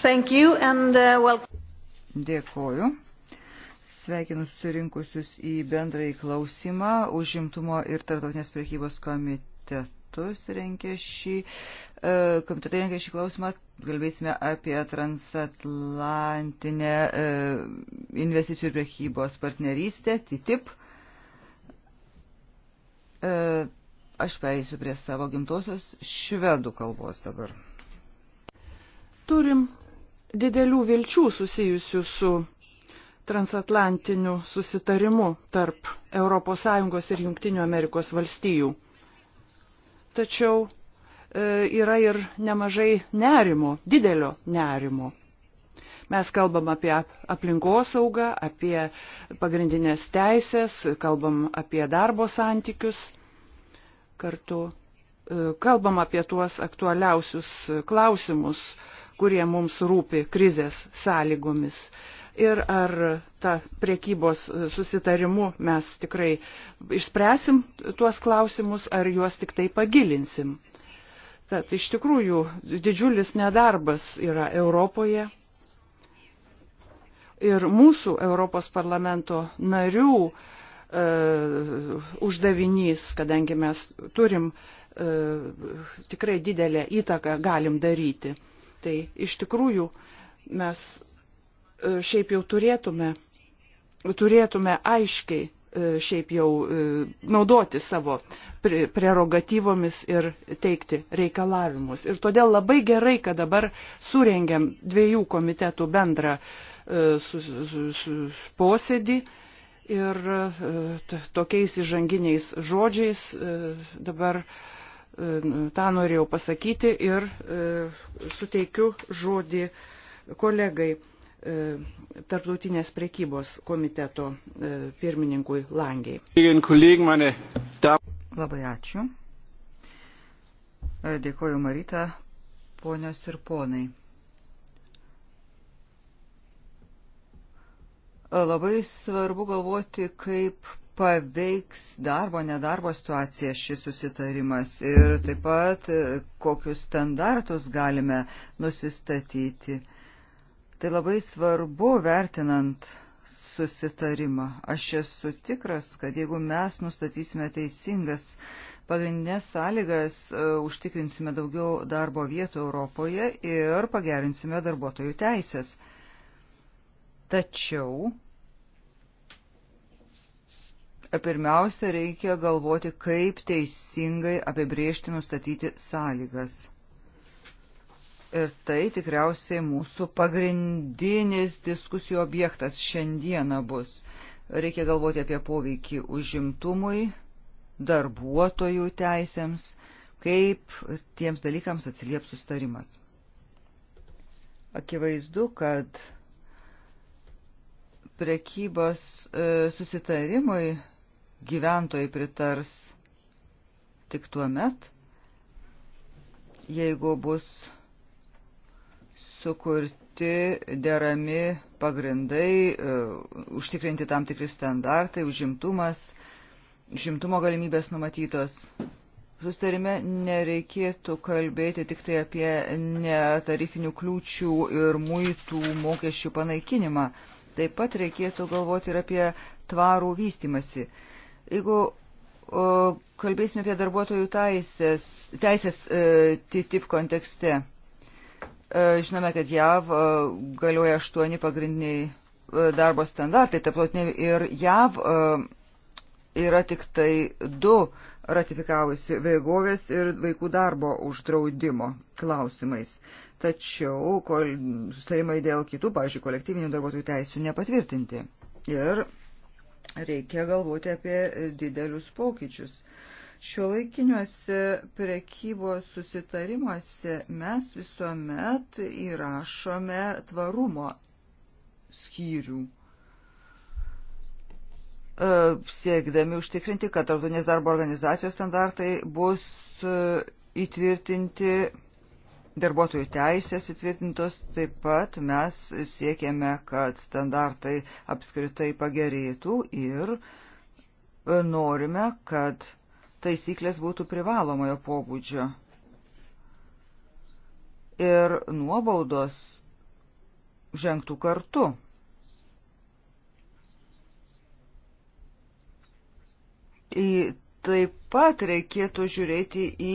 Thank you and uh, welcome. Dėkoju. Sveikinu surinkusius į bendrąjį klausimą. Užimtumo ir tarptautinės priekybos komitetus rengė šį, e, komitetai rengė šį klausimą. Kalbėsime apie transatlantinę e, investicijų ir priekybos partnerystę, TTIP. E, aš pereisiu prie savo gimtosios švedų kalbos dabar. Turim didelių vilčių susijusių su transatlantiniu susitarimu tarp ES ir Junktinių Amerikos valstijų. Tačiau e, yra ir nemažai nerimo, didelio nerimo. Mes kalbam apie aplinkosaugą, apie pagrindinės teisės, kalbam apie darbo santykius, kartu e, kalbam apie tuos aktualiausius klausimus, e, kurie mums rūpi krizės sąlygomis. Ir ar ta priekybos e, susitarimu mes tikrai išspręsim tuos klausimus, ar juos tik tai pagilinsim. Tad iš tikrųjų didžiulis nedarbas yra Europoje. Ir mūsų Europos parlamento narių e, uždavinys, kadangi mes turim e, tikrai didelę įtaką, galim daryti tai iš tikrųjų mes e, šiaip jau turėtume, turėtume aiškiai e, šiaip jau e, naudoti savo prerogatyvomis ir teikti reikalavimus. Ir todėl labai gerai, kad dabar surengiam dviejų komitetų bendrą su, su, su, posėdį ir tokiais įžanginiais žodžiais dabar tą norėjau pasakyti ir e, suteikiu žodį kolegai e, Tarptautinės prekybos komiteto e, pirmininkui Langiai. Labai ačiū. Dėkoju Marita, ponios ir ponai. Labai svarbu galvoti, kaip paveiks darbo, nedarbo situaciją šis susitarimas ir taip pat e, kokius standartus galime nusistatyti. Tai labai svarbu vertinant susitarimą. Aš esu tikras, kad jeigu mes nustatysime teisingas pagrindinės sąlygas, e, užtikrinsime daugiau darbo vietų Europoje ir pagerinsime darbuotojų teisės. Tačiau pirmiausia, reikia galvoti, kaip teisingai apibriežti, nustatyti sąlygas. Ir tai tikriausiai mūsų pagrindinis diskusijų objektas šiandieną bus. Reikia galvoti apie poveikį užimtumui, darbuotojų teisėms, kaip tiems dalykams atsilieps sustarimas. Akivaizdu, kad prekybos e, susitarimui gyventojai pritars tik tuo met, jeigu bus sukurti derami pagrindai, e, užtikrinti tam tikri standartai, užimtumas, užimtumo galimybės numatytos. Sustarime nereikėtų kalbėti tik tai apie netarifinių kliūčių ir muitų mokesčių panaikinimą. Taip pat reikėtų galvoti ir apie tvarų vystimasi. Jeigu o, kalbėsime apie darbuotojų taisės, teisės e, TTIP kontekste, e, žinome, kad JAV e, galioja aštuoni pagrindiniai e, darbo standartai, taplotinė ir JAV e, yra tik tai du ratifikavusi vergovės ir vaikų darbo uždraudimo klausimais. Tačiau kol, sustarimai dėl kitų, pavyzdžiui, kolektyvinių darbuotojų teisų nepatvirtinti. Ir reikia galvoti apie e, didelius pokyčius. Šiuolaikiniuose prekybos susitarimuose mes visuomet įrašome tvarumo skyrių e, siekdami užtikrinti, kad tarptautinės darbo organizacijos standartai bus e, įtvirtinti darbuotojų teisės įtvirtintos, taip pat mes siekiame, kad standartai apskritai pagerėtų ir e, norime, kad taisyklės būtų privalomojo pobūdžio. Ir nuobaudos žengtų kartu. Į taip pat reikėtų žiūrėti į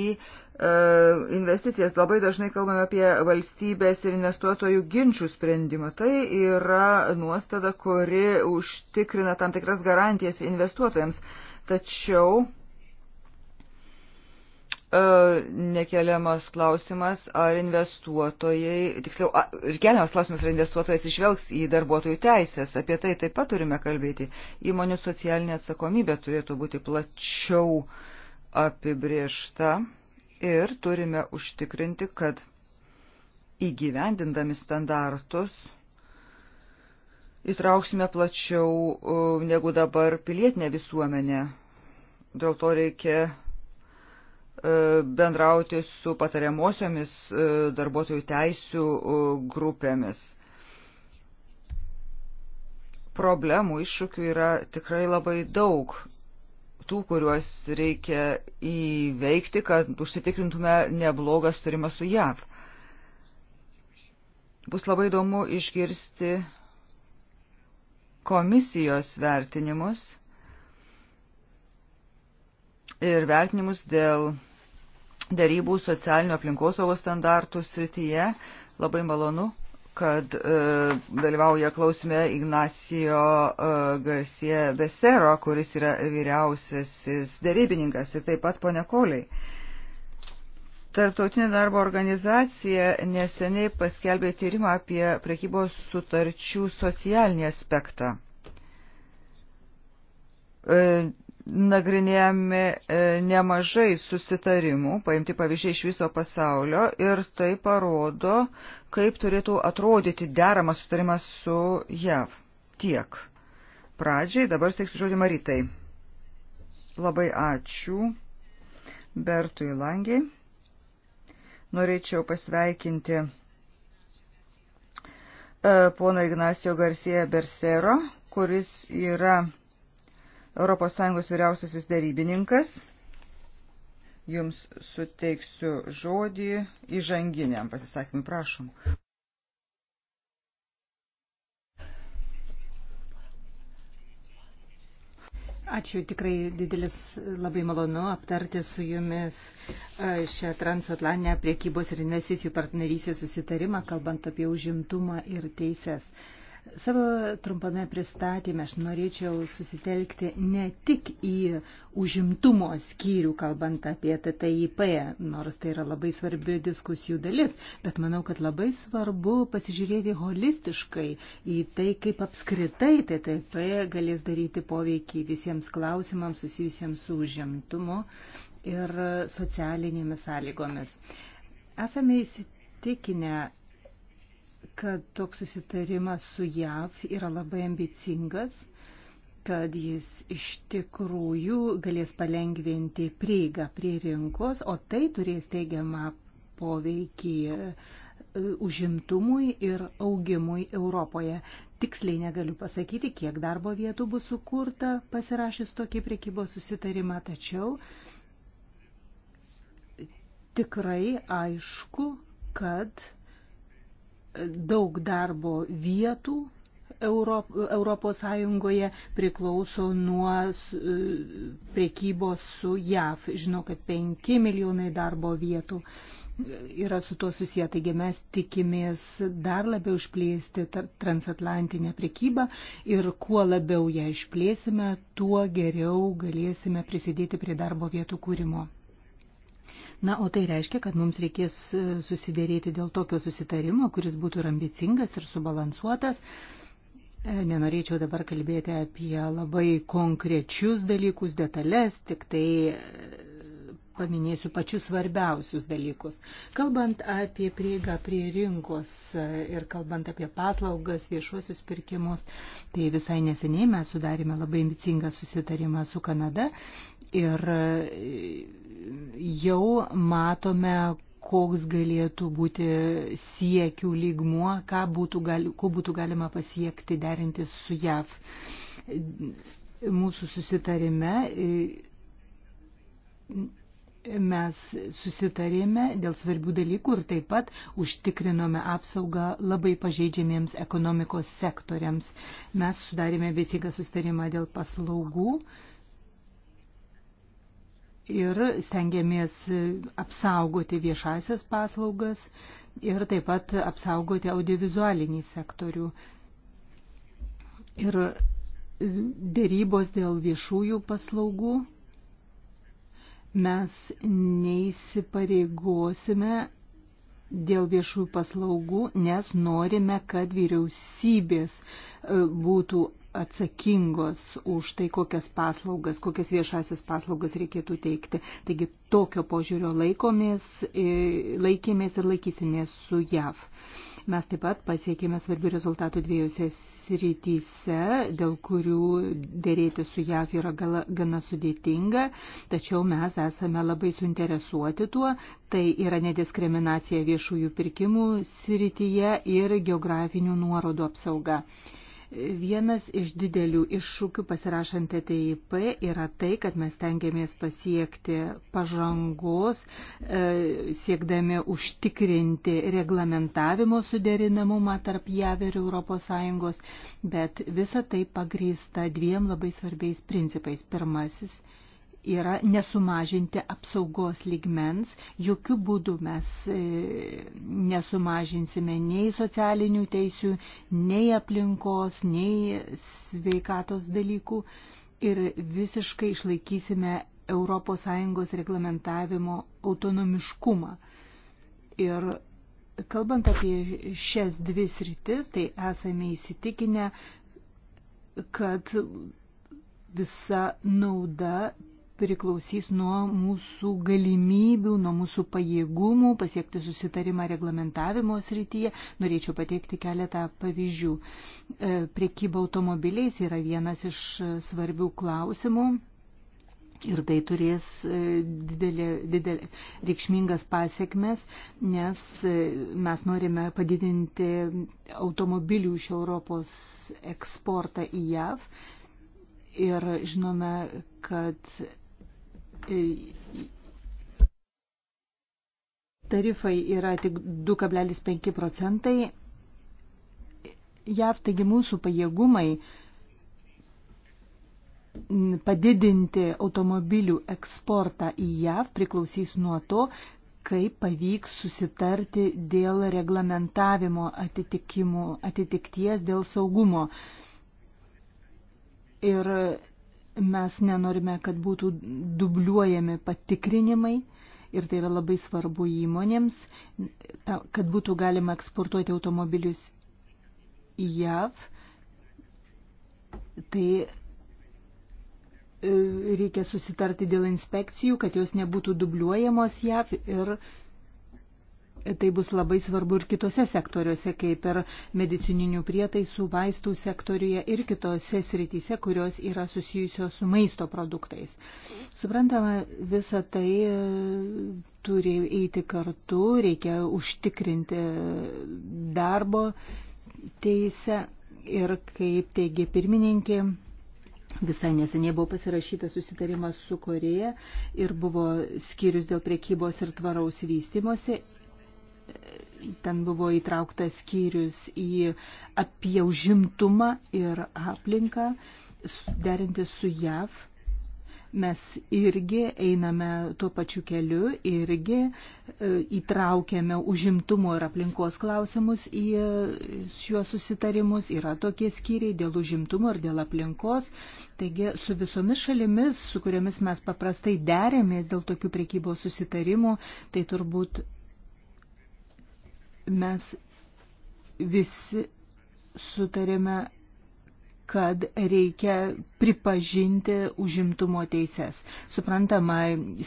E, investicijas. Labai dažnai kalbame apie valstybės ir investuotojų ginčių sprendimą. Tai yra nuostada, kuri užtikrina tam tikras garantijas investuotojams. Tačiau e, nekeliamas klausimas, ar investuotojai, tiksliau, ir keliamas klausimas, ar investuotojas išvelgs į darbuotojų teisės. Apie tai taip pat turime kalbėti. Įmonių socialinė atsakomybė turėtų būti plačiau apibriešta ir turime užtikrinti, kad įgyvendindami standartus įtrauksime plačiau negu dabar pilietinę visuomenę. Dėl to reikia e, bendrauti su patariamosiomis e, darbuotojų teisių grupėmis. Problemų iššūkių yra tikrai labai daug tų, kuriuos reikia įveikti, kad užsitikrintume neblogą sutarimą su JAV. Bus labai įdomu išgirsti komisijos vertinimus ir vertinimus dėl darybų socialinio aplinkosaugos standartų srityje. Labai malonu kad e, dalyvauja klausime Ignacio e, Garcia Besero, kuris yra vyriausiasis dėrybininkas ir taip pat pone Koliai. Tarptautinė darbo organizacija neseniai paskelbė tyrimą apie prekybos sutarčių socialinį aspektą. E, nagrinėjami e, nemažai susitarimų, paimti pavyzdžiai iš viso pasaulio ir tai parodo, kaip turėtų atrodyti deramas sutarimas su JAV. Tiek. Pradžiai dabar steiksiu žodį Maritai. Labai ačiū Bertui Langiai. Norėčiau pasveikinti e, pono Ignacio Garcia Bersero, kuris yra ES vyriausiasis darybininkas. Jums suteiksiu žodį įžanginiam pasisakymui, prašom. Ačiū, tikrai didelis, labai malonu aptarti su jumis e, šią transatlantinę priekybos ir investicijų partnerystės susitarimą, kalbant apie užimtumą ir teises. Savo trumpame pristatymė aš norėčiau susitelkti ne tik į užimtumo skyrių, kalbant apie TTIP, nors tai yra labai svarbi diskusijų dalis, bet manau, kad labai svarbu pasižiūrėti holistiškai į tai, kaip apskritai TTIP galės daryti poveikį visiems klausimams susijusiems su užimtumo ir socialinėmis sąlygomis. Esame įsitikinę kad toks susitarimas su JAV yra labai ambicingas, kad jis iš tikrųjų galės palengvinti prieigą prie rinkos, o tai turės teigiamą poveikį e, užimtumui ir augimui Europoje. Tiksliai negaliu pasakyti, kiek darbo vietų bus sukurta pasirašęs tokį priekybos susitarimą, tačiau tikrai aišku, kad daug darbo vietų Europos Sąjungoje priklauso nuo e, prekybos su JAV. Žinau, kad 5 milijonai darbo vietų yra su tuo susiję. Taigi mes tikimės dar labiau išplėsti transatlantinę prekybą ir kuo labiau ją išplėsime, tuo geriau galėsime prisidėti prie darbo vietų kūrimo. Na, o tai reiškia, kad mums reikės e, susidėrėti dėl tokio susitarimo, kuris būtų ir ambicingas, ir subalansuotas. E, nenorėčiau dabar kalbėti apie labai konkrečius dalykus, detalės, tik tai e, paminėsiu pačius svarbiausius dalykus. Kalbant apie prieigą prie rinkos ir kalbant apie paslaugas, viešuosius pirkimus, tai visai neseniai mes sudarėme labai ambicingą susitarimą su Kanada ir jau matome, koks galėtų būti siekių lygmuo, ką būtų, gal, ko būtų galima pasiekti derintis su JAV. Mūsų susitarime mes susitarėme dėl svarbių dalykų ir taip pat užtikrinome apsaugą labai pažeidžiamiems ekonomikos sektoriams. Mes sudarėme veiksingą susitarimą dėl paslaugų ir stengiamės apsaugoti viešasias paslaugas ir taip pat apsaugoti audiovizualinį sektorių. Ir dėrybos dėl viešųjų paslaugų mes neįsipareigosime dėl viešųjų paslaugų, nes norime, kad vyriausybės e, būtų atsakingos už tai, kokias paslaugas, kokias viešasis paslaugas reikėtų teikti. Taigi tokio požiūrio laikomės, e, laikėmės ir laikysimės su JAV. Mes taip pat pasiekėme svarbių rezultatų dviejose srityse, dėl kurių dėrėti su JAV yra gala, gana sudėtinga, tačiau mes esame labai suinteresuoti tuo. Tai yra nediskriminacija viešųjų pirkimų srityje ir geografinių nuorodų apsauga. Vienas iš didelių iššūkių pasirašant TTIP yra tai, kad mes tengiamės pasiekti pažangos, e, siekdami užtikrinti reglamentavimo suderinamumą tarp JAV ir ES, bet visa tai pagrįsta dviem labai svarbiais principais. Pirmasis yra nesumažinti apsaugos ligmens, jokių būdų mes e, nesumažinsime nei socialinių teisių, nei aplinkos, nei sveikatos dalykų ir visiškai išlaikysime ES reglamentavimo autonomiškumą. Ir kalbant apie šias dvi sritis, tai esame įsitikinę, kad visa nauda priklausys nuo mūsų galimybių, nuo mūsų pajėgumų pasiekti susitarimą reglamentavimo srityje. Norėčiau pateikti keletą pavyzdžių. E, prekyba automobiliais yra vienas iš svarbių klausimų. Ir tai turės e, didelė, didelė, reikšmingas pasiekmes, nes e, mes norime padidinti automobilių iš Europos eksportą į JAV. Ir žinome, kad E, tarifai yra tik 2,5 procentai JAV, taigi mūsų pajėgumai padidinti automobilių eksportą į JAV priklausys nuo to, kaip pavyks susitarti dėl reglamentavimo atitikimų, atitikties dėl saugumo. Ir Mes nenorime, kad būtų dubliuojami patikrinimai ir tai yra labai svarbu įmonėms, kad būtų galima eksportuoti automobilius į JAV. Tai e, reikia susitarti dėl inspekcijų, kad jos nebūtų dubliuojamos JAV ir Tai bus labai svarbu ir kitose sektoriuose, kaip ir medicininių prietaisų, vaistų sektoriuje ir kitose srityse, kurios yra susijusios su maisto produktais. Suprantama, visa tai e, turi eiti kartu, reikia užtikrinti darbo teisę ir, kaip teigia pirmininkė, Visai neseniai buvo pasirašytas susitarimas su Koreja ir buvo skyrius dėl priekybos ir tvaraus vystimosi ten buvo įtrauktas skyrius į apie užimtumą ir aplinką, derinti su JAV mes irgi einame tuo pačiu keliu, irgi e, įtraukiame užimtumo ir aplinkos klausimus į e, šiuos susitarimus. Yra tokie skyriai dėl užimtumo ir dėl aplinkos. Taigi su visomis šalimis, su kuriomis mes paprastai derėmės dėl tokių priekybos susitarimų, tai turbūt mes visi sutarėme, kad reikia pripažinti užimtumo teises. Suprantama,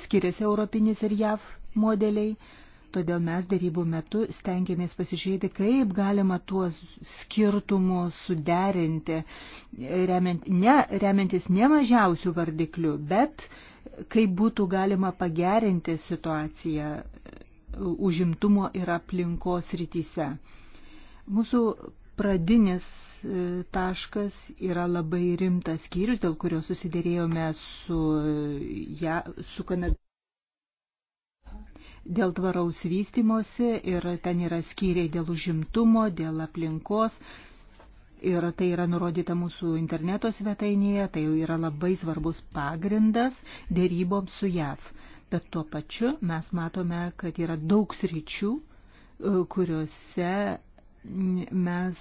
skiriasi europinis ir JAV modeliai, todėl mes darybų metu stengiamės pasižiūrėti, kaip galima tuos skirtumus suderinti, remiant, ne, remiantis ne mažiausių vardiklių, bet kaip būtų galima pagerinti situaciją užimtumo ir aplinkos rytise. Mūsų pradinis e, taškas yra labai rimtas skyrius, dėl kurio susidėrėjome su, ja, su Kanada dėl tvaraus vystimosi ir ten yra skyriai dėl užimtumo, dėl aplinkos. Ir tai yra nurodyta mūsų interneto svetainėje, tai yra labai svarbus pagrindas dėryboms su JAV bet tuo pačiu mes matome, kad yra daug sričių, e, kuriuose mes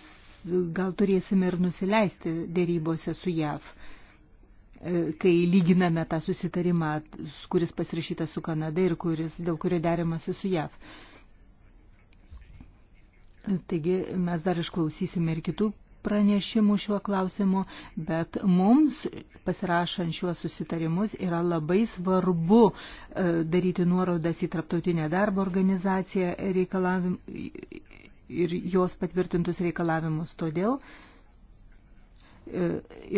gal turėsime ir nusileisti dėrybose su JAV, e, kai lyginame tą susitarimą, kuris pasirašytas su Kanada ir kuris, dėl kurio derimasi su JAV. Taigi mes dar išklausysime ir kitų pranešimų šiuo klausimu, bet mums pasirašant šiuos susitarimus yra labai svarbu e, daryti nuorodas į Traptautinę darbo organizaciją reikalavim, ir jos patvirtintus reikalavimus. Todėl e,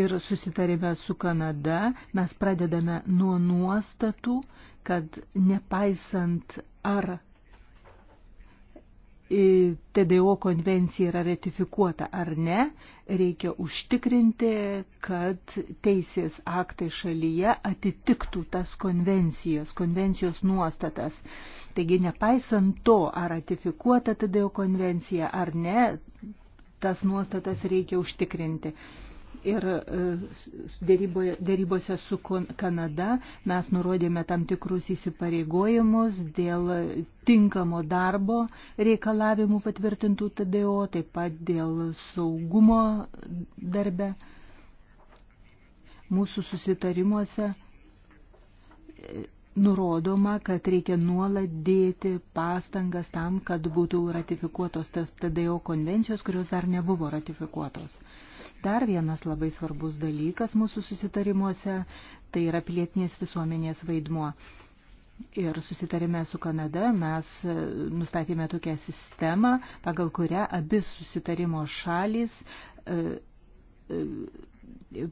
ir susitarime su Kanada, mes pradedame nuo nuostatų, kad nepaisant ar TDO konvencija yra ratifikuota ar ne, reikia užtikrinti, kad teisės aktai šalyje atitiktų tas konvencijas, konvencijos nuostatas. Taigi, nepaisant to, ar ratifikuota TDO konvencija ar ne, tas nuostatas reikia užtikrinti ir e, dėrybose su Kanada mes nurodėme tam tikrus įsipareigojimus dėl tinkamo darbo reikalavimų patvirtintų TDO, taip pat dėl saugumo darbe. Mūsų susitarimuose e, nurodoma, kad reikia nuolat dėti pastangas tam, kad būtų ratifikuotos tas TDO konvencijos, kurios dar nebuvo ratifikuotos. Dar vienas labai svarbus dalykas mūsų susitarimuose - tai yra pilietinės visuomenės vaidmuo. Ir susitarime su Kanada mes e, nustatėme tokią sistemą, pagal kurią abi susitarimo šalis e, e,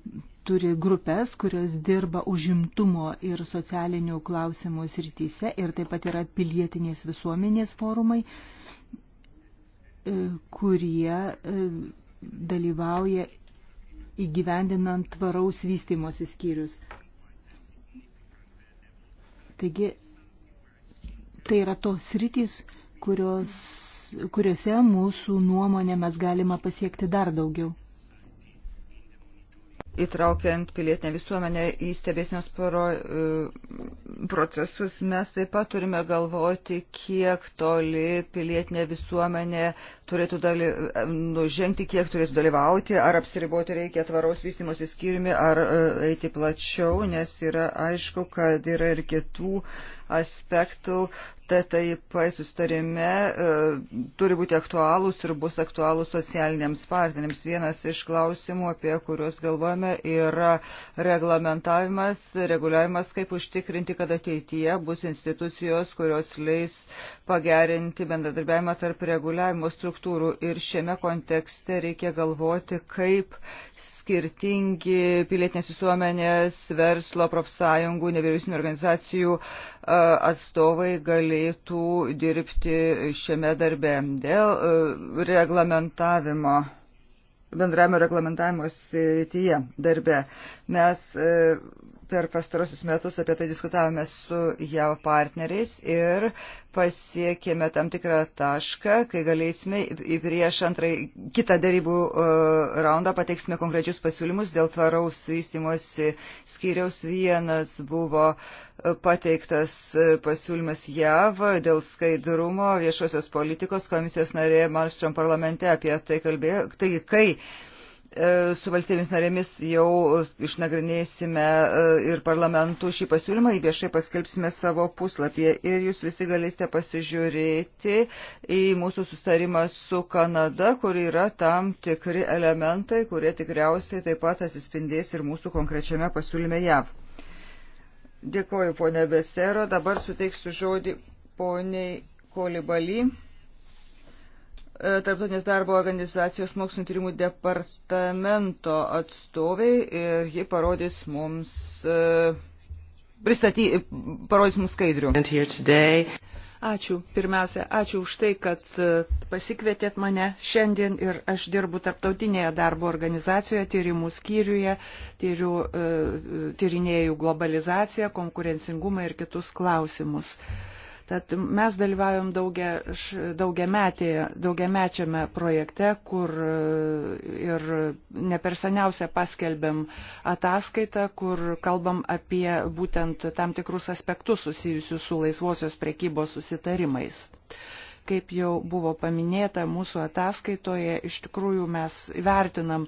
turi grupės, kurios dirba užimtumo ir socialinių klausimų srityse ir taip pat yra pilietinės visuomenės forumai, e, kurie e, dalyvauja įgyvendinant tvaraus vystimosi skyrius. Taigi, tai yra tos rytis, kurios, kuriuose mūsų nuomonė mes galima pasiekti dar daugiau. Įtraukiant pilietinę visuomenę į stebėsnios pro, e, procesus, mes taip pat turime galvoti, kiek toli pilietinė visuomenė turėtų daly, nužengti, kiek turėtų dalyvauti, ar apsiriboti reikia tvaraus vystimosi skirimi, ar e, eiti plačiau, nes yra aišku, kad yra ir kitų aspektų TTIP sustarime e, turi būti aktualūs ir bus aktualūs socialiniams partneriams. Vienas iš klausimų, apie kuriuos galvojame, yra reglamentavimas, reguliavimas, kaip užtikrinti, kad ateityje bus institucijos, kurios leis pagerinti bendradarbiavimą tarp reguliavimo struktūrų struktūrų ir šiame kontekste reikia galvoti, kaip skirtingi pilietinės visuomenės, verslo, profsąjungų, nevyriausinių organizacijų atstovai galėtų dirbti šiame darbe dėl reglamentavimo bendrame reglamentavimo srityje darbe. Mes per pastarosius metus apie tai diskutavome su JAV partneriais ir pasiekėme tam tikrą tašką, kai galėsime į prieš antrąjį kitą darybų e, raundą pateiksime konkrečius pasiūlymus dėl tvaraus vystimosi skyriaus. Vienas buvo e, pateiktas e, pasiūlymas JAV dėl skaidrumo viešosios politikos komisijos narė Malstrom parlamente apie tai kalbėjo. Taigi, kai E, su valstybėmis narėmis jau išnagrinėsime e, ir parlamentų šį pasiūlymą, jį viešai paskelbsime savo puslapyje ir jūs visi galėsite pasižiūrėti į mūsų sustarimą su Kanada, kur yra tam tikri elementai, kurie tikriausiai taip pat atsispindės ir mūsų konkrečiame pasiūlyme JAV. Dėkoju, ponė Besero, dabar suteiksiu žodį poniai Kolibaly. Tarptautinės darbo organizacijos mokslinio tyrimų departamento atstoviai ir ji parodys mums, e, pristaty, parodys mums skaidrių. Ačiū. Pirmiausia, ačiū už tai, kad e, pasikvietėt mane šiandien ir aš dirbu tarptautinėje darbo organizacijoje, tyrimų skyriuje, tyriu, e, tyrinėjau globalizaciją, konkurencingumą ir kitus klausimus. Uh, kad mes dalyvavom daugia, daugiametėje, daugiamečiame projekte, kur e, ir ne per seniausia paskelbėm ataskaitą, kur kalbam apie būtent tam tikrus aspektus susijusius su laisvosios prekybos susitarimais. Uh, Kaip jau buvo paminėta mūsų ataskaitoje, iš tikrųjų mes vertinam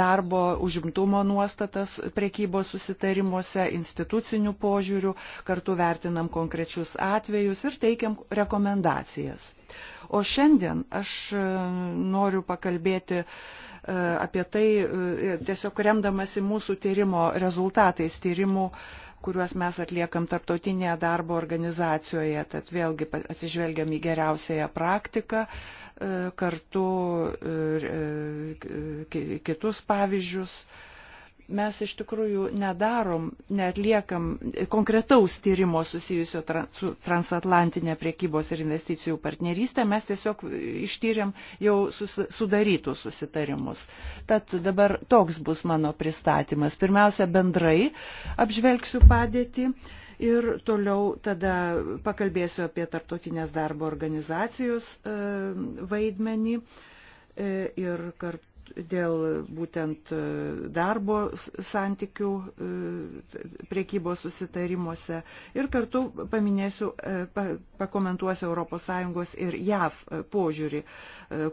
darbo užimtumo nuostatas prekybos susitarimuose, institucinių požiūrių, kartu vertinam konkrečius atvejus ir teikiam rekomendacijas. O šiandien aš e, noriu pakalbėti e, apie tai, e, tiesiog remdamasi mūsų tyrimo rezultatais, tyrimų kuriuos mes atliekam tarptautinėje darbo organizacijoje, tad vėlgi atsižvelgiam į geriausiąją praktiką, e, kartu e, kitus pavyzdžius mes iš tikrųjų nedarom, netliekam konkretaus tyrimo susijusio tra, su transatlantinė priekybos ir investicijų partnerystė, mes tiesiog ištyrėm jau sus, sudarytų susitarimus. Tad dabar toks bus mano pristatymas. Pirmiausia, bendrai apžvelgsiu padėtį. Ir toliau tada pakalbėsiu apie tarptautinės darbo organizacijos e, vaidmenį e, ir kartu dėl būtent e, darbo santykių e, priekybos susitarimuose ir kartu paminėsiu, e, pakomentuosiu ES ir JAV požiūrį,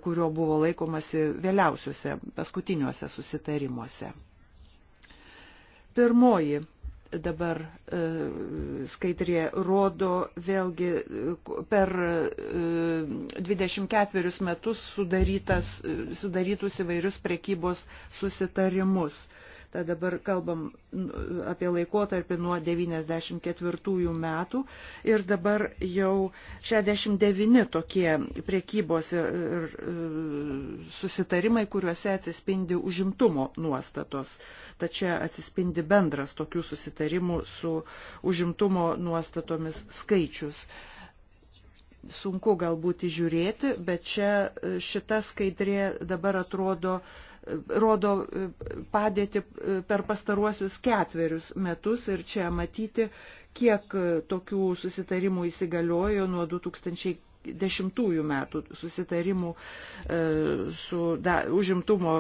kurio buvo laikomasi vėliausiuose paskutiniuose susitarimuose. Pirmoji dabar e, skaidrė rodo vėlgi per 24 e, metus e, sudarytus įvairius prekybos susitarimus. Tai dabar kalbam apie laikotarpį nuo 94 metų ir dabar jau 69 tokie priekybos ir e, susitarimai, kuriuose atsispindi užimtumo nuostatos. Tačiau atsispindi bendras tokių susitarimų su užimtumo nuostatomis skaičius sunku galbūt įžiūrėti, bet čia e, šita skaidrė dabar atrodo rodo e, padėti e, per pastaruosius ketverius metus ir čia matyti, kiek e, tokių susitarimų įsigaliojo nuo 2000 dešimtųjų metų susitarimų su da, užimtumo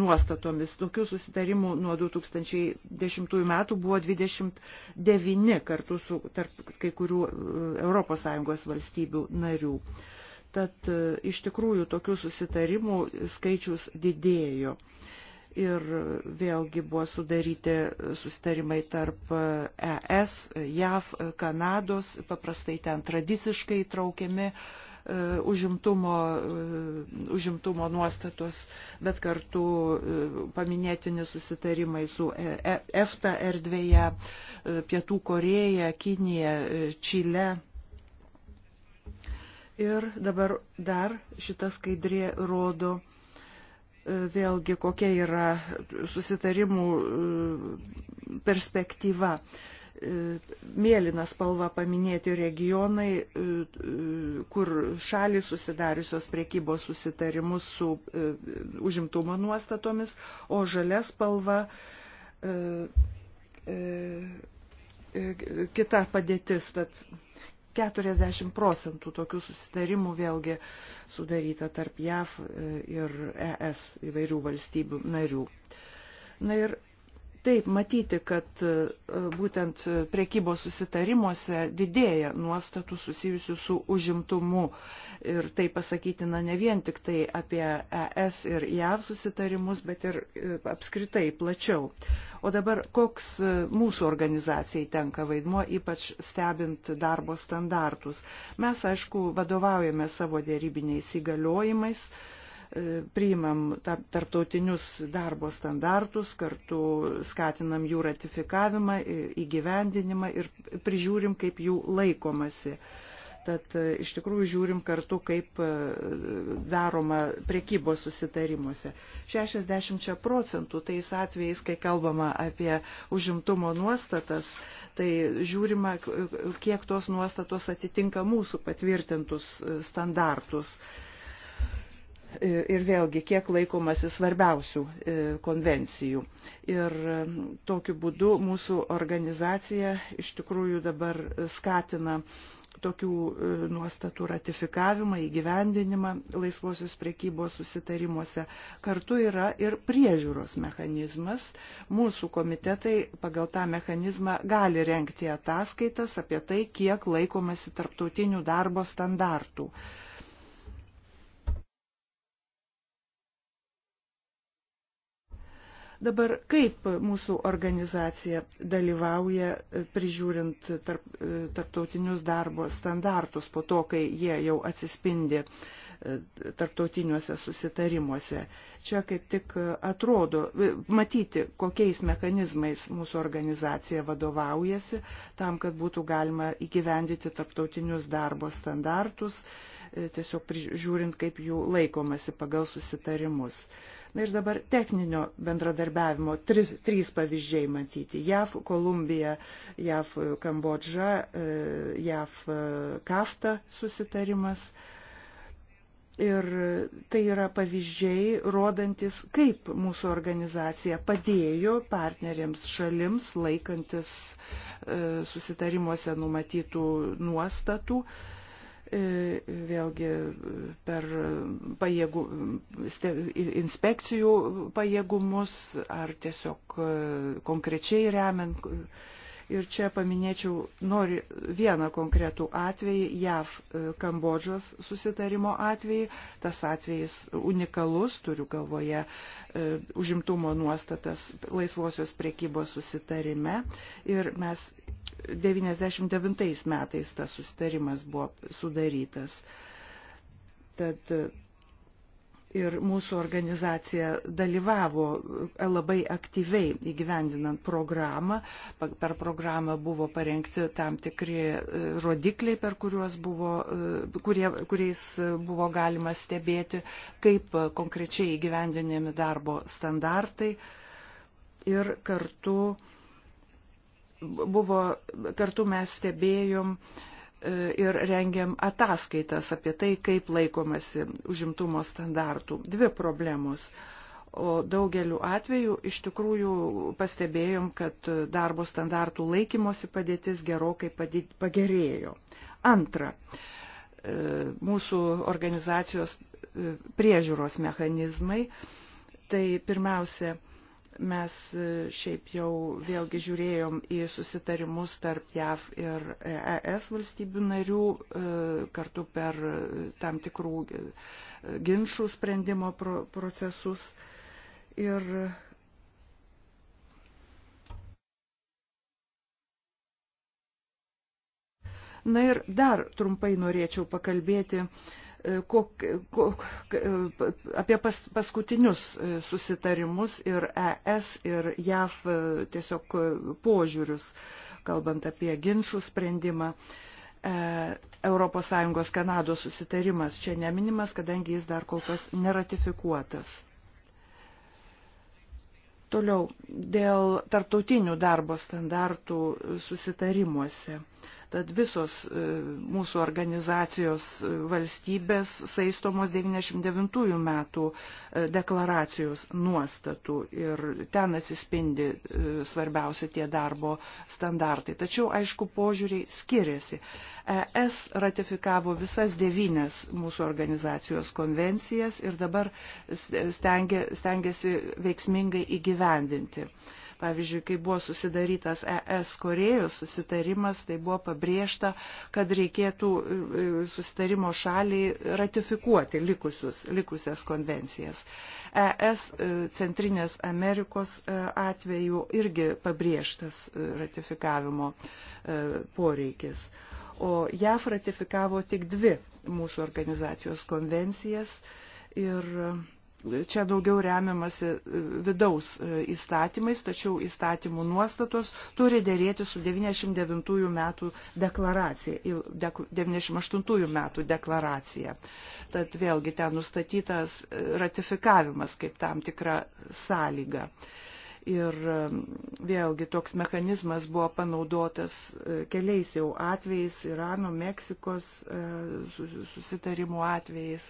nuostatomis. Tokių susitarimų nuo 2010 metų buvo 29 kartu su tarp kai kurių ES valstybių narių. Tad e, iš tikrųjų tokių susitarimų skaičius didėjo. Ir vėlgi buvo sudaryti susitarimai tarp ES, e JAV, Kanados, paprastai ten tradiciškai traukiami e, užimtumo, užimtumo nuostatos, bet kartu paminėtini susitarimai su EFTA erdvėje, Pietų Koreja, Kinija, Čile Ir dabar dar šita skaidrė rodo e, vėlgi kokia yra susitarimų e, perspektyva. E, mėlyna spalva paminėti regionai, kur šalis susidariusios priekybos susitarimus su užimtumo nuostatomis, o žalia spalva kita padėtis. Tad 40 procentų tokių susitarimų vėlgi sudaryta tarp JAV e, ir ES įvairių valstybių narių. Na ir Taip, matyti, kad e, būtent priekybos susitarimuose didėja nuostatų susijusių su užimtumu. Ir tai pasakytina ne vien tik tai apie ES ir JAV susitarimus, bet ir e, apskritai plačiau. O dabar koks e, mūsų organizacijai tenka vaidmuo, ypač stebint darbo standartus. Mes, aišku, vadovaujame savo dėrybiniais įgaliojimais E, priimam tarptautinius darbo standartus, kartu skatinam jų ratifikavimą, e, įgyvendinimą ir prižiūrim, kaip jų laikomasi. Tad e, iš tikrųjų žiūrim kartu, kaip daroma priekybos susitarimuose. 60 procentų tais atvejais, kai kalbama apie užimtumo nuostatas, tai žiūrima, kiek tos nuostatos atitinka mūsų patvirtintus standartus E, ir vėlgi, kiek laikomasi svarbiausių e, konvencijų. Ir e, tokiu būdu mūsų organizacija iš tikrųjų dabar skatina tokių nuostatų ratifikavimą, įgyvendinimą laisvosios priekybos susitarimuose. Kartu yra ir priežiūros mechanizmas. Mūsų komitetai pagal tą mechanizmą gali renkti ataskaitas apie tai, kiek laikomasi tarptautinių darbo standartų. Uh, Dabar kaip mūsų organizacija dalyvauja e, prižiūrint tarp, e, tarptautinius darbo standartus po to, kai jie jau atsispindi e, tarptautiniuose susitarimuose. Čia kaip tik atrodo, matyti, kokiais mechanizmais mūsų organizacija vadovaujasi tam, kad būtų galima įgyvendyti tarptautinius darbo standartus, tiesiog žiūrint, kaip jų laikomasi pagal susitarimus. Ir dabar techninio bendradarbiavimo tris, trys pavyzdžiai matyti. JAF, Kolumbija, JAF, Kambodža, e, JAF, e, Kafta susitarimas. Ir tai yra pavyzdžiai, rodantis, kaip mūsų organizacija padėjo partneriams šalims laikantis e, susitarimuose numatytų nuostatų. E, E, vėlgi per pajėgų, inspekcijų pajėgumus ar tiesiog e, konkrečiai remiant. Ir čia paminėčiau, noriu vieną konkretų atvejį, JAV e, Kambodžos susitarimo atvejį. Tas atvejis unikalus, turiu galvoje užimtumo nuostatas laisvosios priekybos susitarime. Ir mes 99 metais tas susitarimas buvo sudarytas. Tad ir mūsų organizacija dalyvavo e, labai aktyviai įgyvendinant programą. Per programą buvo parengti tam tikri e, rodikliai, per kuriuos buvo, e, kurie, kuriais buvo galima stebėti, kaip konkrečiai įgyvendinėmi darbo standartai. Ir kartu uh, buvo, kartu mes stebėjom e, ir rengiam ataskaitas apie tai, kaip laikomasi užimtumo standartų. Dvi problemos. O daugeliu atveju iš tikrųjų pastebėjom, kad darbo standartų laikymosi padėtis gerokai pagerėjo. Antra, e, mūsų organizacijos e, priežiūros mechanizmai. Tai pirmiausia, mes e, šiaip jau vėlgi žiūrėjom į susitarimus tarp JAV ir ES valstybių narių e, kartu per tam tikrų e, ginčių sprendimo procesus. Ir Na ir dar trumpai norėčiau pakalbėti uh, kok, kok, apie pas, paskutinius e, susitarimus ir ES ir JAF e, tiesiog e, požiūrius, kalbant apie ginčių sprendimą. ES Kanados susitarimas čia neminimas, kadangi jis dar kol kas neratifikuotas. Toliau, dėl tartautinių darbo standartų susitarimuose. E, Tad visos e, mūsų organizacijos e, valstybės saistomos 99 metų e, deklaracijos nuostatų ir ten atsispindi svarbiausia tie darbo standartai. Tačiau, aišku, požiūriai skiriasi. ES ratifikavo visas devynes mūsų organizacijos konvencijas ir dabar stengia, stengiasi veiksmingai įgyvendinti. Pavyzdžiui, kai buvo susidarytas ES Korejos susitarimas, tai buvo pabrėžta, kad reikėtų e, susitarimo šaliai ratifikuoti likusius, likusias konvencijas. ES e, Centrinės Amerikos e, atveju irgi pabrėžtas ratifikavimo poreikis. O JAF ratifikavo tik dvi mūsų organizacijos konvencijas ir Čia daugiau remiamasi e, vidaus e, įstatymais, tačiau įstatymų nuostatos turi dėrėti su 99 metų deklaracija, 98 metų deklaracija. Tad vėlgi ten nustatytas e, ratifikavimas kaip tam tikra sąlyga. Ir vėlgi toks mechanizmas buvo panaudotas keliais jau atvejais, Irano, Meksikos susitarimų atvejais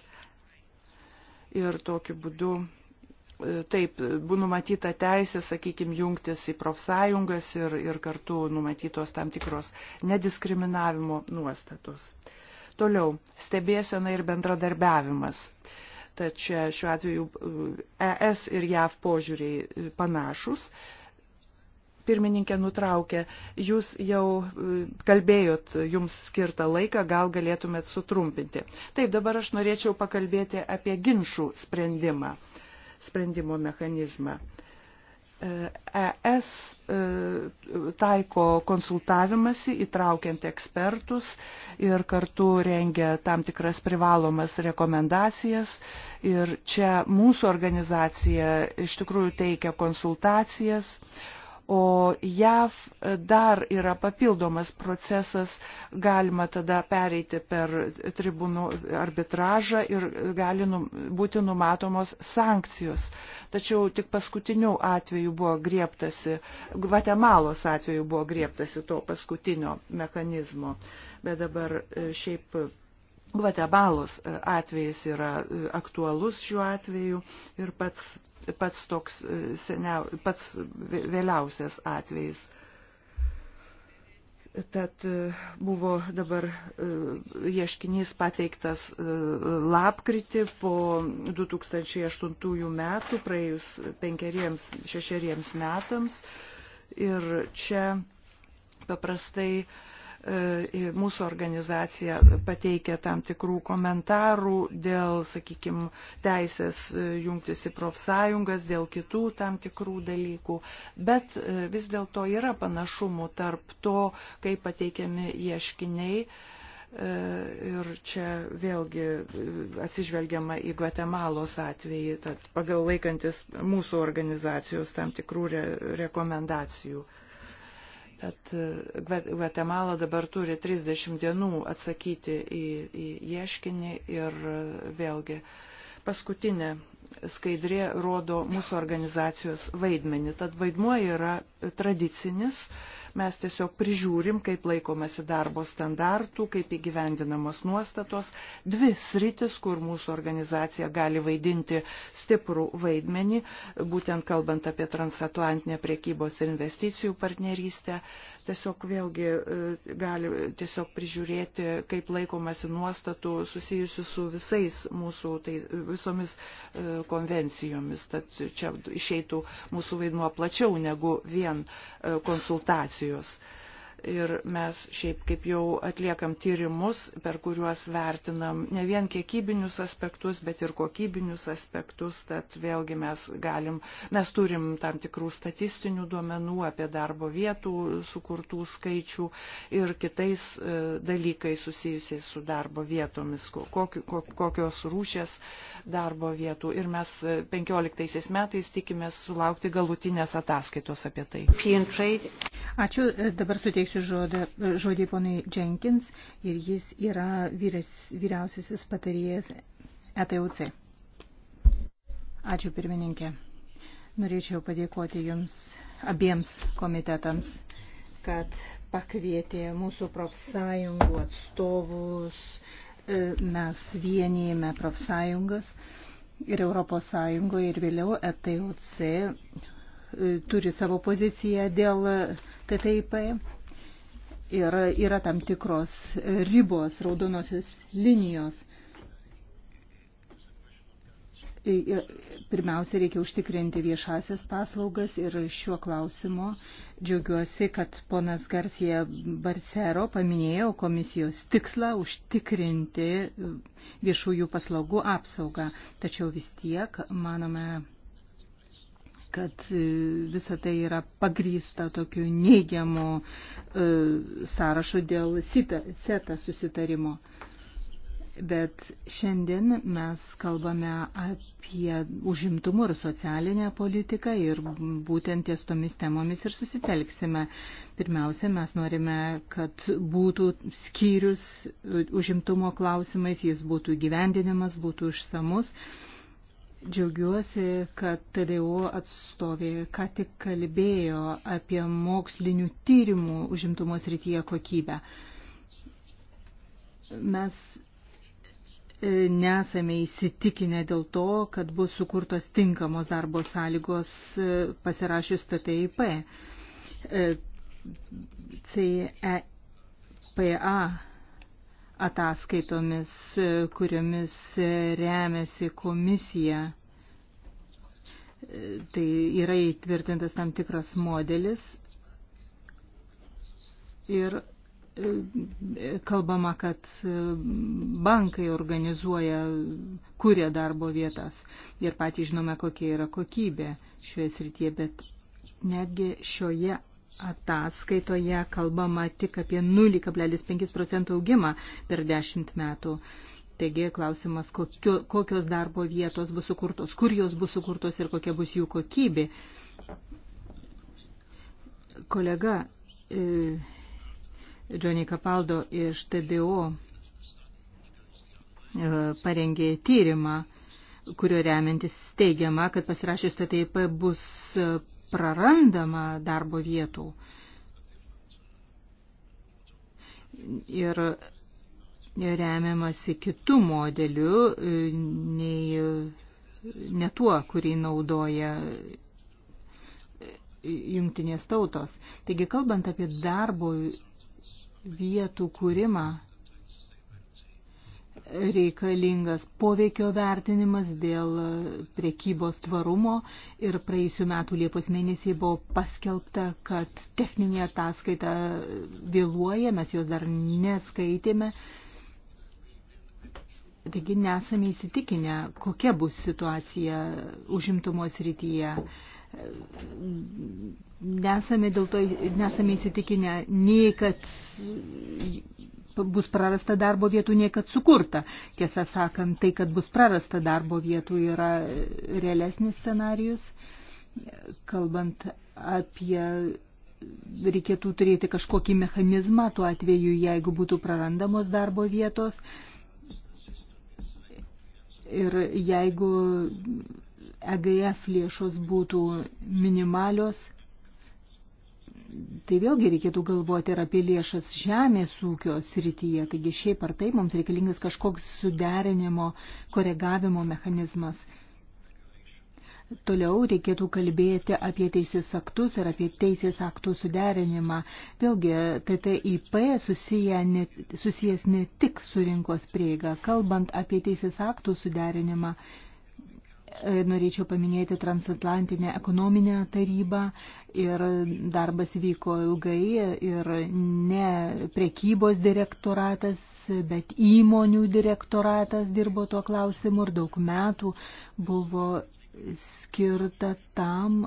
ir tokiu būdu e, taip, buvo numatyta teisė, sakykime, jungtis į profsąjungas ir, ir kartu numatytos tam tikros nediskriminavimo nuostatos. Toliau, stebėsena ir bendradarbiavimas. Tačiau šiuo atveju ES e ir JAV požiūriai e, panašus, pirmininkė nutraukė, jūs jau e, kalbėjot jums skirtą laiką, gal galėtumėt sutrumpinti. Taip, dabar aš norėčiau pakalbėti apie ginčių sprendimą, sprendimo mechanizmą. ES e e, taiko konsultavimasi, įtraukiant ekspertus ir kartu rengia tam tikras privalomas rekomendacijas. Ir čia mūsų organizacija iš tikrųjų teikia konsultacijas O JAV dar yra papildomas procesas, galima tada pereiti per tribunų arbitražą ir gali num, būti numatomos sankcijos. Tačiau tik paskutiniu atveju buvo grieptasi, Gvatemalos atveju buvo grieptasi to paskutinio mechanizmo. Bet dabar e, šiaip Gvatemalos e, atvejis yra e, aktualus šiuo atveju ir pats pats toks e, seniau, pats vėliausias atvejis. Tad e, buvo dabar e, ieškinys pateiktas lapkritį po 2008 metų, praėjus penkeriems, šešeriems metams. Ir čia paprastai uh, mūsų organizacija pateikė tam tikrų komentarų dėl, sakykime, teisės e, jungtis į profsąjungas, dėl kitų tam tikrų dalykų. Bet e, vis dėlto yra panašumų tarp to, kaip pateikiami ieškiniai. E, ir čia vėlgi atsižvelgiama į Gvatemalos atvejį, tad pagal laikantis mūsų organizacijos tam tikrų re rekomendacijų. Tad e, Gvatemala dabar turi 30 dienų atsakyti į, į ieškinį ir e, vėlgi paskutinė skaidrė rodo mūsų organizacijos vaidmenį. Tad vaidmuo yra tradicinis Mes tiesiog prižiūrim, kaip laikomasi darbo standartų, kaip įgyvendinamos nuostatos. Dvi sritis, kur mūsų organizacija gali vaidinti stiprų vaidmenį, būtent kalbant apie transatlantinę priekybos ir investicijų partnerystę tiesiog vėlgi e, gali tiesiog prižiūrėti, kaip laikomasi nuostatų susijusių su visais mūsų, tai, visomis e, konvencijomis. Tad čia išeitų mūsų vaidmuo plačiau negu vien e, konsultacijos. Uh, ir mes šiaip kaip jau atliekam tyrimus, per kuriuos vertinam ne vien kiekybinius aspektus, bet ir kokybinius aspektus, tad vėlgi mes galim, mes turim tam tikrų statistinių duomenų apie darbo vietų sukurtų skaičių ir kitais e, dalykais susijusiais su darbo vietomis, kokios rūšės darbo vietų. Ir mes 15 e, metais tikimės sulaukti galutinės ataskaitos apie tai. Ačiū, dabar suteiksiu suteiksiu žodą, žodį ponui Jenkins ir jis yra vyres, vyriausiasis patarėjas ETUC. Ačiū pirmininkė. Norėčiau padėkoti Jums abiems komitetams, kad pakvietė mūsų profsąjungų atstovus, e, mes vienijame profsąjungas ir Europos Sąjungoje ir vėliau ETUC e, turi savo poziciją dėl TTIP ir yra tam tikros ribos, raudonosios linijos. Pirmiausia, reikia užtikrinti viešasias paslaugas ir šiuo klausimu džiaugiuosi, kad ponas Garcija Barcero paminėjo komisijos tikslą užtikrinti viešųjų paslaugų apsaugą. Tačiau vis tiek, manome, kad e, visa tai yra pagrysta tokiu neigiamu e, sąrašu dėl CETA susitarimo. Bet šiandien mes kalbame apie užimtumų ir socialinę politiką ir būtent ties tomis temomis ir susitelksime. Pirmiausia, mes norime, kad būtų skyrius e, užimtumo klausimais, jis būtų gyvendinimas, būtų išsamus. Džiaugiuosi, kad TDO atstovė ką tik kalbėjo apie mokslinių tyrimų užimtumo srityje kokybę. Mes e, nesame įsitikinę dėl to, kad bus sukurtos tinkamos darbo sąlygos e, pasirašius TTIP. E, CEPA ataskaitomis, kuriomis remiasi komisija. Tai yra įtvirtintas tam tikras modelis ir e, kalbama, kad bankai organizuoja, kuria darbo vietas ir patys žinome, kokia yra kokybė šioje srityje, bet netgi šioje ataskaitoje kalbama tik apie 0,5 procentų augimą per 10 metų. Taigi klausimas, kokio, kokios darbo vietos bus sukurtos, kur jos bus sukurtos ir kokia bus jų kokybė. Kolega e, Johnny Capaldo iš TDO e, parengė tyrimą, kurio remiantis teigiama, kad pasirašius TTIP bus prarandama darbo vietų. Ir remiamasi kitų modelių, nei ne tuo, kurį naudoja jungtinės tautos. Taigi, kalbant apie darbo vietų kūrimą, reikalingas poveikio vertinimas dėl priekybos tvarumo ir praėjusiu metu Liepos mėnesį buvo paskelbta, kad techninė ataskaita vėluoja, mes jos dar neskaitėme. Taigi nesame įsitikinę, kokia bus situacija užimtumo srityje. Nesame, dėl to, nesame įsitikinę nei, kad bus prarasta darbo vietų, nei kad sukurta. Tiesą sakant, tai, kad bus prarasta darbo vietų, yra realesnis scenarius. Kalbant apie reikėtų turėti kažkokį mechanizmą tuo atveju, jeigu būtų prarandamos darbo vietos. Ir jeigu EGF lėšos būtų minimalios, tai vėlgi reikėtų galvoti ir apie lėšas žemės ūkio srityje. Taigi šiaip ar taip mums reikalingas kažkoks suderinimo, koregavimo mechanizmas. Toliau reikėtų kalbėti apie teisės aktus ir apie teisės aktų suderinimą. Vėlgi, TTIP susiję ne, susijęs ne tik su rinkos prieiga. Kalbant apie teisės aktų suderinimą, Norėčiau paminėti transatlantinę ekonominę tarybą ir darbas vyko ilgai ir ne prekybos direktoratas, bet įmonių direktoratas dirbo tuo klausimu ir daug metų buvo skirta tam,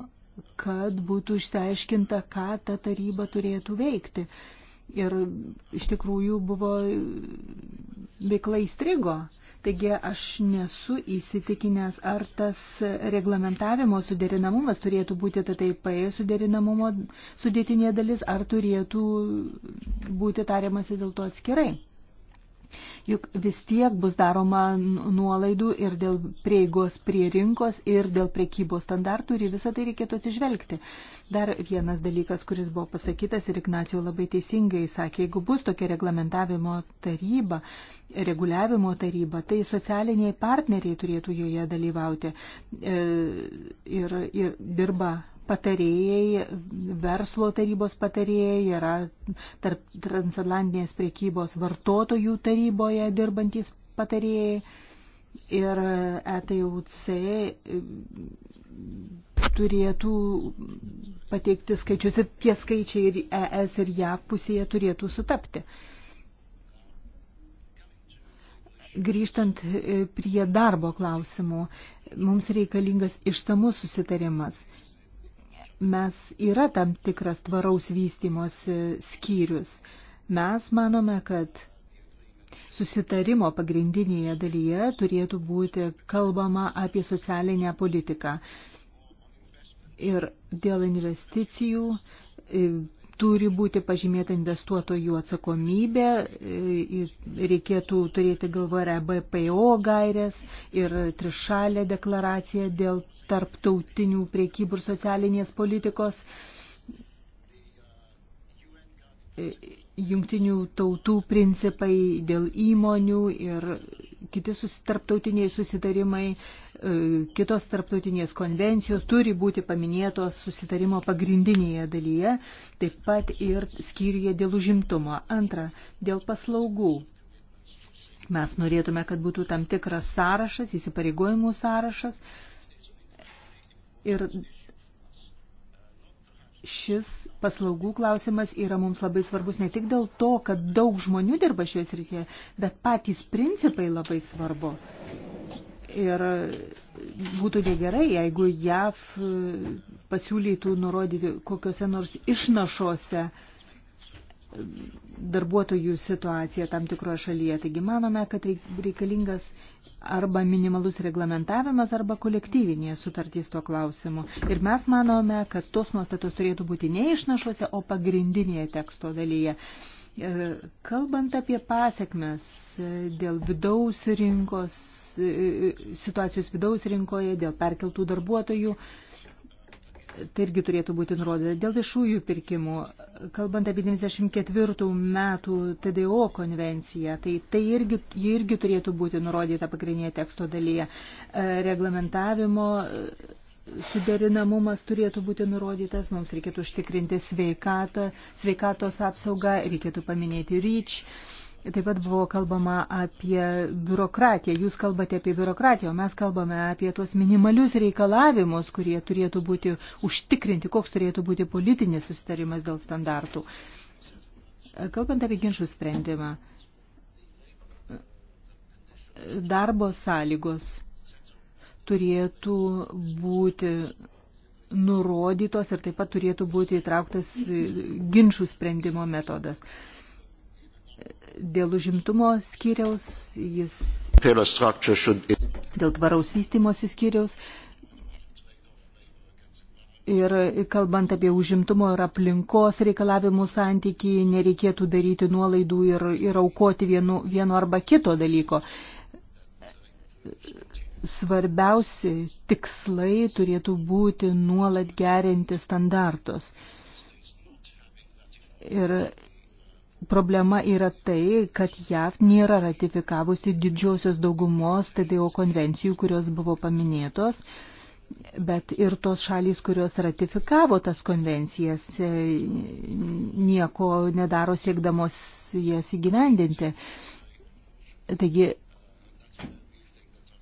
kad būtų išsiaiškinta, ką ta taryba turėtų veikti ir iš tikrųjų buvo veikla įstrigo. Taigi aš nesu įsitikinęs, ar tas reglamentavimo suderinamumas turėtų būti TTIP suderinamumo sudėtinė dalis, ar turėtų būti tariamasi dėl to atskirai juk vis tiek bus daroma nuolaidų ir dėl prieigos prie rinkos, ir dėl priekybos standartų, ir visą tai reikėtų atsižvelgti. Dar vienas dalykas, kuris buvo pasakytas ir Ignacijų labai teisingai sakė, jeigu bus tokia reglamentavimo taryba, reguliavimo taryba, tai socialiniai partneriai turėtų joje dalyvauti e, ir, ir dirba patarėjai, verslo tarybos patarėjai, yra tarp transatlantinės priekybos vartotojų taryboje dirbantis patarėjai ir ETUC e, turėtų pateikti skaičius ir tie skaičiai ir ES ir JAV pusėje turėtų sutapti. Grįžtant e, prie darbo klausimų, mums reikalingas ištamus susitarimas mes yra tam tikras tvaraus vystimosi skyrius. Mes manome, kad Susitarimo pagrindinėje dalyje turėtų būti kalbama apie socialinę politiką. Ir dėl investicijų e, turi būti pažymėta investuotojų atsakomybė, e, reikėtų turėti galvoje e BPO gairės ir trišalę deklaraciją dėl tarptautinių priekybų ir socialinės politikos. E, jungtinių tautų principai dėl įmonių ir kiti tarptautiniai susitarimai, e, kitos tarptautinės konvencijos turi būti paminėtos susitarimo pagrindinėje dalyje, taip pat ir skyriuje dėl užimtumo. Antra, dėl paslaugų. Mes norėtume, kad būtų tam tikras sąrašas, įsipareigojimų sąrašas. Ir šis paslaugų klausimas yra mums labai svarbus ne tik dėl to, kad daug žmonių dirba šioje srityje, bet patys principai labai svarbu. Ir būtų negerai, jeigu JAV pasiūlytų nurodyti kokiuose nors išnašuose uh, darbuotojų situaciją tam tikroje šalyje. Taigi manome, kad reikalingas arba minimalus reglamentavimas, arba kolektyvinė sutartys tuo klausimu. Ir mes manome, kad tos nuostatos turėtų būti ne išnašuose, o pagrindinėje teksto dalyje. E, kalbant apie pasiekmes e, dėl vidaus rinkos, e, situacijos vidaus rinkoje, dėl perkeltų darbuotojų, Tai irgi turėtų būti nurodyta. Dėl viešųjų pirkimų, kalbant apie 94 metų TDO konvenciją, tai, tai irgi, ji irgi turėtų būti nurodyta pagrindinėje teksto dalyje. E, reglamentavimo e, suderinamumas turėtų būti nurodytas, mums reikėtų užtikrinti sveikatą, sveikatos apsaugą, reikėtų paminėti REACH Taip pat buvo kalbama apie biurokratiją. Jūs kalbate apie biurokratiją, o mes kalbame apie tuos minimalius reikalavimus, kurie turėtų būti užtikrinti, koks turėtų būti politinis sustarimas dėl standartų. Kalbant apie ginčių sprendimą, darbo sąlygos turėtų būti nurodytos ir taip pat turėtų būti įtrauktas ginčių sprendimo metodas dėl užimtumo skyriaus, jis dėl tvaraus vystimosi skyriaus. Ir kalbant apie užimtumo ir aplinkos reikalavimų santykį, nereikėtų daryti nuolaidų ir, ir aukoti vienu, vieno arba kito dalyko. Svarbiausi tikslai turėtų būti nuolat gerinti standartus. Ir problema yra tai, kad JAV nėra ratifikavusi didžiosios daugumos TDO konvencijų, kurios buvo paminėtos. Bet ir tos šalys, kurios ratifikavo tas konvencijas, e, nieko nedaro siekdamos jas įgyvendinti. Taigi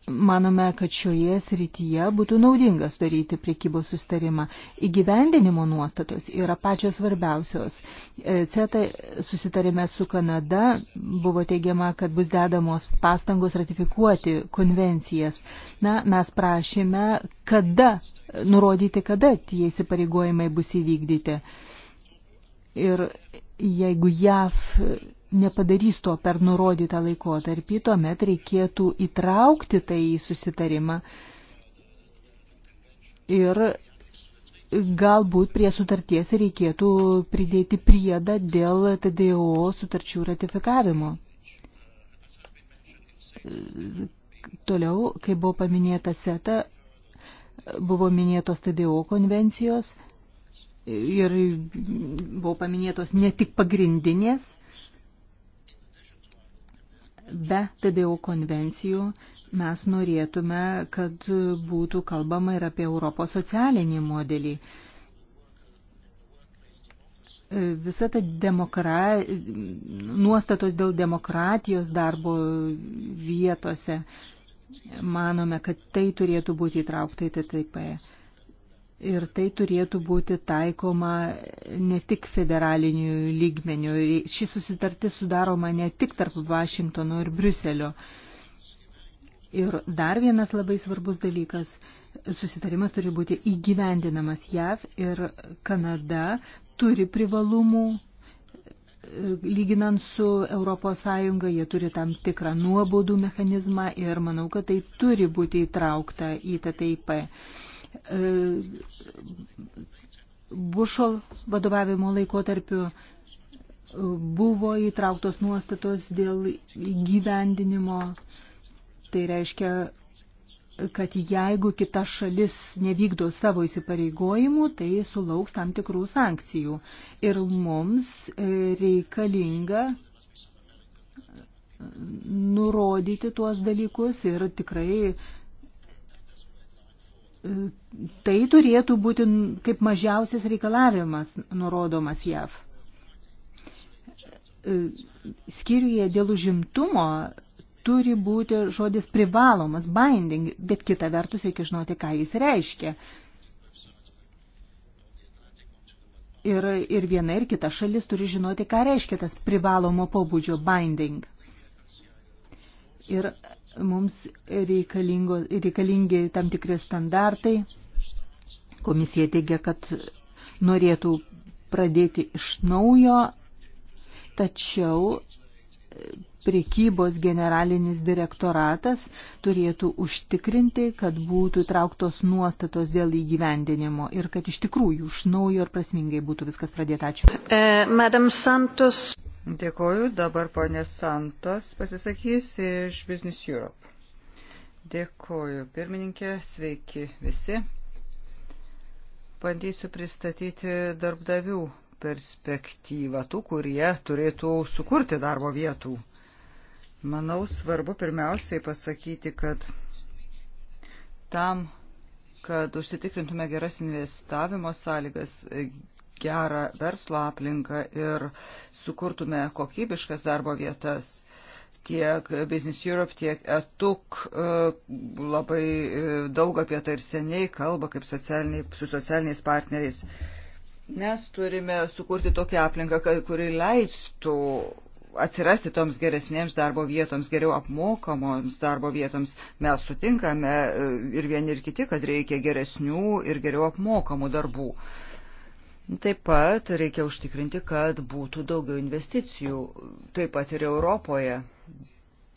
Manome, kad šioje srityje būtų naudinga sudaryti priekybos sustarimą. Įgyvendinimo nuostatos yra pačios svarbiausios. E, CETA susitarime su Kanada buvo teigiama, kad bus dedamos pastangos ratifikuoti konvencijas. Na, mes prašyme, kada, nurodyti, kada tie įsipareigojimai bus įvykdyti. Ir jeigu JAV nepadarys to per nurodytą laikotarpį, tuomet reikėtų įtraukti tai į susitarimą ir galbūt prie sutarties reikėtų pridėti priedą dėl TDO sutarčių ratifikavimo. Toliau, kai buvo paminėta SETA, buvo minėtos TDO konvencijos ir buvo paminėtos ne tik pagrindinės be TDO konvencijų mes norėtume, kad būtų kalbama ir apie Europos socialinį modelį. Visa ta demokra... nuostatos dėl demokratijos darbo vietose, manome, kad tai turėtų būti įtraukta į TTP. Tai Ir tai turėtų būti taikoma ne tik federaliniu lygmeniu. Ši susitartis sudaroma ne tik tarp Vašingtono ir Briuselio. Ir dar vienas labai svarbus dalykas. Susitarimas turi būti įgyvendinamas JAV ir Kanada turi privalumų. E, lyginant su ES, jie turi tam tikrą nuobaudų mechanizmą ir manau, kad tai turi būti įtraukta į TTIP. Bušo vadovavimo laikotarpiu e, buvo įtrauktos nuostatos dėl gyvendinimo. Tai reiškia, kad jeigu kita šalis nevykdo savo įsipareigojimų, tai sulauks tam tikrų sankcijų. Ir mums e, reikalinga e, nurodyti tuos dalykus ir tikrai tai turėtų būti kaip mažiausias reikalavimas nurodomas JAV. E, skyriuje dėl užimtumo turi būti žodis privalomas, binding, bet kita vertus reikia žinoti, ką jis reiškia. Ir, ir viena ir kita šalis turi žinoti, ką reiškia tas privalomo pobūdžio binding. Ir mums reikalingi tam tikri standartai. Komisija teigia, kad norėtų pradėti iš naujo, tačiau e, priekybos generalinis direktoratas turėtų užtikrinti, kad būtų įtrauktos nuostatos dėl įgyvendinimo ir kad iš tikrųjų iš naujo ir prasmingai būtų viskas pradėta. Ačiū. E, Madam Santos. Dėkoju. Dabar ponė Santos pasisakys iš Business Europe. Dėkoju. Pirmininkė, sveiki visi. Bandysiu pristatyti darbdavių perspektyvą tų, kurie turėtų sukurti darbo vietų. Manau, svarbu pirmiausiai pasakyti, kad tam, kad užsitikrintume geras investavimo sąlygas, gerą verslo aplinką ir sukurtume kokybiškas darbo vietas. Tiek Business Europe, tiek ETUK e, labai e, daug apie tai ir seniai kalba kaip socialiniai, su socialiniais partneriais. Mes turime sukurti tokią aplinką, kuri leistų atsirasti toms geresnėms darbo vietoms, geriau apmokamoms darbo vietoms. Mes sutinkame e, ir vieni ir kiti, kad reikia geresnių ir geriau apmokamų darbų. Taip pat reikia užtikrinti, kad būtų daugiau investicijų, taip pat ir Europoje.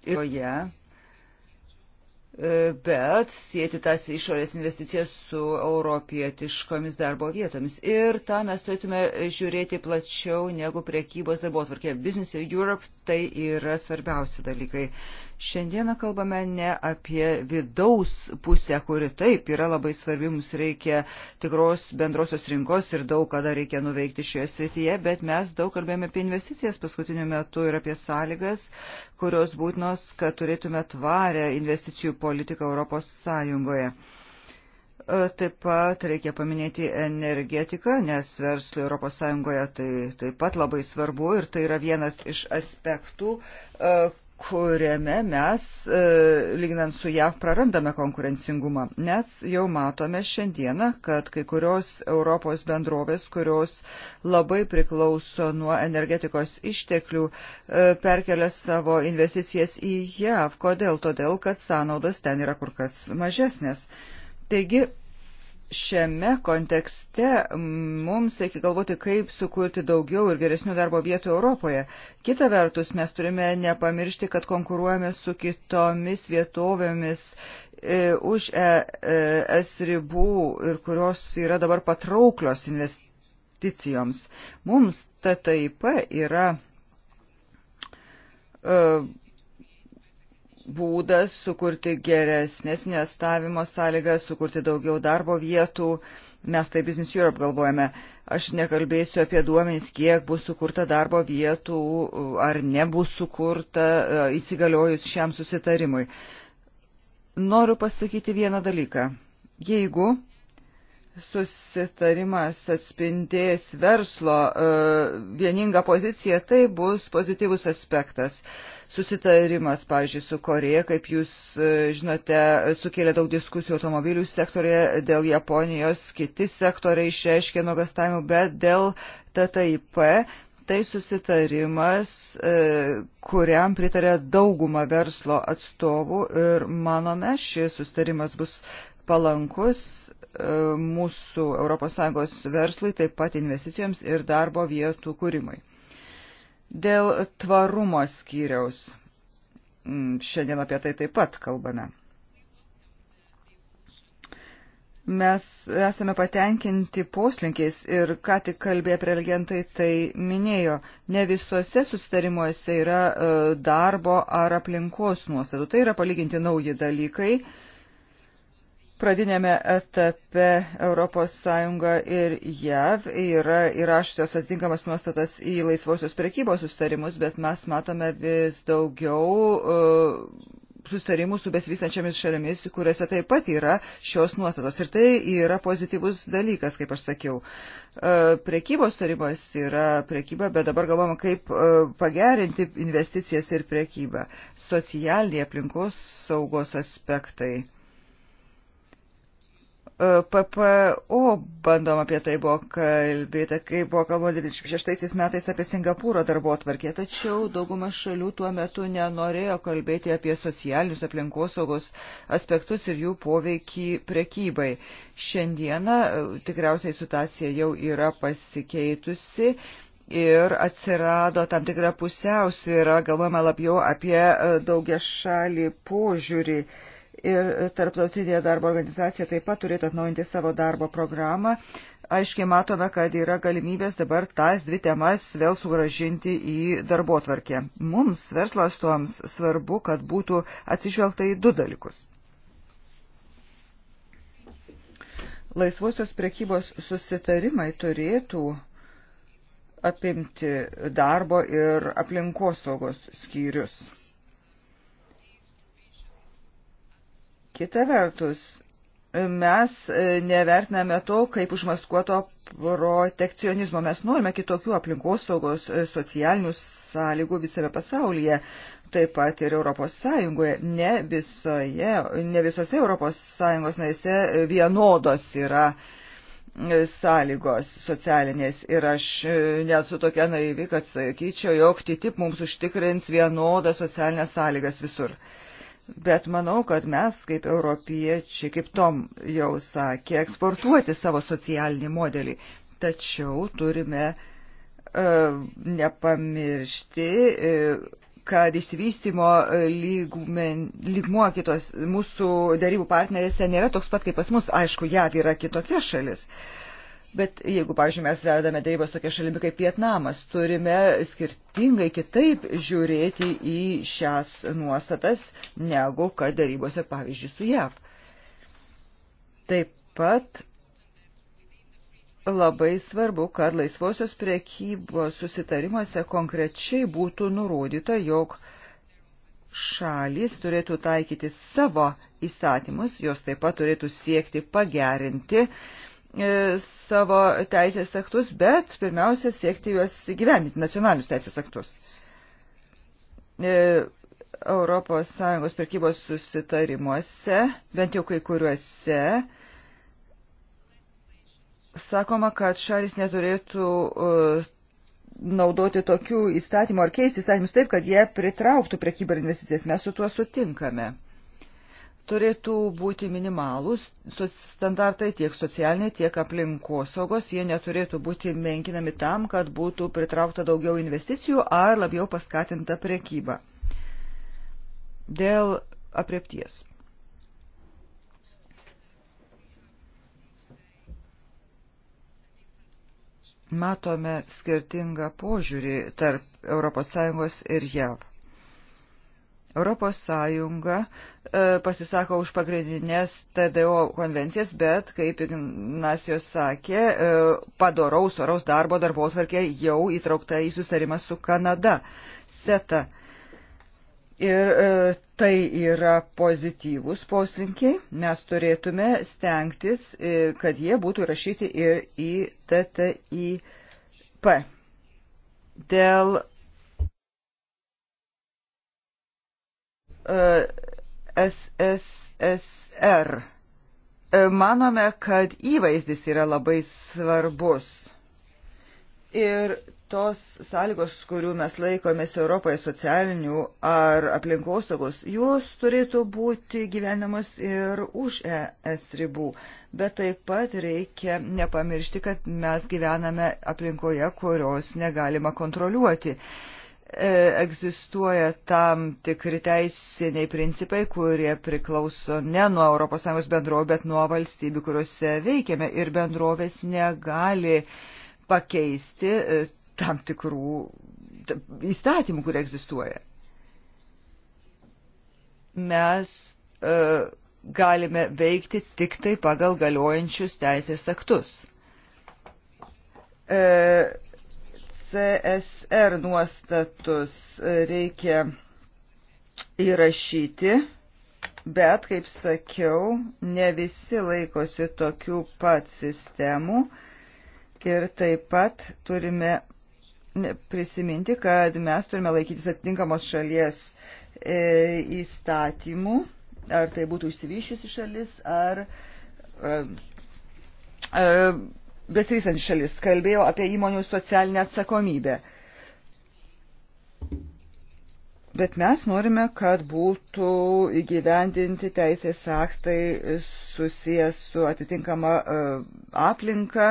Ir joje, bet sėti tas išorės investicijas su europietiškomis darbo vietomis. Ir tą mes turėtume žiūrėti plačiau negu priekybos darbo atvarkė. Business Europe tai yra svarbiausi dalykai. Šiandieną kalbame ne apie vidaus pusę, kuri taip yra labai svarbi, mums reikia tikros bendrosios rinkos ir daug ką dar reikia nuveikti šioje srityje, bet mes daug kalbėjome apie investicijas paskutiniu metu ir apie sąlygas, kurios būtinos, kad turėtume tvarę investicijų politiką Europos Sąjungoje. E, taip pat reikia paminėti energetiką, nes verslui ES tai taip pat labai svarbu ir tai yra vienas iš aspektų, e, kuriame mes, e, lyginant su JAV, prarandame konkurencingumą. Nes jau matome šiandieną, kad kai kurios Europos bendrovės, kurios labai priklauso nuo energetikos išteklių, e, perkelia savo investicijas į JAV. Kodėl? Todėl, kad sąnaudos ten yra kur kas mažesnės. Taigi, šiame kontekste mums reikia galvoti, kaip sukurti daugiau ir geresnių darbo vietų Europoje. Kita vertus, mes turime nepamiršti, kad konkuruojame su kitomis vietovėmis e, už ES e, ribų ir kurios yra dabar patrauklios investicijoms. Mums TTIP yra. E, būdas sukurti geresnės nestavimo sąlygas, sukurti daugiau darbo vietų. Mes tai Business Europe galvojame. Aš nekalbėsiu apie duomenys, kiek bus sukurta darbo vietų ar nebus sukurta e, įsigaliojus šiam susitarimui. Noriu pasakyti vieną dalyką. Jeigu susitarimas atspindės verslo e, vieningą poziciją, tai bus pozityvus aspektas. Susitarimas, pavyzdžiui, su Koreja, kaip jūs e, žinote, sukėlė daug diskusijų automobilių sektorėje, dėl Japonijos kiti sektoriai išreiškė nuogastavimų, bet dėl TTIP tai susitarimas, e, kuriam pritarė dauguma verslo atstovų ir manome, šis susitarimas bus palankus E, mūsų ES verslui, taip pat investicijoms ir darbo vietų kūrimui. Dėl tvarumo skyriaus. Šiandien apie tai taip pat kalbame. Mes esame patenkinti poslinkiais ir ką tik kalbėjo prelegentai, tai minėjo, ne visuose sustarimuose yra e, darbo ar aplinkos nuostatų. Tai yra palyginti nauji dalykai Pradinėme etape ES ir JAV yra įrašytos atitinkamas nuostatas į laisvosios prekybos sustarimus, bet mes matome vis daugiau uh, sustarimų su besivystančiamis šalimis, kuriuose taip pat yra šios nuostatos. Ir tai yra pozityvus dalykas, kaip aš sakiau. Uh, prekybos tarimas yra prekyba, bet dabar galvojame, kaip uh, pagerinti investicijas ir prekybą. Socialiniai aplinkos saugos aspektai PPO bandom apie tai buvo kalbėta, kai buvo kalbama 96 metais apie Singapūro darbo atvarkė, tačiau dauguma šalių tuo metu nenorėjo kalbėti apie socialinius aplinkosaugos aspektus ir jų poveikį prekybai. Šiandieną e, tikriausiai situacija jau yra pasikeitusi ir atsirado tam tikra pusiausvyrą, galvojame labiau apie e, daugia šalį požiūrį ir tarptautinė darbo organizacija taip pat turėtų atnaujinti savo darbo programą. Aiškiai matome, kad yra galimybės dabar tas dvi temas vėl sugražinti į darbo tvarkę. Mums, verslo atstovams, svarbu, kad būtų atsižvelgta į du dalykus. Laisvosios prekybos susitarimai turėtų apimti darbo ir aplinkosaugos skyrius Kita vertus, mes e, nevertiname to kaip užmaskuoto protekcionizmo. Mes norime kitokių aplinkosaugos e, socialinių sąlygų visame pasaulyje, taip pat ir Europos Sąjungoje. Ne, visoje, ne visose Europos Sąjungos naise e, vienodos yra sąlygos socialinės ir aš net su tokia naivi, kad sakyčiau, jog TTIP mums užtikrins vienodas socialinės sąlygas visur. Uh, Bet manau, kad mes kaip europiečiai, kaip Tom jau sakė, eksportuoti savo socialinį modelį. Tačiau turime e, nepamiršti, e, kad išsivystimo lygmuo kitos mūsų darybų partnerėse nėra toks pat kaip pas mus. Aišku, jav yra kitokia šalis. E, Bet jeigu, pavyzdžiui, mes vedame dėrybas tokia šalimi kaip Vietnamas, turime skirtingai kitaip žiūrėti į šias nuostatas, negu kad dėrybose, pavyzdžiui, su JAV. Taip pat labai svarbu, kad laisvosios priekybos susitarimuose konkrečiai būtų nurodyta, jog šalys turėtų taikyti savo įstatymus, jos taip pat turėtų siekti pagerinti uh, E, savo teisės aktus, bet pirmiausia siekti juos gyvendinti, nacionalinius teisės aktus. ES prekybos susitarimuose, bent jau kai kuriuose, sakoma, kad šalis neturėtų e, naudoti tokių įstatymų ar keisti įstatymus taip, kad jie pritrauktų prekybą ir investicijas. Mes su tuo sutinkame turėtų būti minimalūs standartai tiek socialiniai, tiek aplinkosaugos. Jie neturėtų būti menkinami tam, kad būtų pritraukta daugiau investicijų ar labiau paskatinta prekyba. Dėl apriepties. Matome skirtingą požiūrį tarp ES ir JAV. Europos Sąjunga e, pasisako už pagrindinės TDO konvencijas, bet, kaip Ignacijos sakė, e, padoraus oraus darbo darbo tvarkė jau įtraukta į susitarimą su Kanada. SETA. Ir e, tai yra pozityvūs poslinkiai. Mes turėtume stengtis, kad jie būtų rašyti ir į TTIP. Dėl SSSR. E, manome, kad įvaizdis yra labai svarbus. Ir tos sąlygos, kurių mes laikomės Europoje socialinių ar aplinkosaugos, jos turėtų būti gyvenamos ir už ES ribų. Bet taip pat reikia nepamiršti, kad mes gyvename aplinkoje, kurios negalima kontroliuoti. E, egzistuoja tam tikri teisiniai principai, kurie priklauso ne nuo ES bendrovė, bet nuo valstybių, kuriuose veikiame ir bendrovės negali pakeisti e, tam tikrų įstatymų, kurie egzistuoja. Mes e, galime veikti tik tai pagal galiojančius teisės aktus. E, CSR nuostatus reikia įrašyti, bet, kaip sakiau, ne visi laikosi tokių pat sistemų ir taip pat turime prisiminti, kad mes turime laikytis atitinkamos šalies e, įstatymų, ar tai būtų išsivyščiusi šalis, ar e, e, besivysančių šalis. Kalbėjau apie įmonių socialinę atsakomybę. Bet mes norime, kad būtų įgyvendinti teisės aktai susijęs su atitinkama e, aplinka,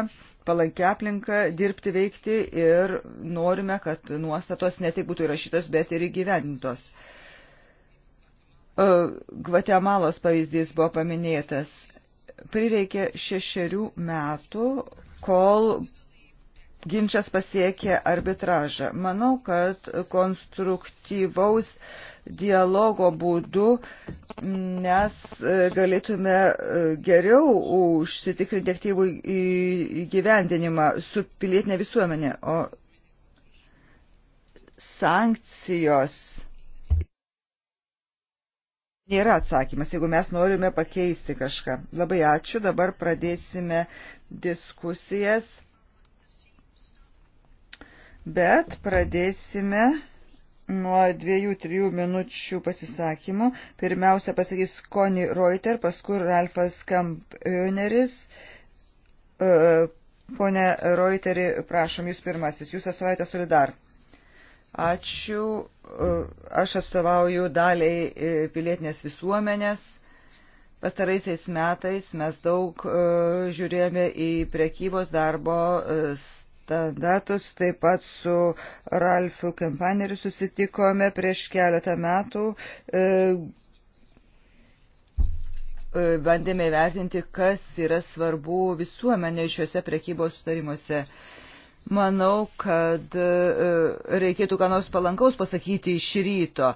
palankia aplinka dirbti, veikti ir norime, kad nuostatos ne tik būtų įrašytos, bet ir įgyvendintos. E, Gvatemalos pavyzdys buvo paminėtas. Prireikė šešerių metų, kol ginčas pasiekė arbitražą. Manau, kad konstruktyvaus dialogo būdu mes e, galėtume e, geriau užsitikrinti aktyvų įgyvendinimą su pilietinė visuomenė, o sankcijos nėra atsakymas, jeigu mes norime pakeisti kažką. Labai ačiū, dabar pradėsime diskusijas, bet pradėsime nuo dviejų, trijų minučių pasisakymų. Pirmiausia pasakys Koni Reuter, paskui Ralfas Kampioneris. Pone Reuteri, prašom, jūs pirmasis, jūs atstovaujate Solidar. Ačiū. Aš atstovauju daliai e, pilietinės visuomenės. Pastaraisiais metais mes daug e, žiūrėjome į prekybos darbo e, standartus, taip pat su Ralfu Kempaneriu susitikome prieš keletą metų. Bandėme įvertinti, kas yra svarbu visuomenė šiuose prekybos sutarimuose manau, kad e, reikėtų ką nors palankaus pasakyti iš ryto.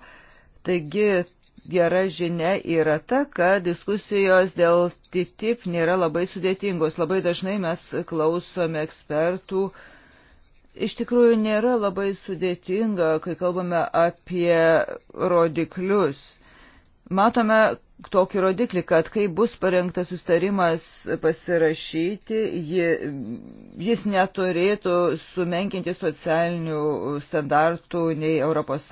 Taigi, gera žinia yra ta, kad diskusijos dėl TTIP nėra labai sudėtingos. Labai dažnai mes klausome ekspertų. Iš tikrųjų nėra labai sudėtinga, kai kalbame apie rodiklius. Matome, tokį rodiklį, kad kai bus parengtas sustarimas pasirašyti, jis neturėtų sumenkinti socialinių standartų nei ES,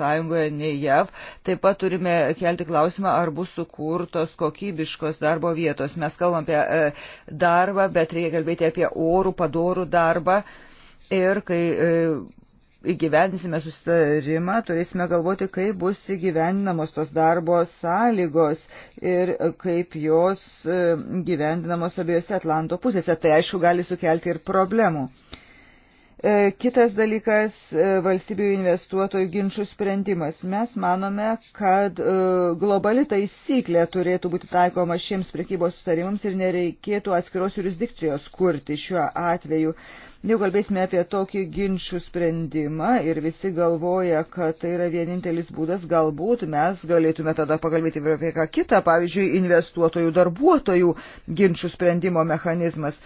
nei JAV. Taip pat turime kelti klausimą, ar bus sukurtos kokybiškos darbo vietos. Mes kalbam apie e, darbą, bet reikia kalbėti apie orų, padorų darbą. Ir kai e, įgyvendinsime sustarimą, turėsime galvoti, kaip bus įgyvendinamos tos darbo sąlygos ir kaip jos e, gyvendinamos abiejose Atlanto pusėse. Tai aišku gali sukelti ir problemų. E, kitas dalykas - e, valstybių investuotojų ginčių sprendimas. Mes manome, kad globali taisyklė turėtų būti taikoma šiems prekybos sustarimams ir nereikėtų atskiros jurisdikcijos kurti šiuo atveju. Jau kalbėsime apie tokį ginčių sprendimą ir visi galvoja, kad tai yra vienintelis būdas, galbūt mes galėtume tada pakalbėti ir apie ką kitą, pavyzdžiui, investuotojų darbuotojų ginčių sprendimo mechanizmas.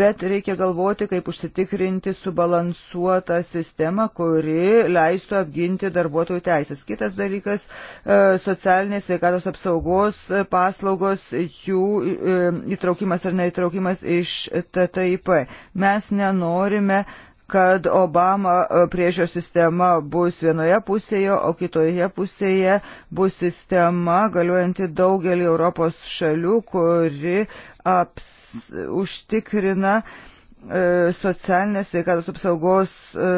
Bet reikia galvoti, kaip užsitikrinti subalansuotą sistemą, kuri leistų apginti darbuotojų teisės. Kitas dalykas e, - socialinės sveikatos apsaugos paslaugos, jų e, įtraukimas ar neįtraukimas iš TTIP. Mes nenorime norime, kad Obama e, priežio sistema bus vienoje pusėje, o kitoje pusėje bus sistema galiuojanti daugelį Europos šalių, kuri aps, užtikrina e, socialinės sveikatos apsaugos e,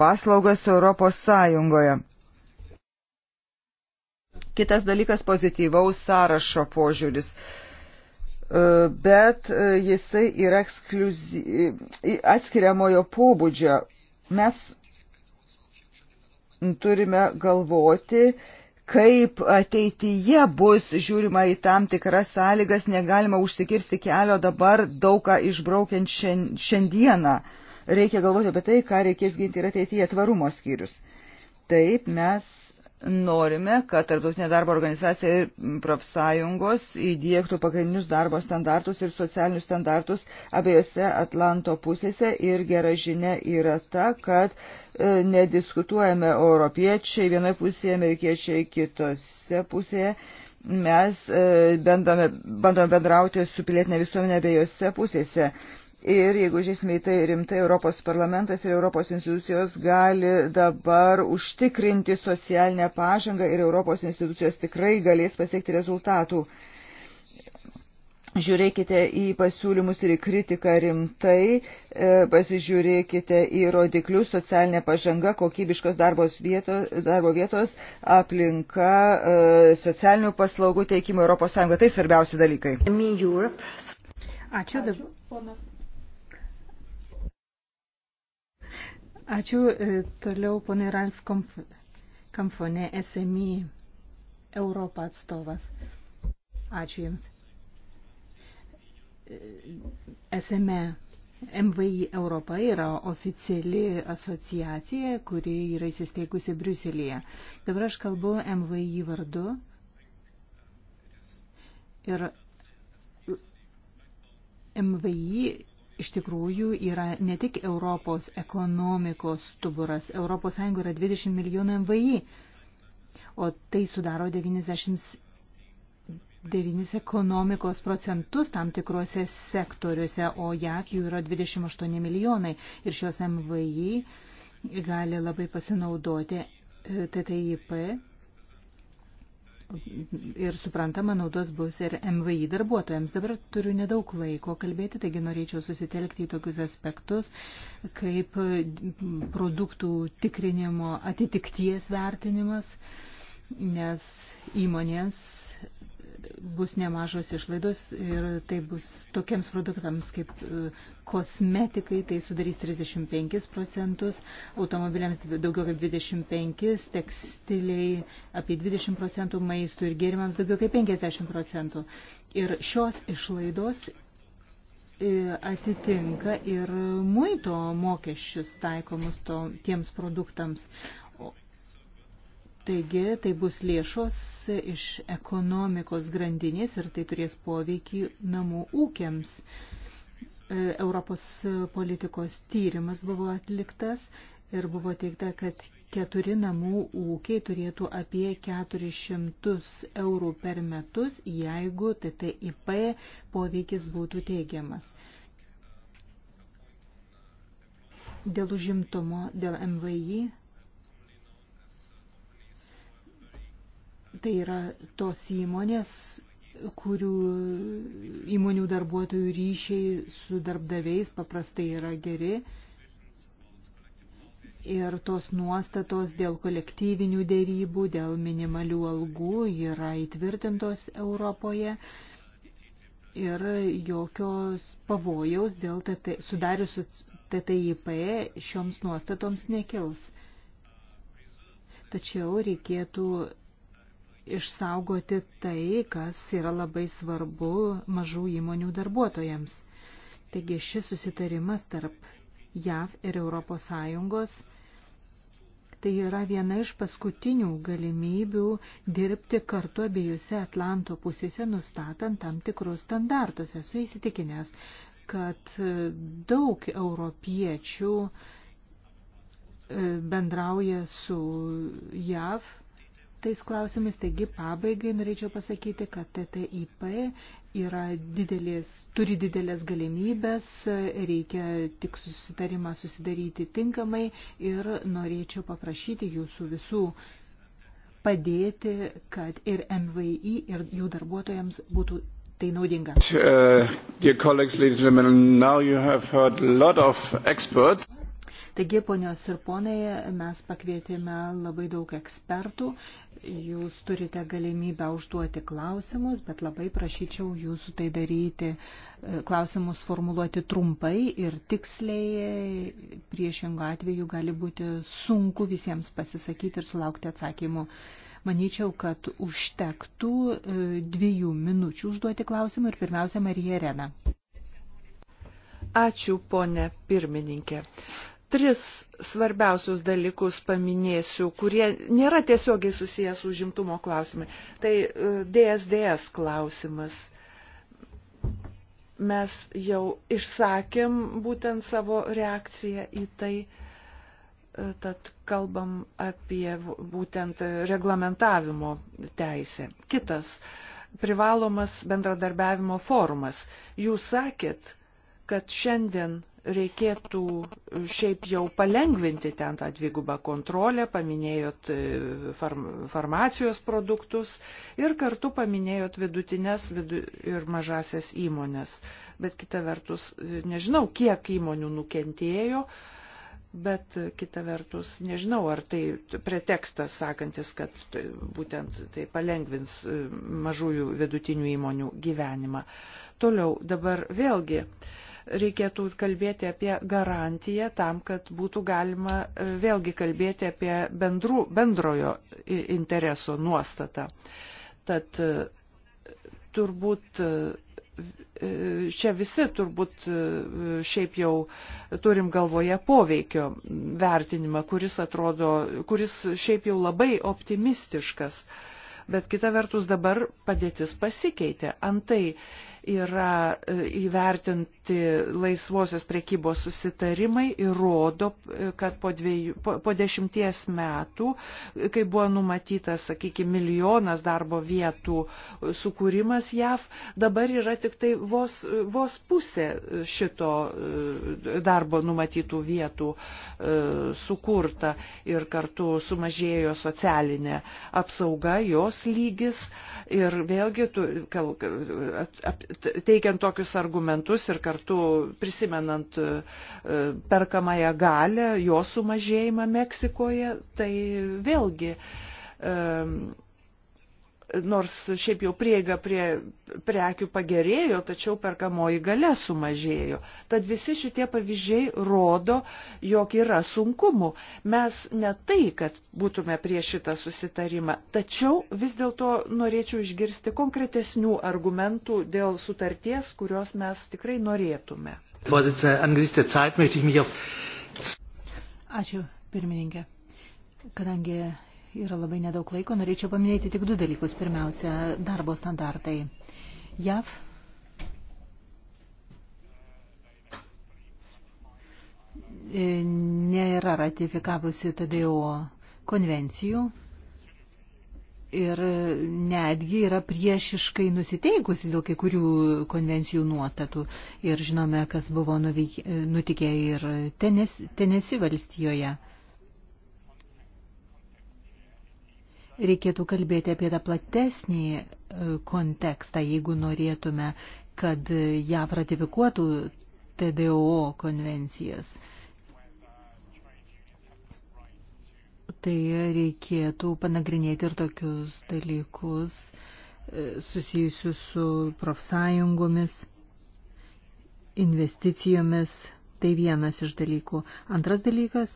paslaugas Europos Sąjungoje. Kitas dalykas pozityvaus sąrašo požiūris. E, E, bet e, jisai yra ekskluzi... E, atskiriamojo pobūdžio. Mes turime galvoti, kaip ateityje bus žiūrima į tam tikras sąlygas, negalima užsikirsti kelio dabar daugą išbraukiant šiandieną. Reikia galvoti apie tai, ką reikės ginti ir ateityje tvarumo skyrius. Taip mes norime, kad Tarptautinė darbo organizacija ir profsąjungos įdėktų pagrindinius darbo standartus ir socialinius standartus abiejose Atlanto pusėse ir gera žinia yra ta, kad e, nediskutuojame europiečiai vienoje pusėje, amerikiečiai kitose pusėje. Mes e, bendome, bandome bendrauti su pilietinė visuomenė abiejose pusėse. E, Ir jeigu žiūrėsime į tai rimtai, Europos parlamentas ir Europos institucijos gali dabar užtikrinti socialinę pažangą ir Europos institucijos tikrai galės pasiekti rezultatų. Žiūrėkite į pasiūlymus ir į kritiką rimtai, e, pasižiūrėkite į rodiklius, socialinė pažanga, kokybiškos vieto, darbo vietos, aplinka, e, socialinių paslaugų teikimo ES. Tai svarbiausi dalykai. Ačiū. Ačiū. Ponas Ačiū. E, toliau ponai Ralf Kamfone, SMI Europą atstovas. Ačiū Jums. E, SME MVI Europa yra oficiali asociacija, kuri yra įsisteigusi Briuselėje. Dabar aš kalbu MVI vardu. Ir MVI iš tikrųjų yra ne tik Europos ekonomikos stuburas. Europos Sąjunga yra 20 milijonų MVI, o tai sudaro 90 devynis ekonomikos procentus tam tikrose sektoriuose, o JAV jų yra 28 milijonai ir šios MVI gali labai pasinaudoti e, TTIP ir suprantama naudos bus ir MVI darbuotojams. Dabar turiu nedaug laiko kalbėti, taigi norėčiau susitelkti į tokius aspektus, kaip produktų tikrinimo atitikties vertinimas, nes įmonėms bus nemažos išlaidos ir tai bus tokiems produktams kaip e, kosmetikai, tai sudarys 35 procentus, automobiliams daugiau kaip 25, tekstiliai apie 20 procentų, maistų ir gėrimams daugiau kaip 50 procentų. Ir šios išlaidos e, atitinka ir muito mokesčius taikomus to, tiems produktams. Taigi tai bus lėšos iš ekonomikos grandinės ir tai turės poveikį namų ūkiams. E, Europos politikos tyrimas buvo atliktas ir buvo teikta, kad keturi namų ūkiai turėtų apie 400 eurų per metus, jeigu TTIP poveikis būtų teigiamas. Dėl užimtumo, dėl MVI Tai yra tos įmonės, kurių įmonių darbuotojų ryšiai su darbdaviais paprastai yra geri. Ir tos nuostatos dėl kolektyvinių dėrybų, dėl minimalių algų yra įtvirtintos Europoje. Ir jokios pavojaus dėl TT, sudarius TTIP šioms nuostatoms nekils. Tačiau reikėtų išsaugoti tai, kas yra labai svarbu mažų įmonių darbuotojams. Taigi šis susitarimas tarp JAV ir ES tai yra viena iš paskutinių galimybių dirbti kartu abiejose Atlanto pusėse, nustatant tam tikrus standartus. Esu įsitikinęs, kad daug europiečių e, bendrauja su JAV tais klausimais. Taigi pabaigai norėčiau pasakyti, kad TTIP yra didelės, turi didelės galimybės, reikia tik susitarimą susidaryti tinkamai ir norėčiau paprašyti jūsų visų padėti, kad ir MVI, ir jų darbuotojams būtų tai naudinga. Uh, Taigi, ponios ir ponai, mes pakvietėme labai daug ekspertų. Jūs turite galimybę užduoti klausimus, bet labai prašyčiau jūsų tai daryti, e, klausimus formuluoti trumpai ir tiksliai. Priešingų atveju gali būti sunku visiems pasisakyti ir sulaukti atsakymų. Manyčiau, kad užtektų e, dviejų minučių užduoti klausimą ir pirmiausia Marija Rena. Ačiū, ponė pirmininkė tris svarbiausius dalykus paminėsiu, kurie nėra tiesiogiai susijęs su užimtumo klausimai. Tai e, DSDS klausimas. Mes jau išsakėm būtent savo reakciją į tai, e, tad kalbam apie būtent reglamentavimo teisę. Kitas privalomas bendradarbiavimo forumas. Jūs sakėt, kad šiandien reikėtų šiaip jau palengvinti ten tą dvigubą kontrolę, paminėjot e, farmacijos produktus ir kartu paminėjot vidutinės vidu ir mažasias įmonės. Bet kita vertus, nežinau, kiek įmonių nukentėjo, bet kita vertus, nežinau, ar tai pretekstas sakantis, kad tai būtent tai palengvins e, mažųjų vidutinių įmonių gyvenimą. Toliau dabar vėlgi. Uh, reikėtų kalbėti apie garantiją tam, kad būtų galima e, vėlgi kalbėti apie bendrų, bendrojo intereso nuostatą. Tad e, turbūt e, čia visi turbūt šiaip jau turim galvoje poveikio vertinimą, kuris atrodo, kuris šiaip jau labai optimistiškas. Bet kita vertus dabar padėtis pasikeitė. Antai yra e, įvertinti laisvosios prekybos susitarimai ir rodo, e, kad po, dviejų, po, po dešimties metų, e, kai buvo numatytas, sakykime, milijonas darbo vietų sukūrimas JAV, dabar yra tik tai vos, vos pusė šito darbo numatytų vietų sukurta ir kartu sumažėjo socialinė apsauga, jos lygis ir vėlgi tu, kal, ap, teikiant tokius argumentus ir kartu prisimenant e, e, perkamąją galę, jo sumažėjimą Meksikoje, tai vėlgi e, nors šiaip jau prieiga prie prekių pagerėjo, tačiau perkamoji gale sumažėjo. Tad visi šitie pavyzdžiai rodo, jog yra sunkumų. Mes ne tai, kad būtume prieš šitą susitarimą, tačiau vis dėlto norėčiau išgirsti konkretesnių argumentų dėl sutarties, kurios mes tikrai norėtume. Ačiū, pirmininkė. Kadangi yra labai nedaug laiko. Norėčiau paminėti tik du dalykus. Pirmiausia, darbo standartai. JAV nėra ratifikavusi TDO konvencijų ir netgi yra priešiškai nusiteikusi dėl kai kurių konvencijų nuostatų. Ir žinome, kas buvo nutikė ir tenesi, tenesi valstijoje. reikėtų kalbėti apie tą platesnį e, kontekstą, jeigu norėtume, kad JAV ratifikuotų TDO konvencijas. Tai reikėtų panagrinėti ir tokius dalykus e, susijusius su profsąjungomis, investicijomis. Tai vienas iš dalykų. Antras dalykas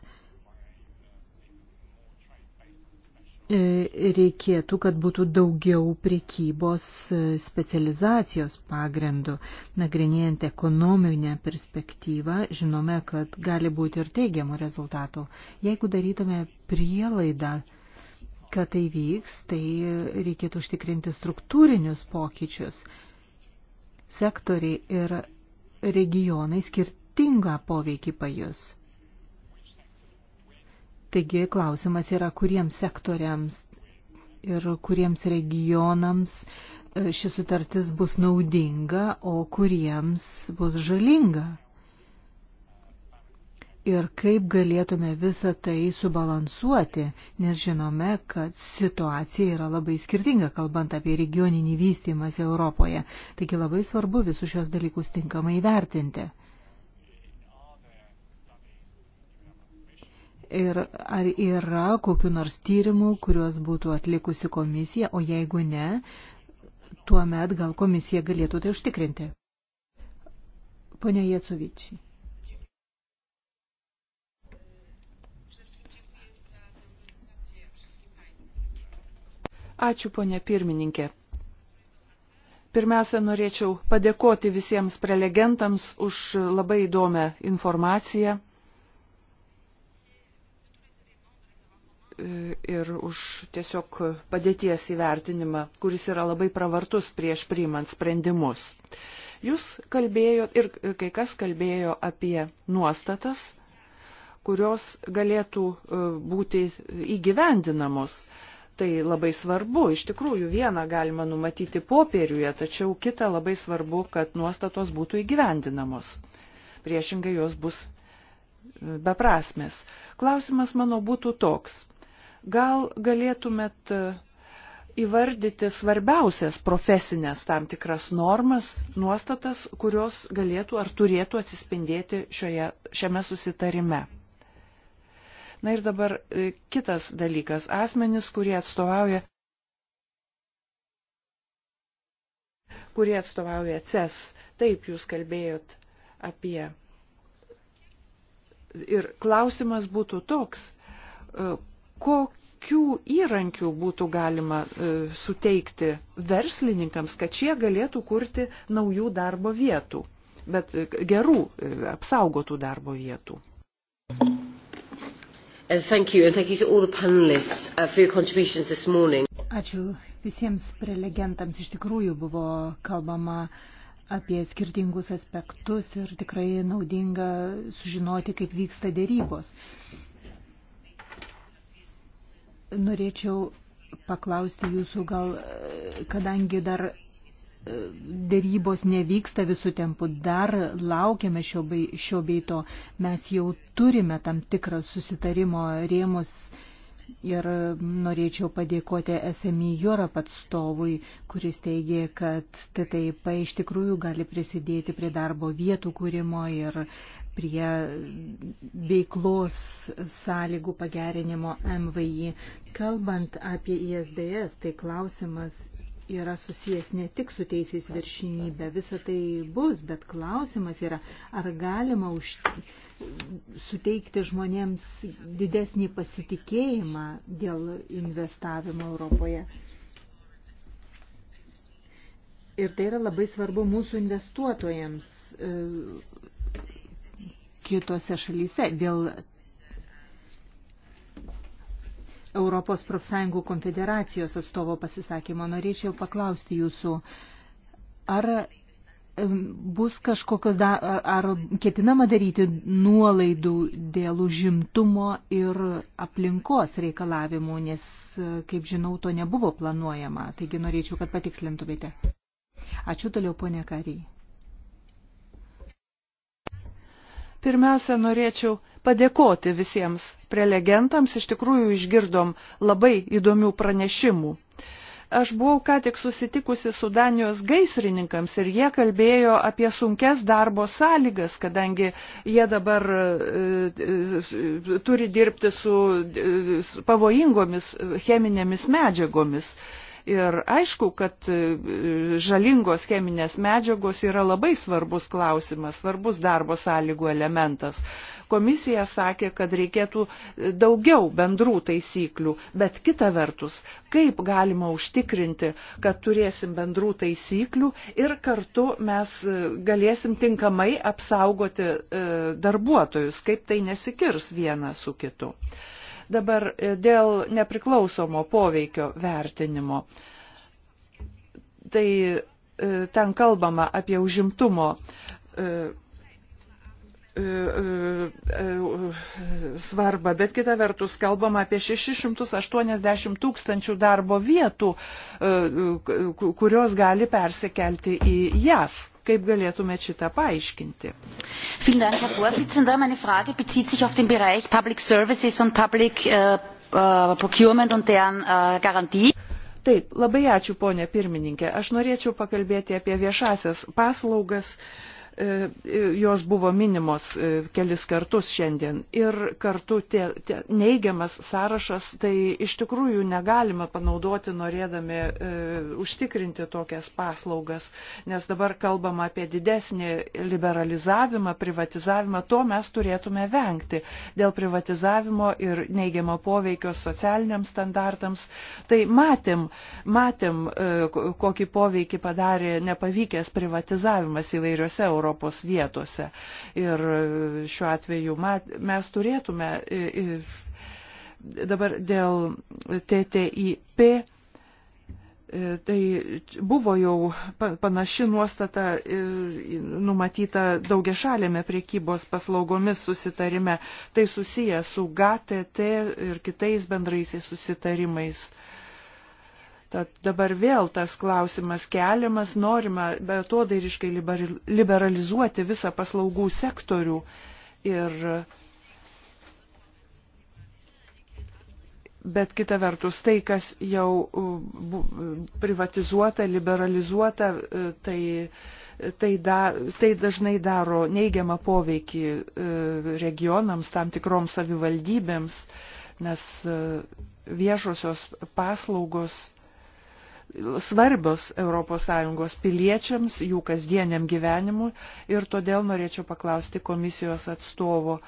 E, reikėtų, kad būtų daugiau priekybos e, specializacijos pagrindų. Nagrinėjant ekonominę perspektyvą, žinome, kad gali būti ir teigiamų rezultatų. Jeigu darytume prielaidą, kad tai vyks, tai reikėtų užtikrinti struktūrinius pokyčius. Sektoriai ir regionai skirtingą poveikį pajus. Taigi klausimas yra, kuriems sektoriams ir kuriems regionams e, ši sutartis bus naudinga, o kuriems bus žalinga. Ir kaip galėtume visą tai subalansuoti, nes žinome, kad situacija yra labai skirtinga, kalbant apie regioninį vystymąsi Europoje. Taigi labai svarbu visus šios dalykus tinkamai vertinti. Ir ar yra kokiu nors tyrimu, kuriuos būtų atlikusi komisija, o jeigu ne, tuomet gal komisija galėtų tai užtikrinti. Pone Jecovičiai. Ačiū, ponė pirmininkė. Pirmiausia, norėčiau padėkoti visiems prelegentams už labai įdomią informaciją. ir už tiesiog padėties įvertinimą, kuris yra labai pravartus prieš priimant sprendimus. Jūs kalbėjot ir kai kas kalbėjo apie nuostatas, kurios galėtų e, būti įgyvendinamos. Tai labai svarbu, iš tikrųjų vieną galima numatyti popieriuje, tačiau kitą labai svarbu, kad nuostatos būtų įgyvendinamos. Priešingai jos bus e, beprasmės. Klausimas mano būtų toks Gal galėtumėt e, įvardyti svarbiausias profesinės tam tikras normas, nuostatas, kurios galėtų ar turėtų atsispindėti šioje, šiame susitarime. Na ir dabar e, kitas dalykas - asmenys, kurie atstovauja kurie atstovauja CES. Taip, jūs kalbėjot apie. Ir klausimas būtų toks, e, kokių įrankių būtų galima e, suteikti verslininkams, kad šie galėtų kurti naujų darbo vietų, bet e, gerų, e, apsaugotų darbo vietų. Thank you, and thank you to all the panelists uh, for your contributions this morning. Ačiū visiems prelegentams. Iš tikrųjų buvo kalbama apie skirtingus aspektus ir tikrai naudinga sužinoti, kaip vyksta dėrybos. Norėčiau paklausti jūsų, gal, e, kadangi dar e, dėrybos nevyksta visų tempų, dar laukiame šio, bei, šio beito, mes jau turime tam tikrą susitarimo rėmus Ir norėčiau padėkoti SMI Jorap atstovui, kuris teigė, kad TTIP iš tikrųjų gali prisidėti prie darbo vietų kūrimo ir prie veiklos sąlygų pagerinimo MVI. Kalbant apie ISDS, tai klausimas yra susijęs ne tik su teisės viršinybė, visa tai bus, bet klausimas yra, ar galima už, suteikti žmonėms didesnį pasitikėjimą dėl investavimo Europoje. Ir tai yra labai svarbu mūsų investuotojams e, kitose šalyse dėl Europos profsąjungų konfederacijos atstovo pasisakymo norėčiau paklausti jūsų, ar bus kažkokios da, ar ketinama daryti nuolaidų dėl užimtumo ir aplinkos reikalavimų, nes, kaip žinau, to nebuvo planuojama. Taigi norėčiau, kad patikslintumėte. Ačiū toliau, ponė Kariai. Pirmiausia, norėčiau padėkoti visiems prelegentams. Iš tikrųjų išgirdom labai įdomių pranešimų Aš buvau ką tik susitikusi su Danijos gaisrininkams ir jie kalbėjo apie sunkes darbo sąlygas, kadangi jie dabar e, e, turi dirbti e, su pavojingomis cheminėmis medžiagomis. Ir aišku, kad e, žalingos cheminės medžiagos yra labai svarbus klausimas, svarbus darbo sąlygų elementas. Komisija sakė, kad reikėtų e, daugiau bendrų taisyklių, bet kita vertus, kaip galima užtikrinti, kad turėsim bendrų taisyklių ir kartu mes e, galėsim tinkamai apsaugoti darbuotojus, kaip tai nesikirs vienas su kitu. Thank you Dabar e, dėl nepriklausomo poveikio vertinimo. Tai e, ten kalbama apie užimtumo e, svarbą, bet kita vertus kalbama apie 680 tūkstančių darbo vietų, kurios gali persikelti į JAV. Kaip galėtumėt šitą paaiškinti? Dank, Herr Vorsitzender. Meine Frage bezieht sich auf den Bereich Public Services und Public uh, uh, Procurement und deren uh, Garantie. Taip, labai ačiū, ponė pirmininkė. Aš norėčiau pakalbėti apie viešasias paslaugas. Uh, E, e, jos buvo minimos e, kelis kartus šiandien. Ir kartu tie, tie neigiamas sąrašas, tai iš tikrųjų negalima panaudoti norėdami e, užtikrinti tokias paslaugas, nes dabar kalbama apie didesnį liberalizavimą, privatizavimą, to mes turėtume vengti dėl privatizavimo ir neigiamo poveikio socialiniams standartams. Tai matėm, matėm e, kokį poveikį padarė nepavykęs privatizavimas įvairiose Europos. Europos vietose. Ir šiuo atveju mat, mes turėtume dabar dėl TTIP tai buvo jau panaši nuostata numatyta daugiašalėme priekybos paslaugomis susitarime. Tai susiję su GATT ir kitais bendraisiais susitarimais. Tad dabar vėl tas klausimas keliamas, norima be to dairiškai liberalizuoti visą paslaugų sektorių ir Bet kita vertus, tai, kas jau uh, privatizuota, liberalizuota, uh, tai, tai, da, tai dažnai daro neigiamą poveikį uh, regionams, tam tikroms savivaldybėms, nes viešosios paslaugos svarbios ES piliečiams, jų kasdieniam gyvenimui ir todėl norėčiau paklausti komisijos atstovo,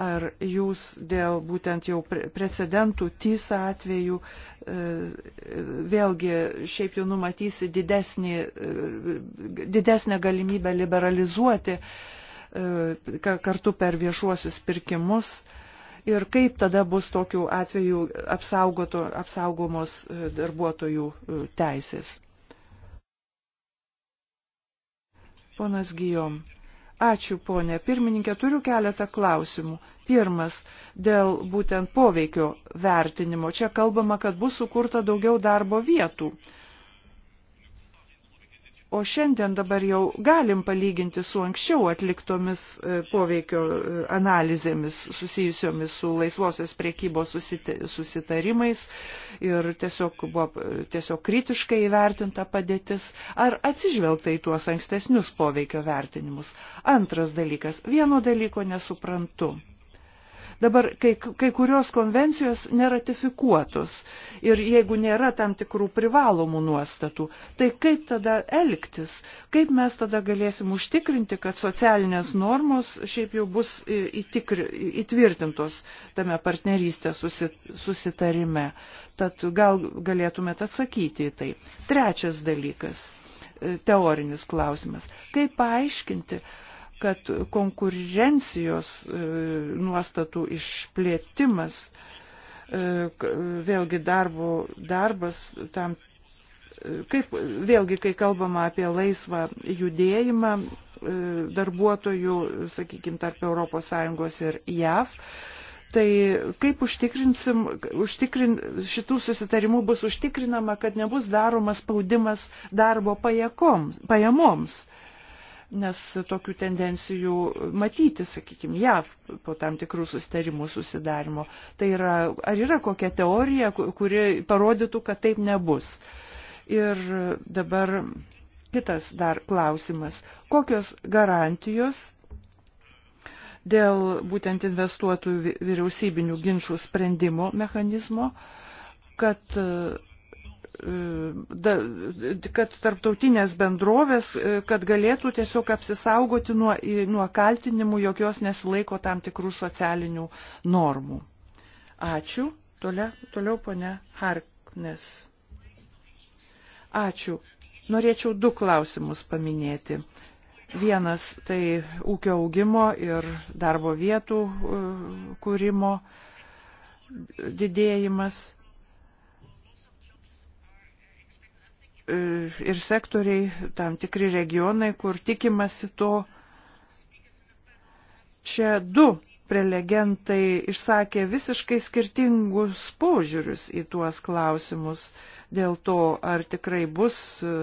ar jūs dėl būtent jau precedentų TIS atveju e, vėlgi šiaip jau numatysi didesnį, e, didesnę galimybę liberalizuoti e, kartu per viešuosius pirkimus ir kaip tada bus tokių atvejų apsaugomos e, darbuotojų e, teisės. Ponas Gijom. Ačiū, ponė. Pirmininkė, turiu keletą klausimų. Pirmas, dėl būtent poveikio vertinimo. Čia kalbama, kad bus sukurta daugiau darbo vietų. O šiandien dabar jau galim palyginti su anksčiau atliktomis e, poveikio e, analizėmis susijusiomis su laisvosios priekybos susitarimais ir tiesiog buvo e, tiesiog kritiškai įvertinta padėtis, ar atsižvelgta į tuos ankstesnius poveikio vertinimus. Antras dalykas, vieno dalyko nesuprantu. Dabar kai, kai kurios konvencijos neratifikuotos ir jeigu nėra tam tikrų privalomų nuostatų, tai kaip tada elgtis, kaip mes tada galėsim užtikrinti, kad socialinės normos šiaip jau bus įtikri, įtvirtintos tame partnerystės susitarime. Tad gal galėtumėt atsakyti į tai. Trečias dalykas, teorinis klausimas. Kaip paaiškinti, kad konkurencijos e, nuostatų išplėtimas, e, vėlgi darbo, darbas tam, e, kaip vėlgi, kai kalbama apie laisvą judėjimą darbuotojų, sakykime, tarp ES ir JAV, Tai kaip užtikrinsim, užtikrin, šitų susitarimų bus užtikrinama, kad nebus daromas spaudimas darbo pajakoms, pajamoms. pajamoms nes tokių tendencijų matyti, sakykime, JAV po tam tikrų susitarimų susidarimo. Tai yra, ar yra kokia teorija, kuri parodytų, kad taip nebus? Ir dabar kitas dar klausimas. Kokios garantijos dėl būtent investuotų vyriausybinių ginčių sprendimo mechanizmo, kad E, kad tarptautinės bendrovės, e, kad galėtų tiesiog apsisaugoti nuo, nuo kaltinimų, jog jos nesilaiko tam tikrų socialinių normų. Ačiū. Toliau, toliau ponia Harknes. Ačiū. Norėčiau du klausimus paminėti. Vienas tai ūkio augimo ir darbo vietų e, kūrimo didėjimas E, ir sektoriai, tam tikri regionai, kur tikimasi to. Čia du prelegentai išsakė visiškai skirtingus požiūrius į tuos klausimus dėl to, ar tikrai bus e,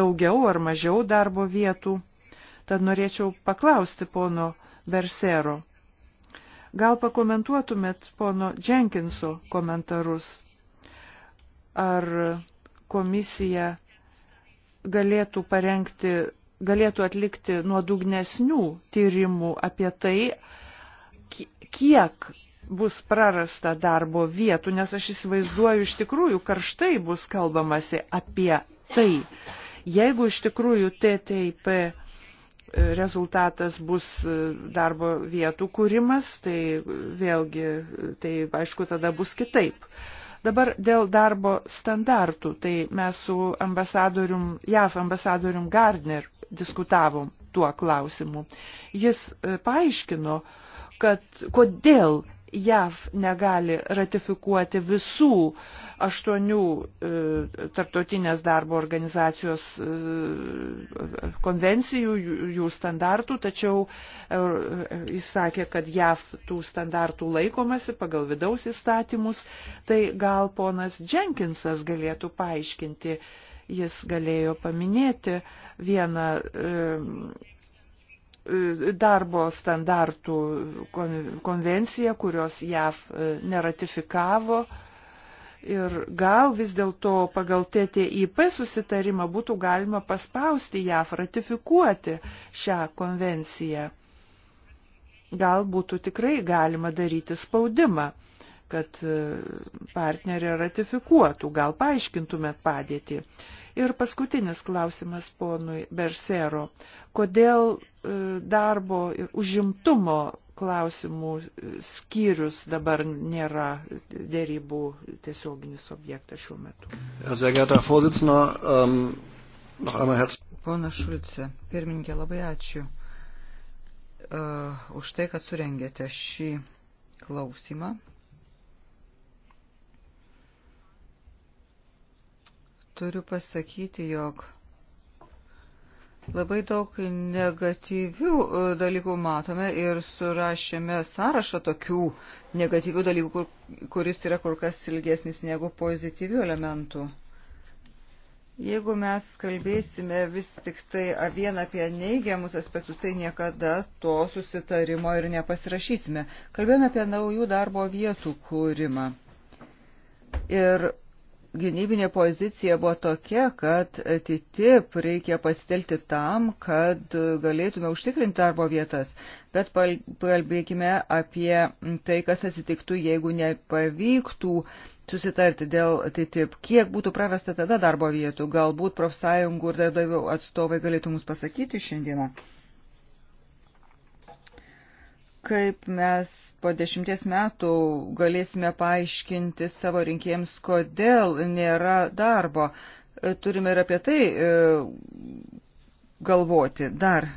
daugiau ar mažiau darbo vietų. Tad norėčiau paklausti pono Bersero. Gal pakomentuotumėt pono Jenkinso komentarus? Ar komisija galėtų parengti, galėtų atlikti nuodugnesnių tyrimų apie tai, kiek bus prarasta darbo vietų, nes aš įsivaizduoju, iš tikrųjų karštai bus kalbamasi apie tai. Jeigu iš tikrųjų TTIP rezultatas bus darbo vietų kūrimas, tai vėlgi, tai aišku, tada bus kitaip. Dabar dėl darbo standartų, tai mes su ambasadorium, JAF ambasadorium Gardner diskutavom tuo klausimu. Jis e, paaiškino, kad kodėl JAV negali ratifikuoti visų aštuonių e, tarptautinės darbo organizacijos e, konvencijų, jų standartų, tačiau e, jis sakė, kad JAV tų standartų laikomasi pagal vidaus įstatymus, tai gal ponas Jenkinsas galėtų paaiškinti, jis galėjo paminėti vieną. E, E, darbo standartų konvencija, kurios JAV e, neratifikavo. Ir gal vis dėlto pagal TTIP susitarimą būtų galima paspausti JAV ratifikuoti šią konvenciją. Gal būtų tikrai galima daryti spaudimą, kad e, partnerė ratifikuotų, gal paaiškintumėt padėtį. Ir paskutinis klausimas ponui Bersero. Kodėl e, darbo ir užimtumo klausimų e, skyrius dabar nėra dėrybų tiesioginis objektas šiuo metu? Ähm, Pona Šulce, pirmininkė, labai ačiū uh, už tai, kad surengėte šį klausimą. turiu pasakyti, jog labai daug negatyvių e, dalykų matome ir surašėme sąrašą tokių negatyvių dalykų, kur, kuris yra kur kas ilgesnis negu pozityvių elementų. Jeigu mes kalbėsime vis tik tai vien apie neigiamus aspektus, tai niekada to susitarimo ir nepasirašysime. Kalbėjome apie naujų darbo vietų kūrimą. Ir gynybinė pozicija buvo tokia, kad TTIP reikia pasitelti tam, kad galėtume užtikrinti darbo vietas. Bet kalbėkime apie tai, kas atsitiktų, jeigu nepavyktų susitarti dėl TTIP. Kiek būtų prarasta tada darbo vietų? Galbūt profsąjungų ir darbdavių atstovai galėtų mums pasakyti šiandieną kaip mes po dešimties metų galėsime paaiškinti savo rinkėjams, kodėl nėra darbo. E, turime ir apie tai e, galvoti. Dar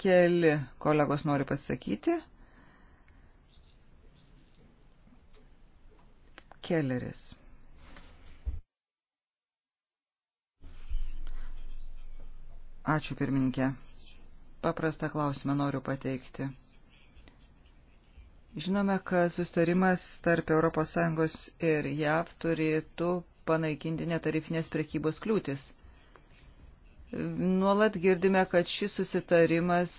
keli kolegos nori pasakyti. Kelleris. Ačiū pirmininkė. Paprastą klausimą noriu pateikti. Žinome, kad sustarimas tarp ES ir JAV turėtų panaikinti netarifinės prekybos kliūtis. Nuolat girdime, kad šis susitarimas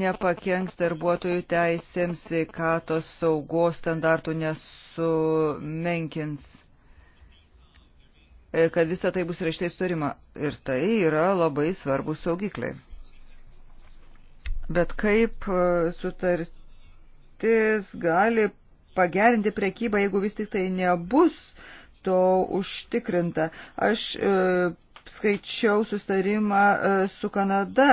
nepakenks darbuotojų teisėms sveikatos saugos standartų nesumenkins kad visa tai bus raštai sutarima. Ir tai yra labai svarbus saugikliai. Bet kaip e, sutartis gali pagerinti prekybą, jeigu vis tik tai nebus to užtikrinta. Aš e, skaičiau sustarimą e, su Kanada,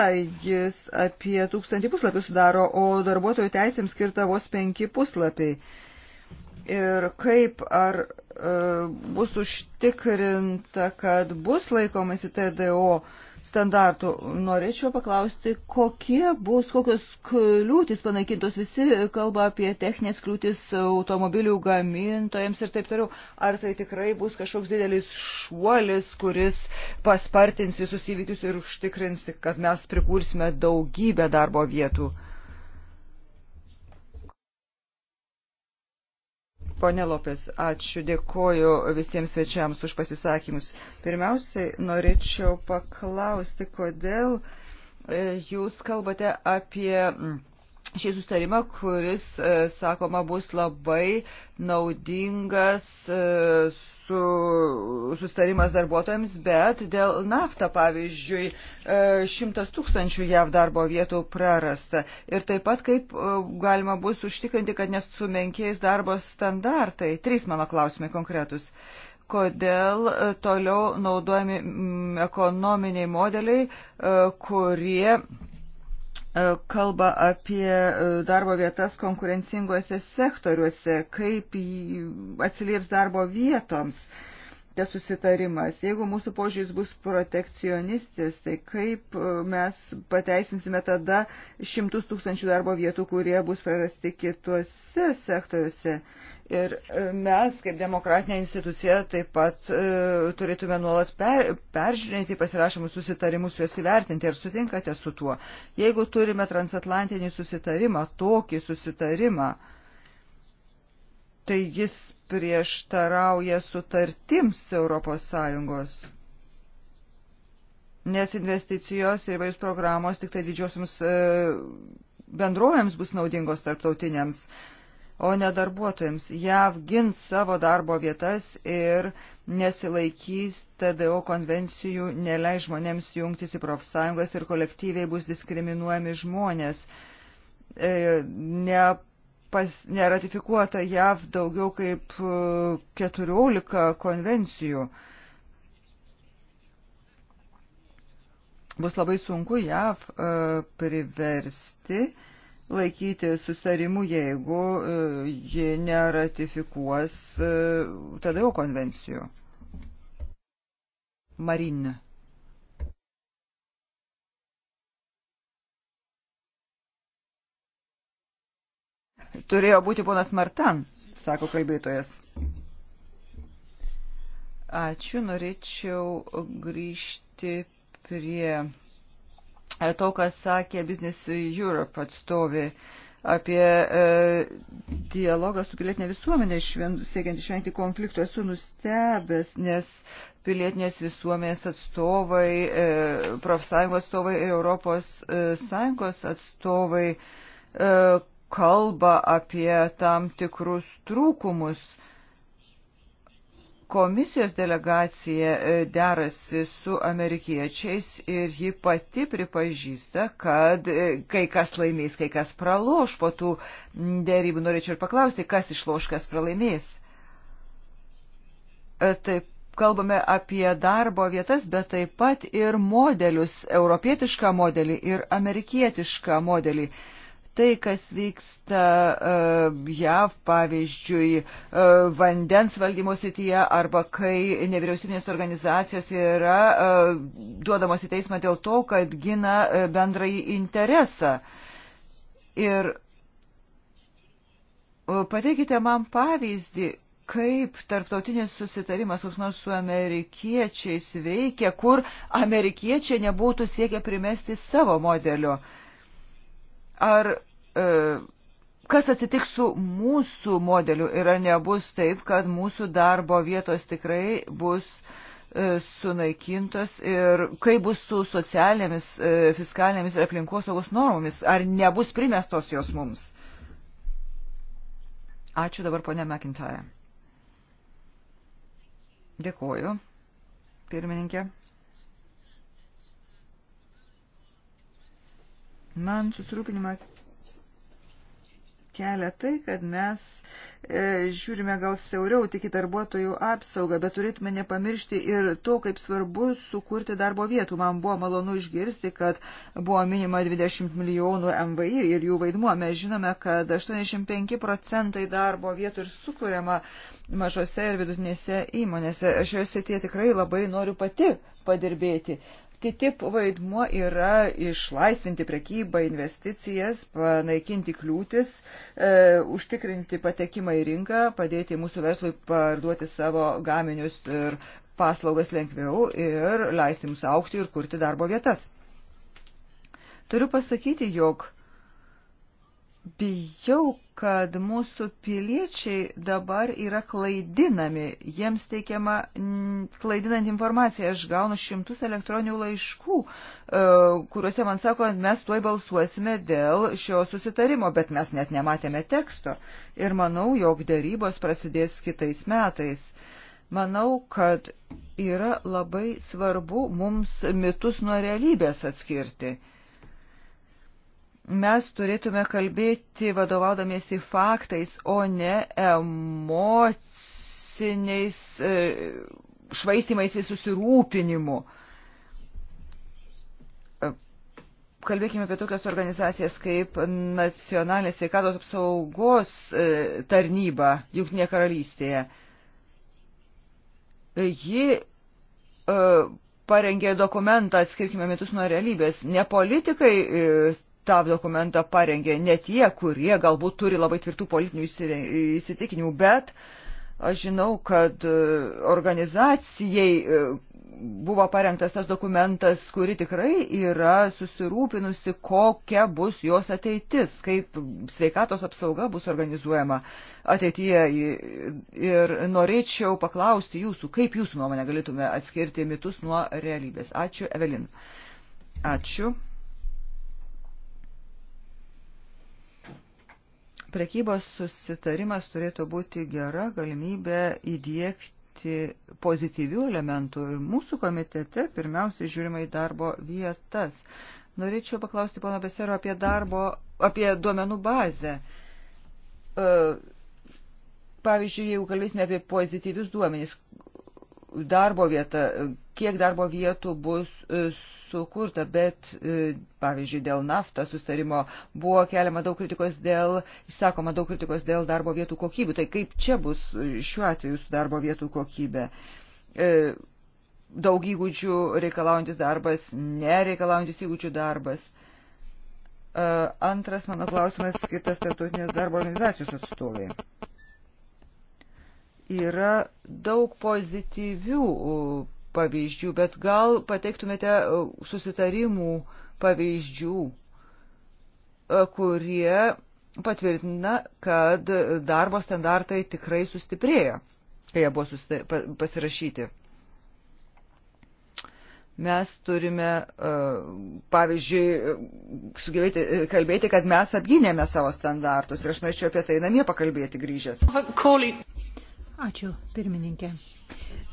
jis apie tūkstantį puslapių sudaro, o darbuotojų teisėms skirta vos penki puslapiai. Ir kaip ar e, bus užtikrinta, kad bus laikomasi TDO? E, standartų. Norėčiau paklausti, kokie bus, kokios kliūtis panaikintos. Visi kalba apie techninės kliūtis automobilių gamintojams ir taip toliau. Ar tai tikrai bus kažkoks didelis šuolis, kuris paspartins visus įvykius ir užtikrins, kad mes prikursime daugybę darbo vietų? Pone Lopės, ačiū, dėkoju visiems svečiams už pasisakymus. Pirmiausiai norėčiau paklausti, kodėl e, jūs kalbate apie mm, šį sustarimą, kuris, e, sakoma, bus labai naudingas e, su, sustarimas darbuotojams, bet dėl naftą, pavyzdžiui, e, šimtas tūkstančių jav darbo vietų prarasta. Ir taip pat kaip e, galima bus užtikrinti, kad nesumenkės darbo standartai. Trys mano klausimai konkretus kodėl e, toliau naudojami ekonominiai modeliai, kurie E, kalba apie e, darbo vietas konkurencinguose sektoriuose, kaip atsilieps darbo vietoms tas susitarimas. Jeigu mūsų požiūris bus protekcionistis, tai kaip e, mes pateisinsime tada šimtus tūkstančių darbo vietų, kurie bus prarasti kitose sektoriuose. Ir e, mes, kaip demokratinė institucija, taip pat e, turėtume nuolat per, peržiūrėti pasirašymus susitarimus, juos įvertinti. Ar sutinkate su tuo? Jeigu turime transatlantinį susitarimą, tokį susitarimą, tai jis prieštarauja sutartims Europos Sąjungos. Nes investicijos ir vairius programos tik tai didžiosiams e, bendrovėms bus naudingos tarptautiniams. E, o ne darbuotojams. JAV gins savo darbo vietas ir nesilaikys TDO konvencijų, neleis žmonėms jungtis į profsąjungas ir kolektyviai bus diskriminuojami žmonės. E, ne pas, neratifikuota JAV daugiau kaip 14 e, konvencijų. Bus labai sunku JAV e, priversti uh, laikyti susitarimų, jeigu e, ji neratifikuos e, tada jau konvencijų. Marinė. Turėjo būti ponas Martan, sako kalbėtojas. Ačiū, norėčiau grįžti prie E, to, kas sakė Business Europe atstovė apie e, dialogą su pilietinė visuomenė, šven, siekiant išvengti konfliktų, esu nustebęs, nes pilietinės visuomenės atstovai, e, profsąjungos atstovai ir Europos e, Sąjungos atstovai e, kalba apie tam tikrus trūkumus e, Komisijos delegacija e, derasi su amerikiečiais ir ji pati pripažįsta, kad e, kai kas laimės, kai kas praloš po tų dėrybų. Norėčiau ir paklausti, kas išloš, kas pralaimės. E, taip kalbame apie darbo vietas, bet taip pat ir modelius, europietišką modelį ir amerikietišką modelį. Tai, kas vyksta uh, JAV, pavyzdžiui, uh, vandens valdymo sityje arba kai nevyriausybinės organizacijos yra uh, duodamos į teismą dėl to, kad gina uh, bendrąjį interesą. Ir uh, pateikite man pavyzdį, kaip tarptautinis susitarimas koks nors su amerikiečiais veikia, kur amerikiečiai nebūtų siekia primesti savo modelio. Uh, Ar e, kas atsitiks su mūsų modeliu ir ar nebus taip, kad mūsų darbo vietos tikrai bus e, sunaikintos ir kaip bus su socialinėmis, e, fiskalinėmis ir aplinkosaugos normomis, ar nebus primestos jos mums. Ačiū dabar ponia McIntyre. Dėkuoju, pirmininkė. Man susirūpinimą kelia tai, kad mes e, žiūrime gal siauriau tik į darbuotojų apsaugą, bet turėtume nepamiršti ir to, kaip svarbu sukurti darbo vietų. Man buvo malonu išgirsti, kad buvo minima 20 milijonų MVI ir jų vaidmuo. Mes žinome, kad 85 procentai darbo vietų ir sukūriama mažose ir vidutinėse įmonėse. Šioje srityje tikrai labai noriu pati padirbėti. TTIP vaidmuo yra išlaisvinti prekybą, investicijas, panaikinti kliūtis, e, užtikrinti patekimą į rinką, padėti mūsų verslui parduoti savo gaminius ir paslaugas lengviau ir leisti mums aukti ir kurti darbo vietas. Turiu pasakyti, jog bijau, kad mūsų piliečiai dabar yra klaidinami, jiems teikiama klaidinant informaciją. Aš gaunu šimtus elektroninių laiškų, e, kuriuose man sako, mes tuoj balsuosime dėl šio susitarimo, bet mes net nematėme teksto. Ir manau, jog dėrybos prasidės kitais metais. Manau, kad yra labai svarbu mums mitus nuo realybės atskirti mes turėtume kalbėti vadovaudamiesi faktais, o ne emociniais e, švaistimais į susirūpinimu. E, kalbėkime apie tokias organizacijas kaip Nacionalinė sveikatos apsaugos e, tarnyba Junktinėje karalystėje. Ji parengė dokumentą, atskirkime metus nuo realybės. Ne politikai tą dokumentą parengė ne tie, kurie galbūt turi labai tvirtų politinių įsitikinimų, bet aš žinau, kad e, organizacijai e, buvo parengtas tas dokumentas, kuri tikrai yra susirūpinusi, kokia bus jos ateitis, kaip sveikatos apsauga bus organizuojama ateityje. Ir norėčiau paklausti jūsų, kaip jūsų nuomonę galėtume atskirti mitus nuo realybės. Ačiū, Evelin. Ačiū. prekybos susitarimas turėtų būti gera galimybė įdėkti pozityvių elementų. Ir mūsų komitete pirmiausiai žiūrima į darbo vietas. Norėčiau paklausti pono Besero apie darbo, apie duomenų bazę. E, pavyzdžiui, jeigu kalbėsime apie pozityvius duomenys, darbo vietą, kiek darbo vietų bus e, sukurta, bet, e, pavyzdžiui, dėl naftą sustarimo buvo keliama daug kritikos dėl, išsakoma daug kritikos dėl darbo vietų kokybių. Tai kaip čia bus e, šiuo atveju su darbo vietų kokybė? Daug įgūdžių reikalaujantis darbas, nereikalaujantis įgūdžių darbas. Antras mano klausimas skirtas tarptautinės darbo organizacijos atstovai yra daug pozityvių pavyzdžių, bet gal pateiktumėte e, susitarimų pavyzdžių, e, kurie patvirtina, kad darbo standartai tikrai sustiprėjo, kai jie buvo pasirašyti. Mes turime, e, pavyzdžiui, sugebėti kalbėti, kad mes apgynėme savo standartus ir aš norėčiau apie tai namie pakalbėti grįžęs. Kolį. Ačiū, pirmininkė.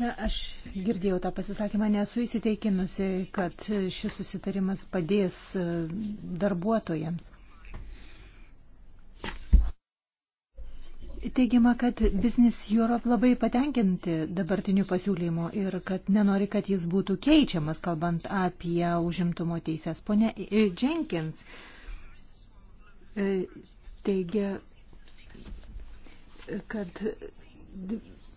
Na, aš girdėjau tą pasisakymą, nesu įsiteikinusi, kad šis susitarimas padės e, darbuotojams. Teigiama, kad Business Europe labai patenkinti dabartiniu pasiūlymu ir kad nenori, kad jis būtų keičiamas, kalbant apie užimtumo teisės. Pone Jenkins e, teigia, kad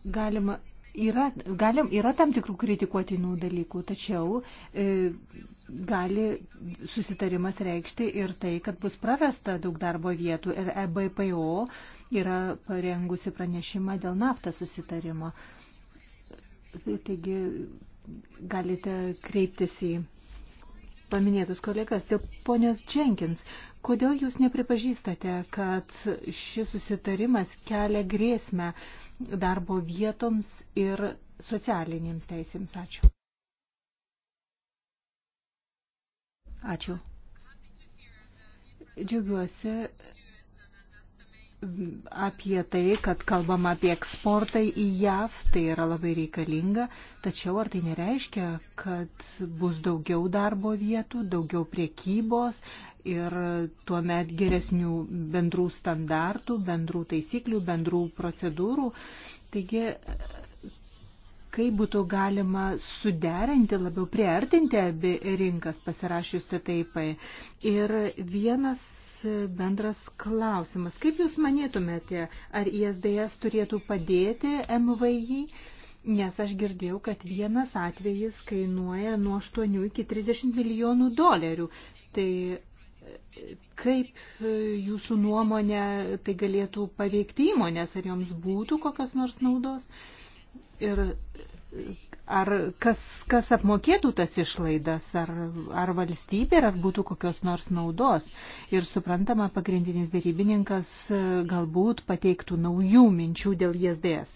galima yra, galim, yra tam tikrų kritikuotinų dalykų, tačiau e, gali susitarimas reikšti ir tai, kad bus prarasta daug darbo vietų ir EBPO yra parengusi pranešimą dėl naftą susitarimo. Taigi galite kreiptis į paminėtus kolegas. Dėl ponios Jenkins, kodėl jūs nepripažįstate, kad šis susitarimas kelia grėsmę e, darbo vietoms ir socialinėms teisėms. Ačiū. Ačiū. Džiaugiuosi apie tai, kad kalbam apie eksportą į JAV, tai yra labai reikalinga, tačiau ar tai nereiškia, kad bus daugiau darbo vietų, daugiau priekybos ir tuomet geresnių bendrų standartų, bendrų taisyklių, bendrų procedūrų. Taigi, kaip būtų galima suderinti, labiau priartinti abi rinkas pasirašius TTIP. Ir vienas bendras klausimas. Kaip Jūs manytumėte, ar ISDS turėtų padėti MVI? Nes aš girdėjau, kad vienas atvejis kainuoja nuo 8 iki 30 milijonų dolerių. Tai e, kaip e, jūsų nuomonė tai galėtų paveikti įmonės, ar joms būtų kokios nors naudos? Ir e, Ar kas, kas apmokėtų tas išlaidas, ar, ar valstybė, ar būtų kokios nors naudos. Ir suprantama, pagrindinis dėrybininkas e, galbūt pateiktų naujų minčių dėl JSDS.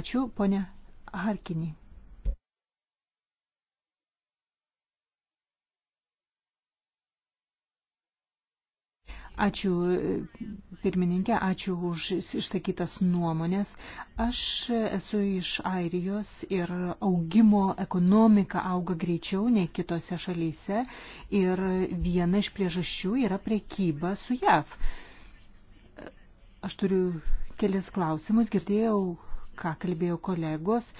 Ačiū, ponia Harkinį. Ačiū pirmininkė, ačiū už išsakytas nuomonės. Aš esu iš Airijos ir augimo ekonomika auga greičiau nei kitose šalyse ir viena iš priežasčių yra prekyba su JAV. Aš turiu kelis klausimus, girdėjau, ką kalbėjo kolegos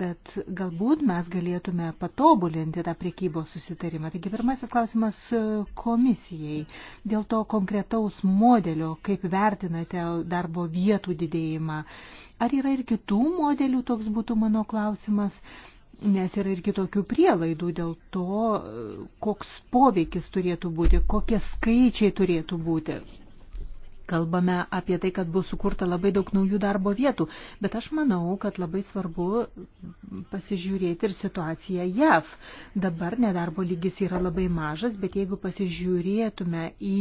Bet galbūt mes galėtume patobulinti tą priekybos susitarimą. Taigi pirmasis klausimas e, komisijai. Dėl to konkretaus modelio, kaip vertinate darbo vietų didėjimą. Ar yra ir kitų modelių, toks būtų mano klausimas, nes yra ir kitokių prielaidų dėl to, e, koks poveikis turėtų būti, kokie skaičiai turėtų būti. Kalbame apie tai, kad bus sukurta labai daug naujų darbo vietų, bet aš manau, kad labai svarbu pasižiūrėti ir situaciją JAV. Dabar nedarbo lygis yra labai mažas, bet jeigu pasižiūrėtume į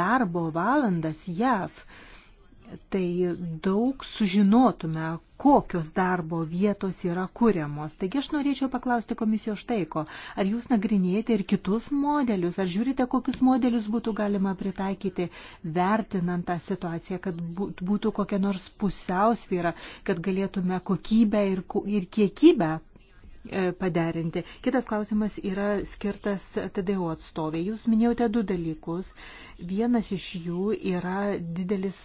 darbo valandas JAV, tai daug sužinotume, kokios darbo vietos yra kuriamos. Taigi aš norėčiau paklausti komisijos štaiko, ar jūs nagrinėjate ir kitus modelius, ar žiūrite, kokius modelius būtų galima pritaikyti, vertinant tą situaciją, kad būtų kokia nors pusiausvyra, kad galėtume kokybę ir, ir kiekybę E, paderinti. Kitas klausimas yra skirtas TDO atstovė. Jūs minėjote du dalykus. Vienas iš jų yra didelis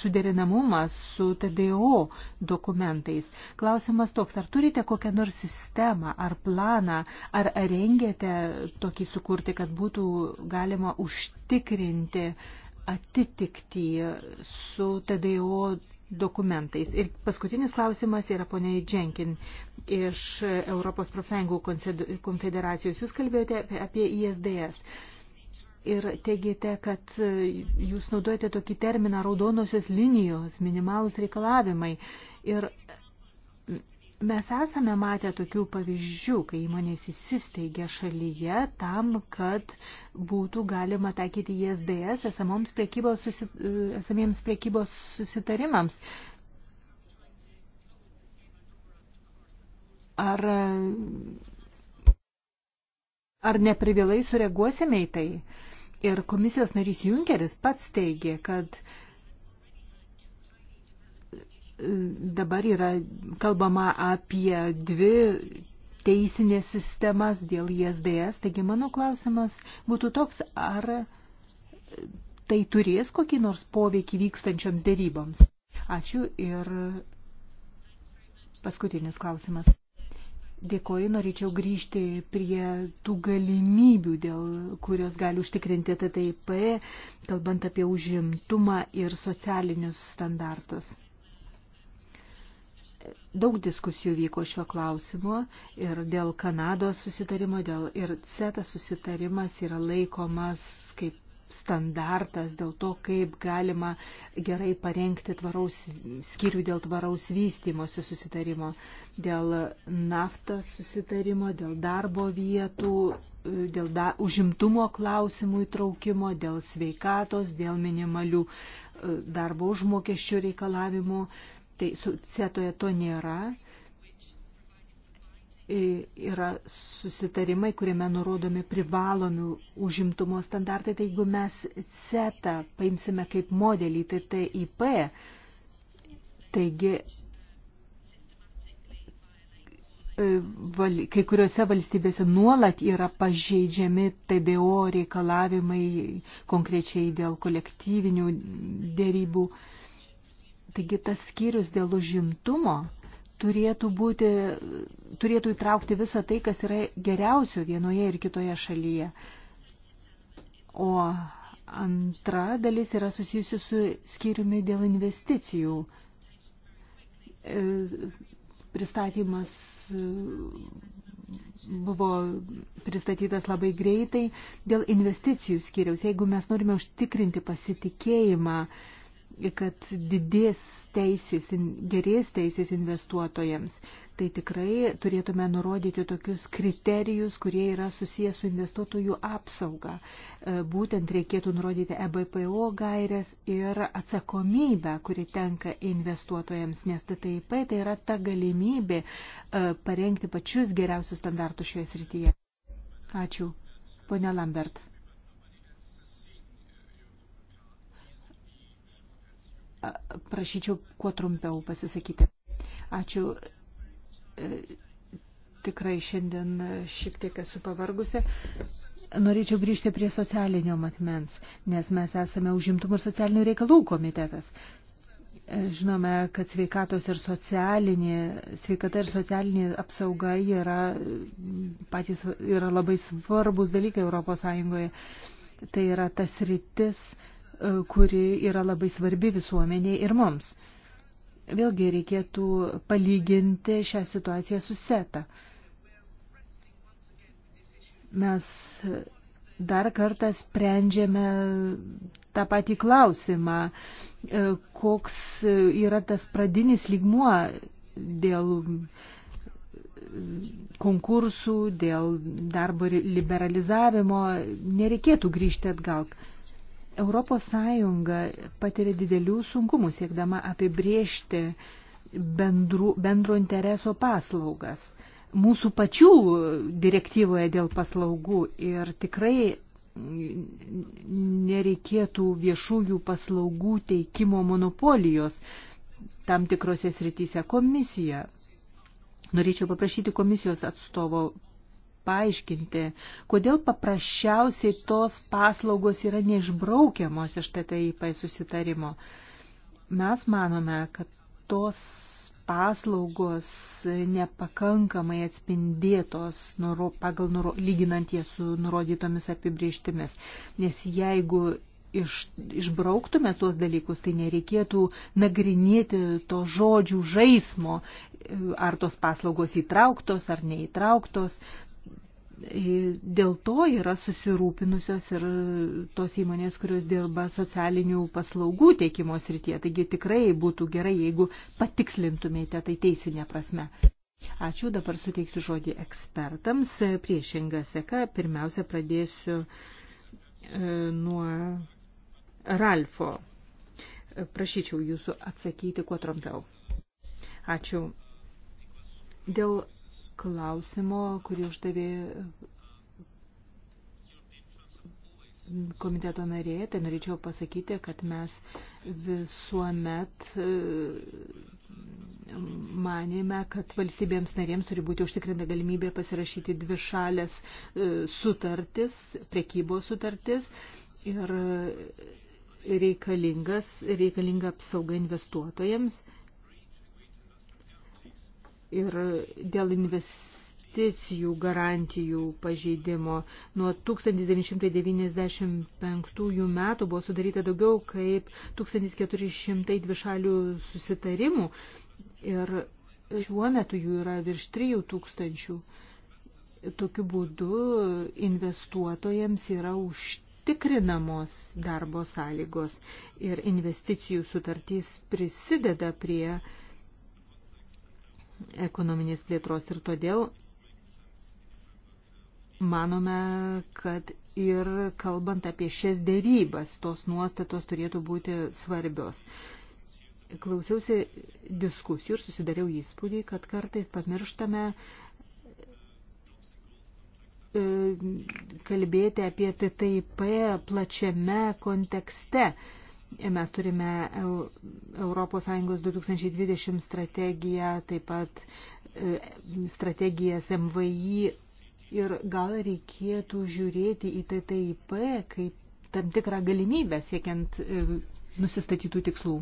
suderinamumas su TDO dokumentais. Klausimas toks, ar turite kokią nors sistemą ar planą, ar rengėte tokį sukurti, kad būtų galima užtikrinti atitikti su TDO dokumentais. Ir paskutinis klausimas yra poniai Dženkin iš Europos profsąjungų konfederacijos. Jūs kalbėjote apie, apie ISDS. Ir teigėte, kad e, jūs naudojate tokį terminą raudonosios linijos, minimalus reikalavimai. Ir Mes esame matę tokių pavyzdžių, kai įmonės įsisteigia šalyje tam, kad būtų galima taikyti ISDS esamiems prekybos, susi, esamiems prekybos susitarimams. Ar, ar neprivilai sureaguosime į tai? Ir komisijos narys Junkeris pats teigė, kad uh, dabar yra kalbama apie dvi teisinės sistemas dėl ISDS, taigi mano klausimas būtų toks, ar tai turės kokį nors poveikį vykstančioms dėryboms. Ačiū ir paskutinis klausimas. Dėkoju, norėčiau grįžti prie tų galimybių, dėl kurios gali užtikrinti TTIP, kalbant apie užimtumą ir socialinius standartus. Daug diskusijų vyko šiuo klausimu ir dėl Kanados susitarimo, dėl ir CETA susitarimas yra laikomas kaip standartas dėl to, kaip galima gerai parengti tvaraus, skirių dėl tvaraus vystymosi susitarimo, dėl naftos susitarimo, dėl darbo vietų, dėl da, užimtumo klausimų įtraukimo, dėl sveikatos, dėl minimalių e, darbo užmokesčių reikalavimų tai sucietoje to nėra. Yra susitarimai, kuriame nurodomi privalomi užimtumo standartai. Tai jeigu mes CETA paimsime kaip modelį, tai TIP, taigi e, kai kuriuose valstybėse nuolat yra pažeidžiami TDO reikalavimai konkrečiai dėl kolektyvinių dėrybų. Taigi tas skyrius dėl užimtumo turėtų, būti, turėtų įtraukti visą tai, kas yra geriausio vienoje ir kitoje šalyje. O antra dalis yra susijusi su skyriumi dėl investicijų. E, pristatymas e, buvo pristatytas labai greitai dėl investicijų skyriaus. Jeigu mes norime užtikrinti pasitikėjimą, kad didės teisės, gerės teisės investuotojams. Tai tikrai turėtume nurodyti tokius kriterijus, kurie yra susijęs su investuotojų apsauga. E, būtent reikėtų nurodyti EBPO gairias ir atsakomybę, kuri tenka investuotojams, nes TTIP tai yra ta galimybė e, parengti pačius geriausius standartus šioje srityje. Ačiū. Pone Lambert. prašyčiau kuo trumpiau pasisakyti. Ačiū. E, tikrai šiandien šiek tiek esu pavargusi. Norėčiau grįžti prie socialinio matmens, nes mes esame užimtumų ir socialinių reikalų komitetas. E, žinome, kad sveikatos ir socialinė, sveikata ir socialinė apsauga yra, patys, yra labai svarbus dalykai Europos Sąjungoje. Tai yra tas rytis, E, kuri yra labai svarbi visuomeniai ir mums. Vėlgi reikėtų palyginti šią situaciją su SETA. Mes dar kartą sprendžiame tą patį klausimą, e, koks yra tas pradinis lygmuo dėl konkursų, dėl darbo liberalizavimo. Nereikėtų grįžti atgal. Europos Sąjunga patiria didelių sunkumų siekdama apibriežti bendru, bendro intereso paslaugas. Mūsų pačių direktyvoje dėl paslaugų ir tikrai nereikėtų viešųjų paslaugų teikimo monopolijos tam tikrose srityse komisija. Norėčiau paprašyti komisijos atstovo paaiškinti, kodėl paprasčiausiai tos paslaugos yra neišbraukiamos iš TTIP susitarimo. Mes manome, kad tos paslaugos nepakankamai atspindėtos nuro, pagal nuro, lyginant jas su nurodytomis apibrieštimis. Nes jeigu iš, išbrauktume tuos dalykus, tai nereikėtų nagrinėti to žodžių žaismo, ar tos paslaugos įtrauktos ar neįtrauktos. Dėl to yra susirūpinusios ir tos įmonės, kurios dirba socialinių paslaugų teikimo srityje. Taigi tikrai būtų gerai, jeigu patikslintumėte tai teisinė prasme. Ačiū, dabar suteiksiu žodį ekspertams. Priešingą seką pirmiausia pradėsiu e, nuo Ralfo. Prašyčiau jūsų atsakyti kuo trumpiau. Ačiū. Dėl klausimo, kurį uždavė komiteto narė, tai norėčiau pasakyti, kad mes visuomet e, manėme, kad valstybėms narėms turi būti užtikrinta galimybė pasirašyti dvi šalės e, sutartis, prekybos sutartis ir e, reikalingas, reikalinga apsauga investuotojams ir dėl investicijų garantijų pažeidimo. Nuo 1995 metų buvo sudaryta daugiau kaip 1400 dvišalių susitarimų ir šiuo metu jų yra virš 3000. Tokiu būdu investuotojams yra užtikrinamos darbo sąlygos ir investicijų sutartys prisideda prie uh, ekonominės plėtros ir todėl manome, kad ir kalbant apie šias dėrybas, tos nuostatos turėtų būti svarbios. Klausiausi diskusijų ir susidariau įspūdį, kad kartais pamirštame e, kalbėti apie TTIP plačiame kontekste Mes turime ES 2020 strategiją, taip pat e, strategijas MVI ir gal reikėtų žiūrėti į TTIP kaip tam tikrą galimybę siekiant e, nusistatytų tikslų.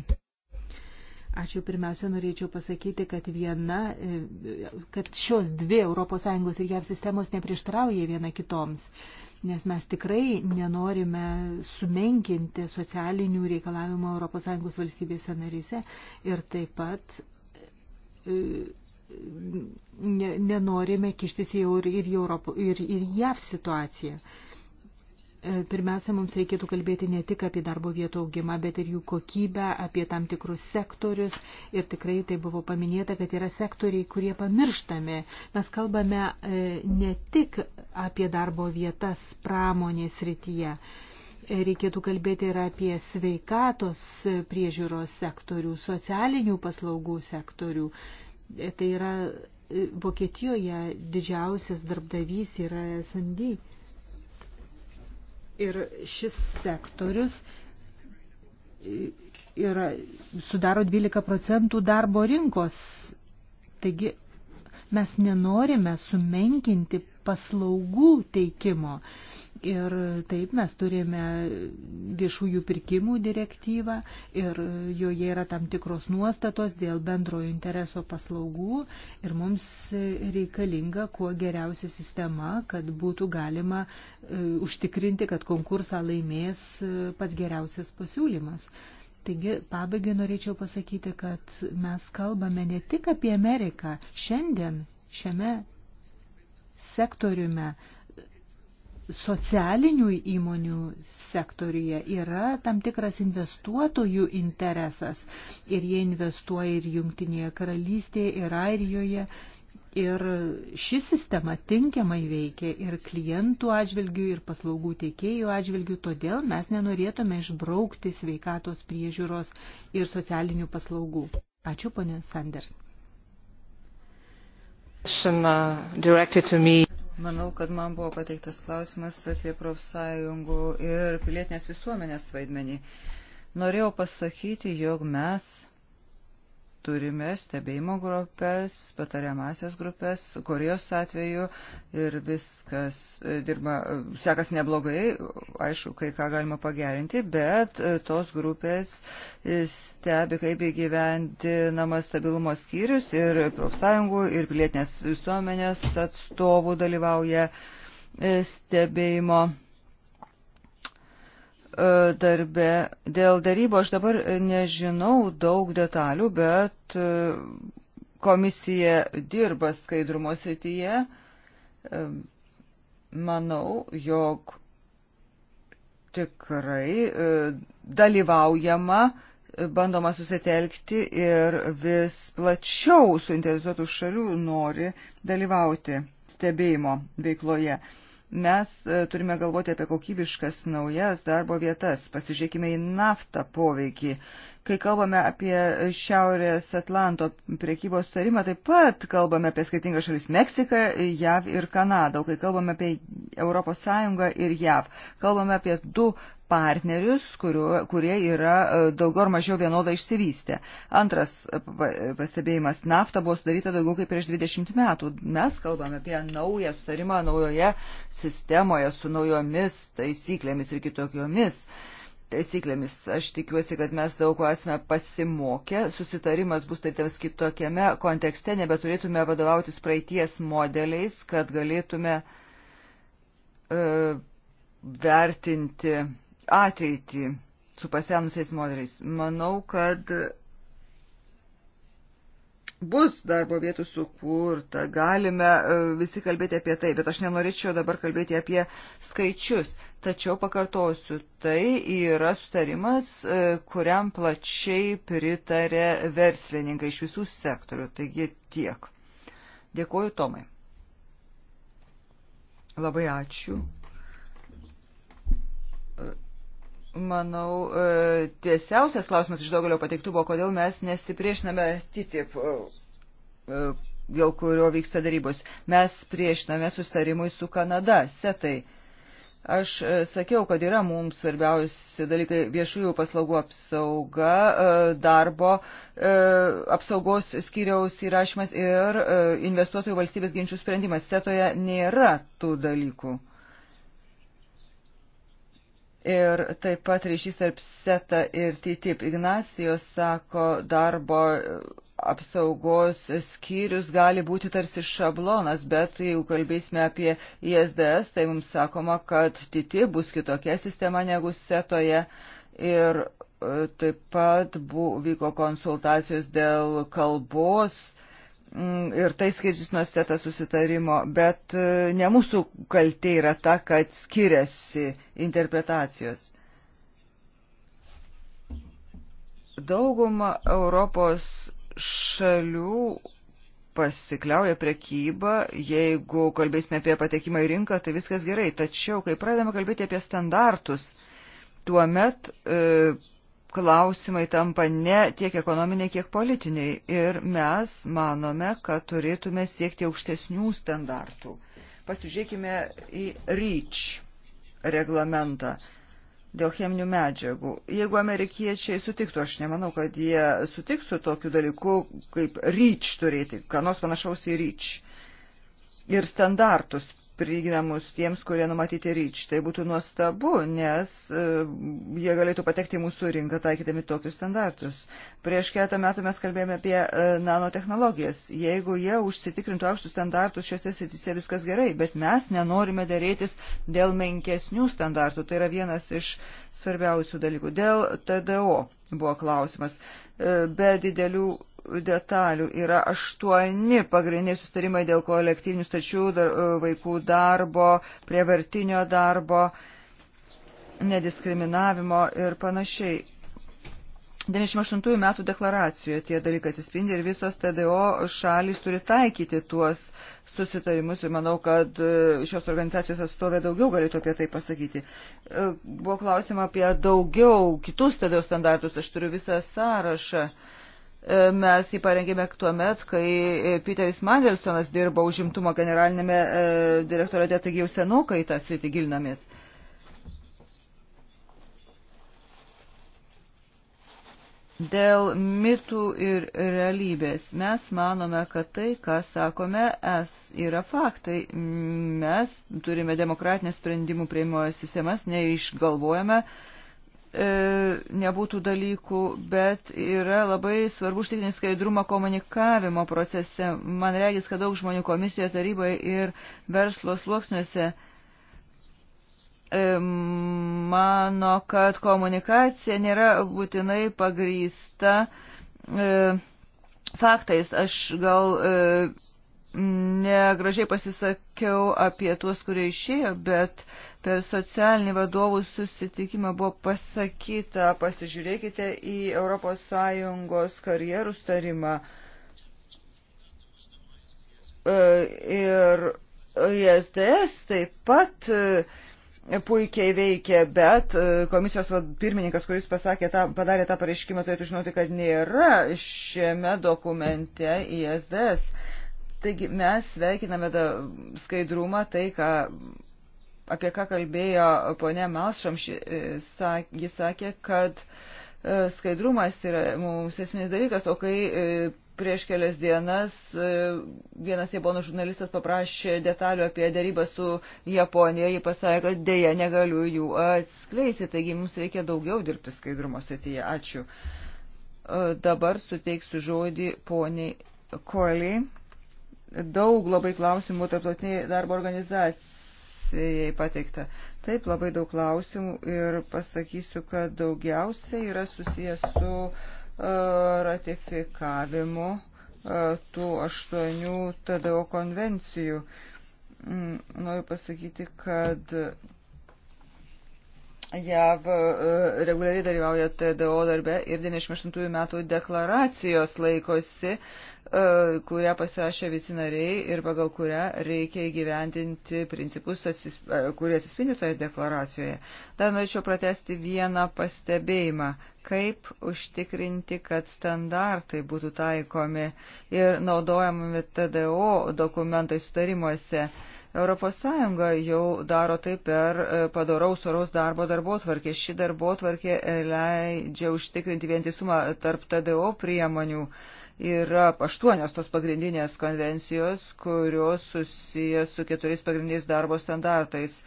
Ačiū. Pirmiausia, norėčiau pasakyti, kad viena, e, kad šios dvi ES ir JAV sistemos neprieštrauja viena kitoms nes mes tikrai nenorime sumenkinti socialinių reikalavimų ES valstybėse narise ir taip pat e, nenorime kištis jau ir, ir, Europo, ir, ir JAV situaciją pirmiausia, mums reikėtų kalbėti ne tik apie darbo vietų augimą, bet ir jų kokybę, apie tam tikrus sektorius. Ir tikrai tai buvo paminėta, kad yra sektoriai, kurie pamirštami. Mes kalbame e, ne tik apie darbo vietas pramonės rytyje. E, reikėtų kalbėti ir apie sveikatos priežiūros sektorių, socialinių paslaugų sektorių. E, tai yra Vokietijoje didžiausias darbdavys yra SND Ir šis sektorius yra, sudaro 12 procentų darbo rinkos. Taigi mes nenorime sumenkinti paslaugų teikimo. Uh, Ir taip mes turime viešųjų pirkimų direktyvą ir joje yra tam tikros nuostatos dėl bendrojo intereso paslaugų ir mums reikalinga kuo geriausia sistema, kad būtų galima e, užtikrinti, kad konkursą laimės e, pats geriausias pasiūlymas. Taigi, pabaigai norėčiau pasakyti, kad mes kalbame ne tik apie Ameriką. Šiandien šiame sektoriume uh, socialinių įmonių sektoriuje yra tam tikras investuotojų interesas ir jie investuoja ir Jungtinėje karalystėje, ir Airijoje. Ir ši sistema tinkamai veikia ir klientų atžvilgių, ir paslaugų teikėjų atžvilgių, todėl mes nenorėtume išbraukti sveikatos priežiūros ir socialinių paslaugų. Ačiū, ponė Sanders. Manau, kad man buvo pateiktas klausimas apie profsąjungų ir pilietinės visuomenės vaidmenį. Norėjau pasakyti, jog mes turime stebėjimo grupės, patariamasias grupės, Korejos atveju ir viskas e, dirba, e, sekas neblogai, aišku, kai ką galima pagerinti, bet e, tos grupės stebi, kaip įgyventinamas stabilumo skyrius ir profsąjungų ir pilietinės visuomenės atstovų dalyvauja stebėjimo E, darbe. Dėl darybo aš dabar nežinau daug detalių, bet e, komisija dirba skaidrumo srityje. E, manau, jog tikrai dalyvaujama, bandoma susitelkti ir vis plačiau suinteresuotų šalių nori dalyvauti stebėjimo veikloje. Mes e, turime galvoti apie kokybiškas naujas darbo vietas. Pasižiūrėkime į naftą poveikį. Kai kalbame apie Šiaurės Atlanto priekybos sutarimą, taip pat kalbame apie skirtingas šalis - Meksiką, JAV ir Kanadą. O kai kalbame apie ES ir JAV, kalbame apie du partnerius, kuriu, kurie yra e, daugiau ar mažiau vienodai išsivystę. Antras e, pastebėjimas - nafta buvo sudaryta daugiau kaip prieš 20 metų. Mes kalbame apie naują sutarimą naujoje sistemoje su naujomis taisyklėmis ir kitokiomis. Uh, taisyklėmis. Aš tikiuosi, kad mes daug ko esame pasimokę. Susitarimas bus tarytams kitokiame kontekste, nebeturėtume vadovautis praeities modeliais, kad galėtume e, vertinti ateitį su pasenusiais modeliais. Manau, kad bus darbo vietų sukurta, galime e, visi kalbėti apie tai, bet aš nenorėčiau dabar kalbėti apie skaičius. Tačiau pakartosiu, tai yra sutarimas, e, kuriam plačiai pritarė verslininkai iš visų sektorių. Taigi tiek. Dėkuoju Tomai. Labai ačiū. manau, e, tiesiausias klausimas iš daugelio pateiktų buvo, kodėl mes nesipriešiname TTIP, e, e, dėl kurio vyksta darybos. Mes priešiname sustarimui su Kanada, setai. Aš sakiau, kad yra mums svarbiausi dalykai viešųjų paslaugų apsauga, darbo apsaugos skyriaus įrašymas ir investuotojų valstybės ginčių sprendimas. Setoje nėra tų dalykų ir taip pat ryšys tarp SETA ir TTIP. Ignacijos sako, darbo apsaugos skyrius gali būti tarsi šablonas, bet tai jeigu kalbėsime apie ISDS, tai mums sakoma, kad TTIP bus kitokia sistema negu SETOje. Ir e, taip pat bu, vyko konsultacijos dėl kalbos Mm, ir tai skirsis nuo seta susitarimo, bet e, ne mūsų kaltė yra ta, kad skiriasi interpretacijos. Dauguma Europos šalių pasikliauja prekyba, jeigu kalbėsime apie patekimą į rinką, tai viskas gerai. Tačiau, kai pradedame kalbėti apie standartus, tuomet e, klausimai tampa ne tiek ekonominiai, kiek politiniai. Ir mes manome, kad turėtume siekti aukštesnių standartų. Pasižiūrėkime į REACH reglamentą dėl cheminių medžiagų. Jeigu amerikiečiai sutiktų, aš nemanau, kad jie sutiks su tokiu dalyku, kaip ryč turėti, ką nors panašaus į ryč. Ir standartus priginamus tiems, kurie numatyti ryč. Tai būtų nuostabu, nes e, jie galėtų patekti į mūsų rinką taikydami tokius standartus. Prieš keletą metų mes kalbėjome apie e, nanotehnologijas. Jeigu jie užsitikrintų aukštus standartus šiuose srityse, viskas gerai, bet mes nenorime dėrėtis dėl menkesnių standartų. Tai yra vienas iš svarbiausių dalykų. Dėl TDO buvo klausimas. E, be didelių detalių. Yra aštuoni pagrindiniai sustarimai dėl kolektyvinių stačių, dar, e, vaikų darbo, prievartinio darbo, nediskriminavimo ir panašiai. 98 metų deklaracijoje tie dalykai atsispindi ir visos TDO šalys turi taikyti tuos susitarimus ir manau, kad e, šios organizacijos atstovė daugiau galėtų apie tai pasakyti. E, buvo klausima apie daugiau kitus TDO standartus, aš turiu visą sąrašą. Uh, E, mes jį parengėme tuo met, kai e, Peteris Mandelsonas dirbo užimtumo generalinėme e, direktorate, taigi jau senokai tą sritį gilinamės. Dėl mitų ir realybės mes manome, kad tai, ką sakome, es yra faktai. Mes turime demokratinės sprendimų prieimojo sistemas, neišgalvojame, uh, E, nebūtų dalykų, bet yra labai svarbu užtikrinti skaidrumą komunikavimo procese. Man regis, kad daug žmonių komisijoje, taryboje ir verslo sluoksniuose e, mano, kad komunikacija nėra būtinai pagrįsta e, faktais. Aš gal negražiai pasisakiau apie tuos, kurie išėjo, bet per socialinį vadovų susitikimą buvo pasakyta, pasižiūrėkite į ES karjerų starimą. E, ir ISDS taip pat e, puikiai veikia, bet e, komisijos pirmininkas, kuris pasakė, tą, padarė tą pareiškimą, turėtų žinoti, kad nėra šiame dokumente ISDS. Taigi mes sveikiname skaidrumą, tai, ką apie ką kalbėjo ponė Malšram, e, jis sakė, kad e, skaidrumas yra mums esminis dalykas, o kai e, prieš kelias dienas vienas japonų žurnalistas paprašė detalių apie darybą su Japonija, ji pasakė, kad dėja negaliu jų atskleisti, taigi mums reikia daugiau dirbti skaidrumo srityje. Ačiū. Dabar suteiksiu žodį poniai Koliai. Daug labai klausimų tarptautiniai darbo organizacijai atvejai pateikta. Taip, labai daug klausimų ir pasakysiu, kad daugiausiai yra susijęs su e, ratifikavimu e, tų aštuonių TDO konvencijų. Mm, noriu pasakyti, kad JAV e, reguliariai dalyvauja TDO darbe ir 98 metų deklaracijos laikosi, e, kurią pasirašė visi nariai ir pagal kurią reikia įgyvendinti principus, e, kurie atsispindi toje deklaracijoje. Dar norėčiau pratesti vieną pastebėjimą, kaip užtikrinti, kad standartai būtų taikomi ir naudojami TDO dokumentai sutarimuose ES jau daro tai per e, padaraus oraus darbo darbotvarkė. Ši darbotvarkė leidžia užtikrinti vientisumą tarp TDO priemonių. Yra aštuonios tos pagrindinės konvencijos, kurios susijęs su keturiais pagrindiniais darbo standartais.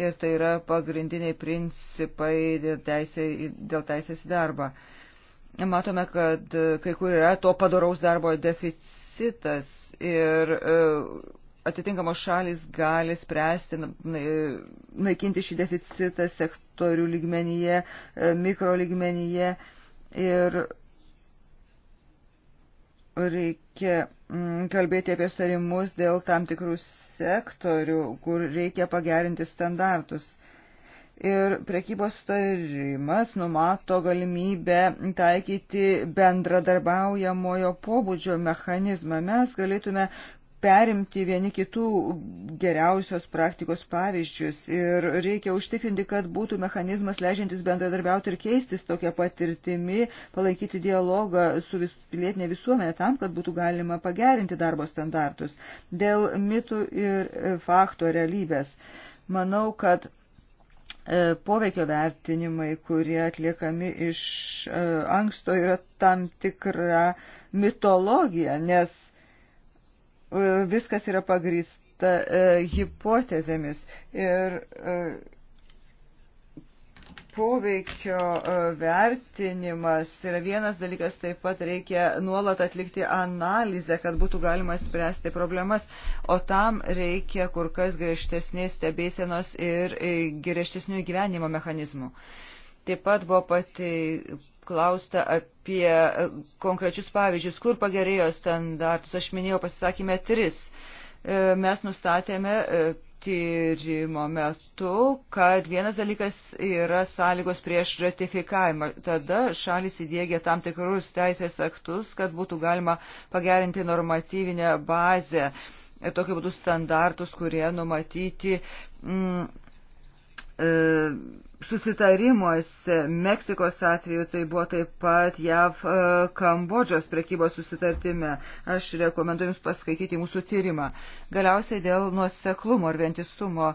Ir tai yra pagrindiniai principai dėl, teisė, dėl teisės į darbą. Matome, kad kai kur yra to padaraus darbo deficitas ir e, atitinkamos šalis gali spręsti, naikinti šį deficitą sektorių lygmenyje, e, mikro lygmenyje ir reikia mm, kalbėti apie starimus dėl tam tikrų sektorių, kur reikia pagerinti standartus. Ir prekybos starimas numato galimybę taikyti bendradarbiaujamojo pobūdžio mechanizmą. Mes galėtume perimti vieni kitų geriausios praktikos pavyzdžius ir reikia užtikrinti, kad būtų mechanizmas leidžiantis bendradarbiauti ir keistis tokia patirtimi, palaikyti dialogą su vis, pilietinė visuomenė tam, kad būtų galima pagerinti darbo standartus dėl mitų ir e, fakto realybės. Manau, kad e, poveikio vertinimai, kurie atliekami iš e, anksto, yra tam tikra mitologija, nes E, viskas yra pagrįsta e, hipotezėmis ir e, poveikio vertinimas yra vienas dalykas, taip pat reikia nuolat atlikti analizę, kad būtų galima spręsti problemas, o tam reikia kur kas griežtesnės stebėsenos ir griežtesnių gyvenimo mechanizmų. Taip pat buvo pati, klausta apie e, konkrečius pavyzdžius, kur pagerėjo standartus. Aš minėjau pasisakymę tris. E, mes nustatėme e, tyrimo metu, kad vienas dalykas yra sąlygos prieš ratifikavimą. Tada šalis įdėgė tam tikrus teisės aktus, kad būtų galima pagerinti normatyvinę bazę ir tokiu būdu standartus, kurie numatyti. Mm, E, susitarimuose, Meksikos atveju tai buvo taip pat JAV e, Kambodžos prekybos susitartime. Aš rekomenduoju Jums paskaityti mūsų tyrimą. Galiausiai dėl nuoseklumo ir vientisumo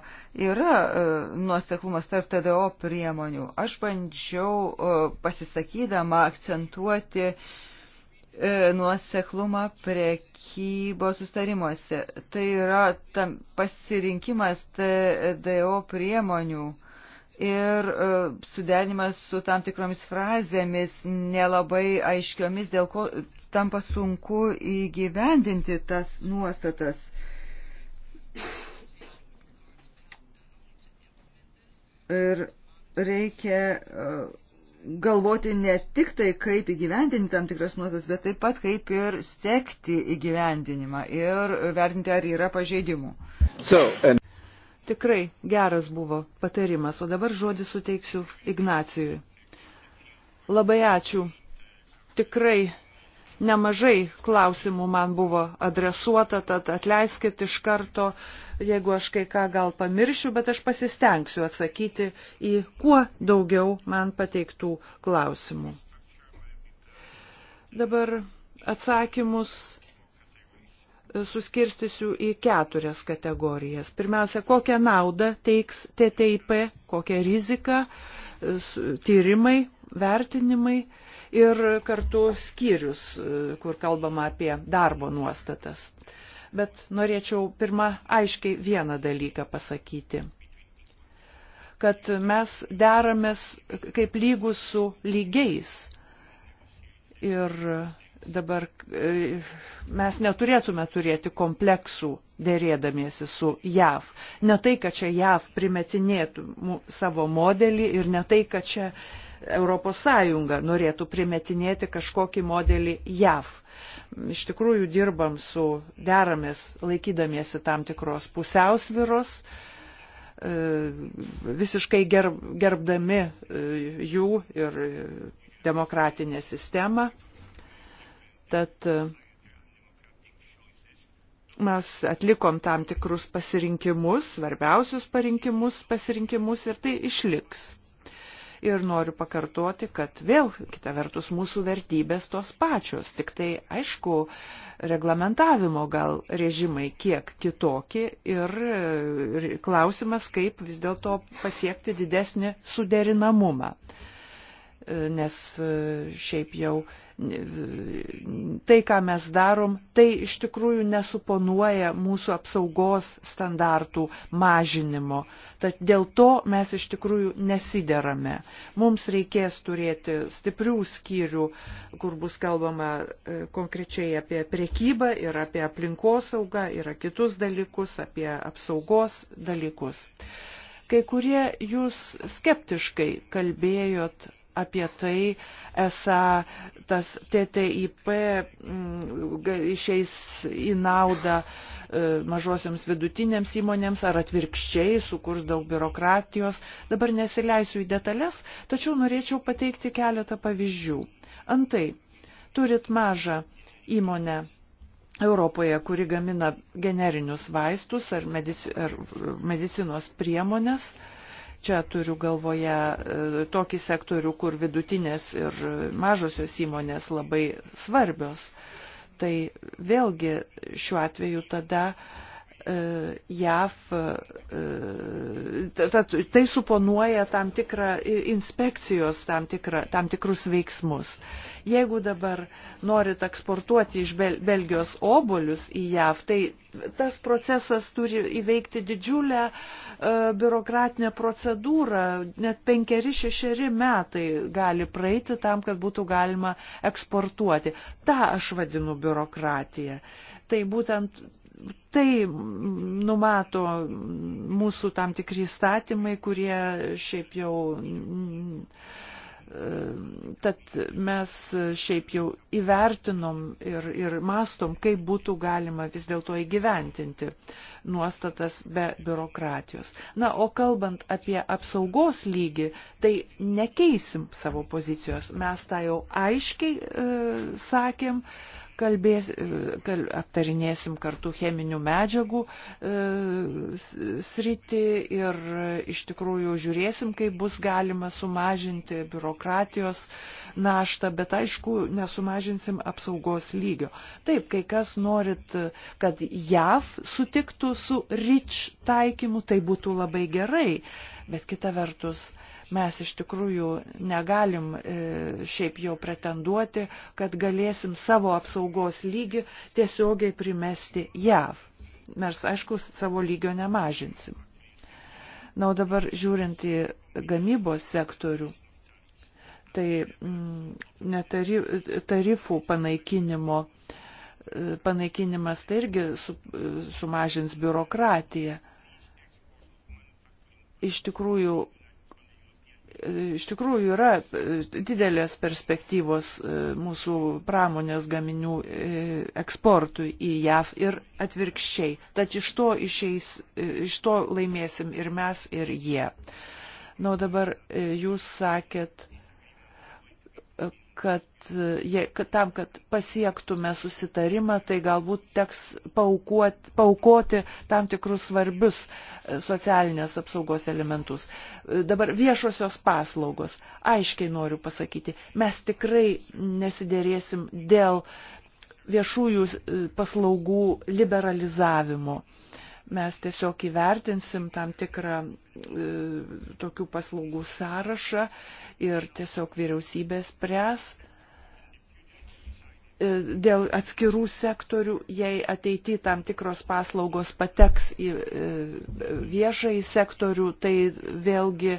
yra e, nuoseklumas tarp TDO priemonių. Aš bandžiau pasisakydama akcentuoti uh, E, nuoseklumą prekybos sustarimuose. Tai yra tam pasirinkimas TDO priemonių ir e, suderinimas su tam tikromis frazėmis nelabai aiškiomis, dėl ko tampa sunku įgyvendinti tas nuostatas. Ir reikia e, galvoti ne tik tai, kaip įgyvendinti tam tikras nuostas, bet taip pat kaip ir sekti įgyvendinimą ir vertinti, ar yra pažeidimų. So, and... Tikrai geras buvo patarimas, o dabar žodį suteiksiu Ignacijui. Labai ačiū. Tikrai nemažai klausimų man buvo adresuota, tad atleiskit iš karto, jeigu aš kai ką gal pamiršiu, bet aš pasistengsiu atsakyti į kuo daugiau man pateiktų klausimų. Dabar atsakymus suskirstysiu į keturias kategorijas. Pirmiausia, kokią naudą teiks TTIP, kokią riziką, tyrimai, vertinimai ir kartu skyrius, e, kur kalbama apie darbo nuostatas. Bet norėčiau pirmą aiškiai vieną dalyką pasakyti kad mes deramės kaip lygus su lygiais. Ir dabar e, mes neturėtume turėti kompleksų dėrėdamiesi su JAV. Ne tai, kad čia JAV primetinėtų savo modelį ir ne tai, kad čia ES norėtų primetinėti kažkokį modelį JAV. Iš tikrųjų dirbam su deramės, laikydamiesi tam tikros pusiausviros, e, visiškai gerb, gerbdami e, jų ir demokratinę sistemą. Tad e, mes atlikom tam tikrus pasirinkimus, svarbiausius parinkimus, pasirinkimus ir tai išliks ir noriu pakartoti, kad vėl kita vertus mūsų vertybės tos pačios, tik tai aišku, reglamentavimo gal režimai kiek kitokie ir klausimas, kaip vis dėlto pasiekti didesnį suderinamumą nes e, šiaip jau tai, ką mes darom, tai iš tikrųjų nesuponuoja mūsų apsaugos standartų mažinimo. Tad dėl to mes iš tikrųjų nesiderame. Mums reikės turėti stiprių skyrių, kur bus kalbama e, konkrečiai apie priekybą ir apie aplinkosaugą ir kitus dalykus, apie apsaugos dalykus. Kai kurie jūs skeptiškai kalbėjot apie tai, esą tas TTIP mm, išeis į naudą e, mažosiams vidutinėms įmonėms ar atvirkščiai sukurs daug biurokratijos. Dabar nesileisiu į detalės, tačiau norėčiau pateikti keletą pavyzdžių. Antai, turit mažą įmonę Europoje, kuri gamina generinius vaistus ar, medici ar medicinos priemonės, uh, Čia turiu galvoje e, tokį sektorių, kur vidutinės ir mažosios įmonės labai svarbios. Tai vėlgi šiuo atveju tada uh, E, JAV, e, tai suponuoja tam tikrą inspekcijos, tam, tikrą, tam tikrus veiksmus. Jeigu dabar norit eksportuoti iš Bel Belgijos obolius į JAV, tai tas procesas turi įveikti didžiulę e, biurokratinę procedūrą, net penkeri, šešeri metai gali praeiti tam, kad būtų galima eksportuoti. Ta aš vadinu biurokratija. Tai būtent tai numato mūsų tam tikri įstatymai, kurie šiaip jau. Mm, tad mes šiaip jau įvertinom ir, ir mastom, kaip būtų galima vis dėlto įgyventinti nuostatas be biurokratijos. Na, o kalbant apie apsaugos lygį, tai nekeisim savo pozicijos. Mes tą jau aiškiai e, sakėm. E, kalbės, kal, aptarinėsim kartu cheminių medžiagų e, sritį ir iš tikrųjų žiūrėsim, kaip bus galima sumažinti biurokratijos naštą, bet aišku, nesumažinsim apsaugos lygio. Taip, kai kas norit, kad JAV sutiktų su RIČ taikymu, tai būtų labai gerai, bet kita vertus, Mes iš tikrųjų negalim e, šiaip jau pretenduoti, kad galėsim savo apsaugos lygį tiesiogiai primesti JAV. Mes, aišku, savo lygio nemažinsim. Na, o dabar žiūrint į gamybos sektorių, tai mm, netari, tarifų panaikinimo, e, panaikinimas tai irgi su, e, sumažins biurokratiją. Iš tikrųjų, iš tikrųjų yra e, didelės perspektyvos e, mūsų pramonės gaminių e, eksportui į JAV ir atvirkščiai. Tad iš to, išeis, iš to laimėsim ir mes, ir jie. Na, o dabar jūs sakėt, kad, je, kad tam, kad pasiektume susitarimą, tai galbūt teks paukuoti, paukoti tam tikrus svarbius e, socialinės apsaugos elementus. E, dabar viešosios paslaugos. Aiškiai noriu pasakyti, mes tikrai nesidėrėsim dėl viešųjų e, paslaugų liberalizavimo. Uh, mes tiesiog įvertinsim tam tikrą e, tokių paslaugų sąrašą ir tiesiog vyriausybės pres, E, dėl atskirų sektorių, jei ateity tam tikros paslaugos pateks į e, viešąjį sektorių, tai vėlgi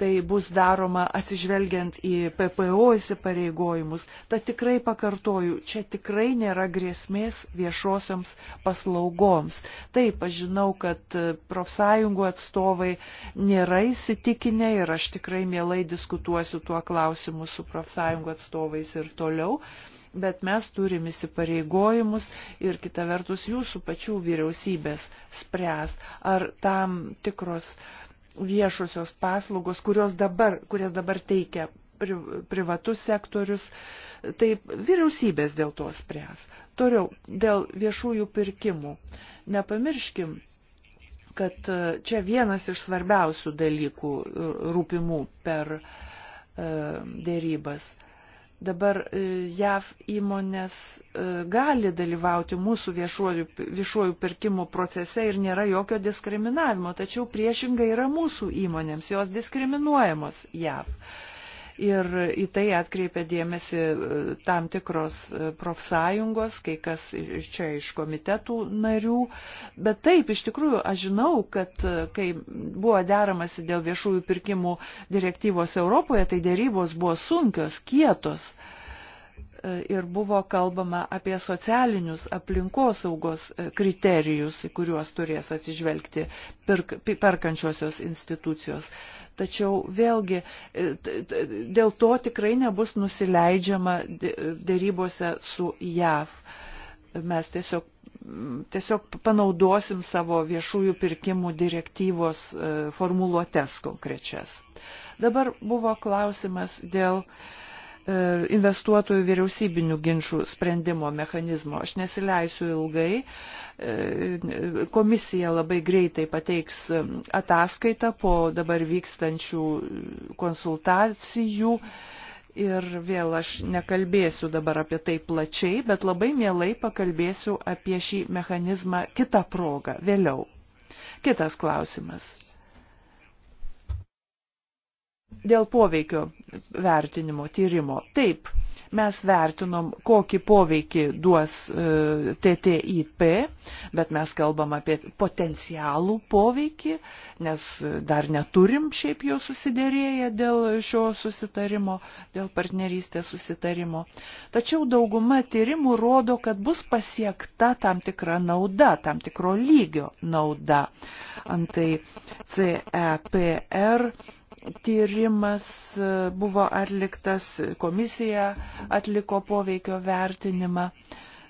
tai bus daroma atsižvelgiant į PPO įsipareigojimus. Ta tikrai pakartoju, čia tikrai nėra grėsmės viešosioms paslaugoms. Taip, aš žinau, kad profsąjungų atstovai nėra įsitikinę ir aš tikrai mielai diskutuosiu tuo klausimu su profsąjungų atstovais ir toliau. Uh, bet mes turim įsipareigojimus ir kita vertus jūsų pačių vyriausybės spręs, ar tam tikros viešosios paslaugos, kurios dabar, kurias dabar teikia pri, privatus sektorius, tai vyriausybės dėl to spręs. Toliau, dėl viešųjų pirkimų. Nepamirškim, kad e, čia vienas iš svarbiausių dalykų e, rūpimų per e, dėrybas dabar e, JAV įmonės e, gali dalyvauti mūsų viešuoju, viešuoju pirkimu procese ir nėra jokio diskriminavimo, tačiau priešingai yra mūsų įmonėms, jos diskriminuojamos JAV ir į tai atkreipia dėmesį e, tam tikros e, profsąjungos, kai kas čia iš komitetų narių. Bet taip, iš tikrųjų, aš žinau, kad e, kai buvo deramasi dėl viešųjų pirkimų direktyvos Europoje, tai dėrybos buvo sunkios, kietos. E, ir buvo kalbama apie socialinius aplinkosaugos e, kriterijus, į kuriuos turės atsižvelgti perk, perkančiosios institucijos. Tačiau vėlgi e, dėl to tikrai nebus nusileidžiama dėrybose su JAV. Mes tiesiog, tiesiog panaudosim savo viešųjų pirkimų direktyvos formuluotes konkrečias. Dabar buvo klausimas dėl uh, E, investuotojų vyriausybinių ginčių sprendimo mechanizmo. Aš nesileisiu ilgai. E, komisija labai greitai pateiks e, ataskaitą po dabar vykstančių konsultacijų. Ir vėl aš nekalbėsiu dabar apie tai plačiai, bet labai mielai pakalbėsiu apie šį mechanizmą kitą progą, vėliau. Kitas klausimas dėl poveikio vertinimo, tyrimo. Taip, mes vertinom, kokį poveikį duos e, TTIP, bet mes kalbam apie potencialų poveikį, nes dar neturim šiaip jo susidėrėję dėl šio susitarimo, dėl partnerystės susitarimo. Tačiau dauguma tyrimų rodo, kad bus pasiekta tam tikra nauda, tam tikro lygio nauda. Antai CEPR tyrimas e, buvo atliktas, komisija atliko poveikio vertinimą.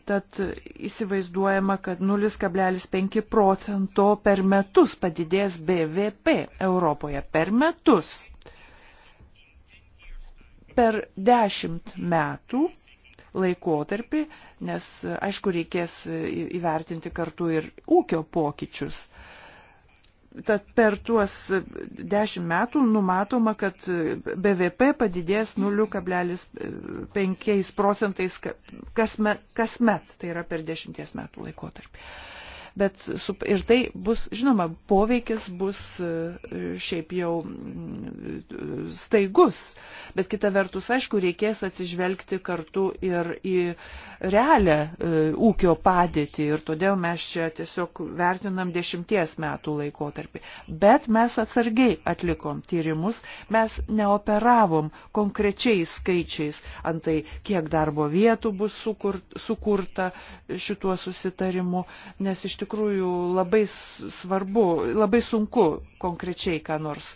Tad įsivaizduojama, kad 0,5 procento per metus padidės BVP Europoje. Per metus. Per dešimt metų laikotarpį, nes aišku reikės įvertinti kartu ir ūkio pokyčius. Uh, Tad per tuos dešimt metų numatoma, kad BVP padidės 0,5 procentais kasmet, kasmet, tai yra per dešimties metų laikotarpį bet su, ir tai bus, žinoma, poveikis bus e, šiaip jau mm, staigus, bet kita vertus, aišku, reikės atsižvelgti kartu ir į realią e, ūkio padėtį ir todėl mes čia tiesiog vertinam dešimties metų laikotarpį. Bet mes atsargiai atlikom tyrimus, mes neoperavom konkrečiais skaičiais antai, kiek darbo vietų bus sukurt, sukurta šituo susitarimu, nes iš tikrųjų tikrųjų labai svarbu, labai sunku konkrečiai ką nors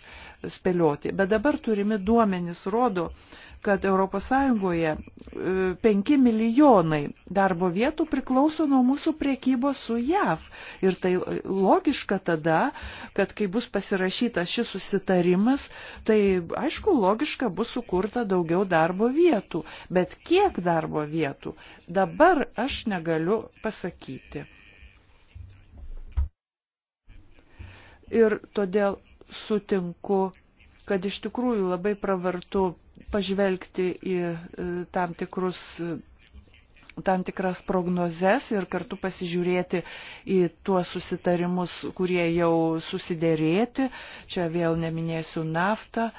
spėlioti. Bet dabar turimi duomenys rodo, kad ES 5 e, milijonai darbo vietų priklauso nuo mūsų priekybos su JAV. Ir tai logiška tada, kad kai bus pasirašytas šis susitarimas, tai aišku, logiška bus sukurta daugiau darbo vietų. Bet kiek darbo vietų dabar aš negaliu pasakyti. Ir todėl sutinku, kad iš tikrųjų labai pravartu pažvelgti į e, tam tikrus e, tam tikras prognozes ir kartu pasižiūrėti į tuos susitarimus, kurie jau susiderėti. Čia vėl neminėsiu naftą,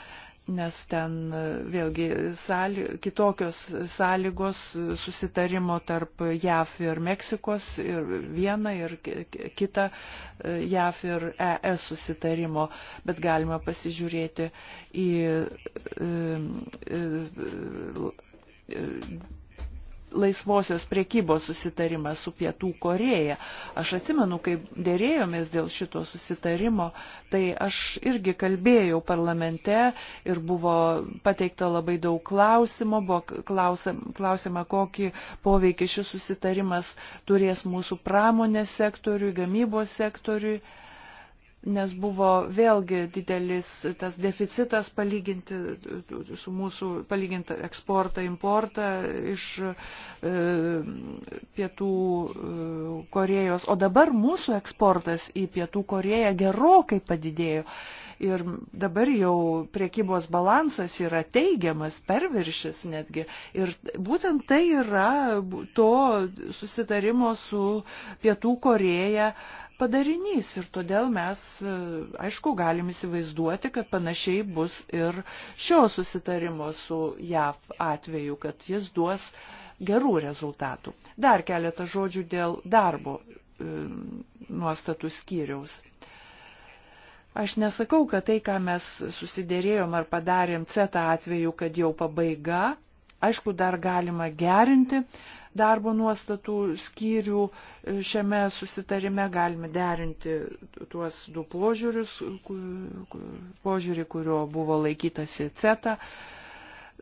nes ten e, vėlgi sąly, kitokios sąlygos susitarimo tarp JAF ir Meksikos ir vieną ir kitą e, JAF ir ES susitarimo, bet galima pasižiūrėti į. į, e, į laisvosios priekybos susitarimą su Pietų Koreja. Aš atsimenu, kai dėrėjomės dėl šito susitarimo, tai aš irgi kalbėjau parlamente ir buvo pateikta labai daug klausimų, buvo klausima, kokį poveikį šis susitarimas turės mūsų pramonės sektoriui, gamybos sektoriui nes buvo vėlgi didelis tas deficitas palyginti su mūsų, palyginti eksportą, importą iš e, pietų e, Korejos. O dabar mūsų eksportas į pietų Koreją gerokai padidėjo. Ir dabar jau priekybos balansas yra teigiamas, perviršis netgi. Ir būtent tai yra to susitarimo su pietų Koreja padarinys ir todėl mes, e, aišku, galim įsivaizduoti, kad panašiai bus ir šio susitarimo su JAV atveju, kad jis duos gerų rezultatų. Dar keletą žodžių dėl darbo e, nuostatų skyriaus. Aš nesakau, kad tai, ką mes susidėrėjom ar padarėm CETA atveju, kad jau pabaiga, aišku, dar galima gerinti darbo nuostatų skyrių e, šiame susitarime galime derinti tuos du požiūrius, požiūrį, kurio buvo laikytasi CETA.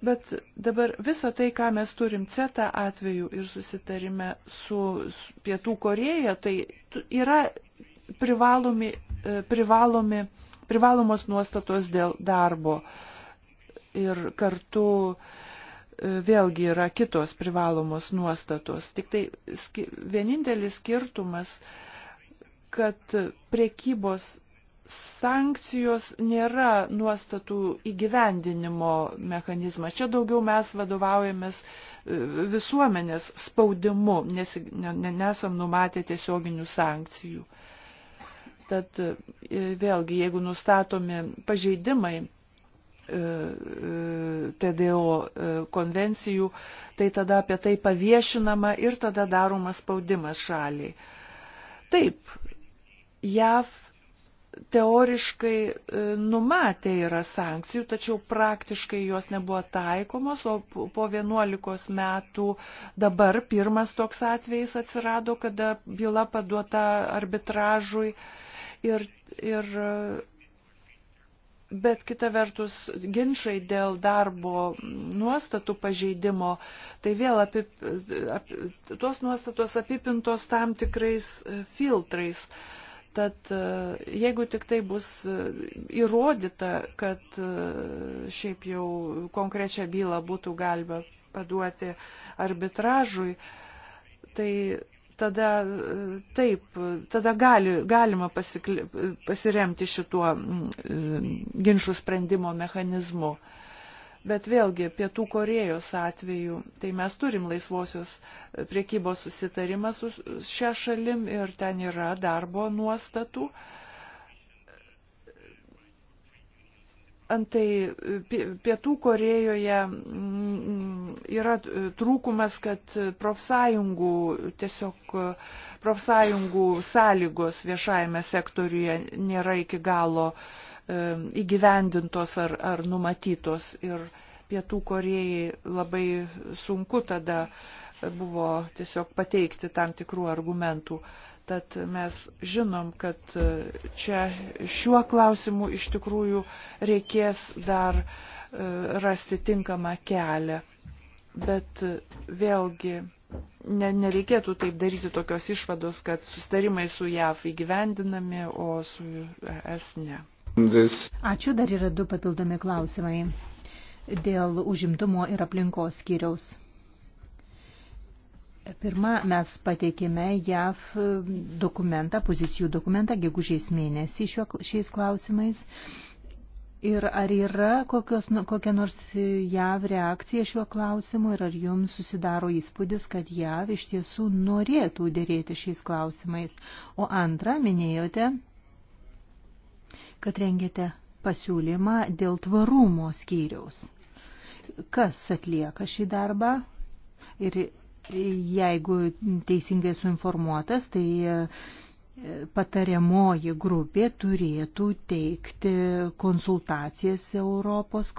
Bet dabar visą tai, ką mes turim CETA atveju ir susitarime su Pietų Koreja, tai yra privalomi, e, privalomi, privalomos nuostatos dėl darbo. Ir kartu uh, vėlgi yra kitos privalomos nuostatos. Tik tai ski, vienintelis skirtumas, kad priekybos sankcijos nėra nuostatų įgyvendinimo mechanizmas. Čia daugiau mes vadovaujamės e, visuomenės spaudimu, nes nesam numatę tiesioginių sankcijų. Tad e, vėlgi, jeigu nustatomi pažeidimai, TDO e, konvencijų, tai tada apie tai paviešinama ir tada daromas spaudimas šaliai. Taip, JAV teoriškai e, numatė yra sankcijų, tačiau praktiškai jos nebuvo taikomos, o po 11 metų dabar pirmas toks atvejis atsirado, kada byla paduota arbitražui ir, ir Bet kita vertus, ginčiai dėl darbo nuostatų pažeidimo, tai vėl apip, ap, tos nuostatos apipintos tam tikrais e, filtrais. Tad e, jeigu tik tai bus e, įrodyta, kad šiaip jau konkrečią bylą būtų galima paduoti arbitražui, tai tada taip, tada gali, galima pasikli, pasiremti šituo mm, ginčių sprendimo mechanizmu. Bet vėlgi, Pietų Korejos atveju, tai mes turim laisvosios priekybos susitarimą su šia šalim ir ten yra darbo nuostatų. Uh, Antai e, Pietų Korejoje yra e, trūkumas, kad profsąjungų, tiesiog e, profsąjungų sąlygos viešajame sektoriuje nėra iki galo įgyvendintos ar, ar numatytos. Ir Pietų Korejai labai sunku tada uh, buvo tiesiog pateikti tam tikrų argumentų. Tad mes žinom, kad e, čia šiuo klausimu iš tikrųjų reikės dar e, rasti tinkamą kelią. Bet e, vėlgi ne, nereikėtų taip daryti tokios išvados, kad sustarimai su JAV įgyvendinami, o su ES ne. Ačiū, dar yra du papildomi klausimai dėl užimtumo ir aplinkos skyriaus. Pirma, mes pateikėme JAV dokumentą, pozicijų dokumentą gegužės mėnesį šiuo, šiais klausimais. Ir ar yra kokios, kokia nors JAV reakcija šiuo klausimu ir ar jums susidaro įspūdis, kad JAV iš tiesų norėtų dėrėti šiais klausimais? O antra, minėjote, kad rengėte pasiūlymą dėl tvarumo skyriaus. Kas atlieka šį darbą ir jeigu teisingai suinformuotas, tai e, patariamoji grupė turėtų teikti konsultacijas Europos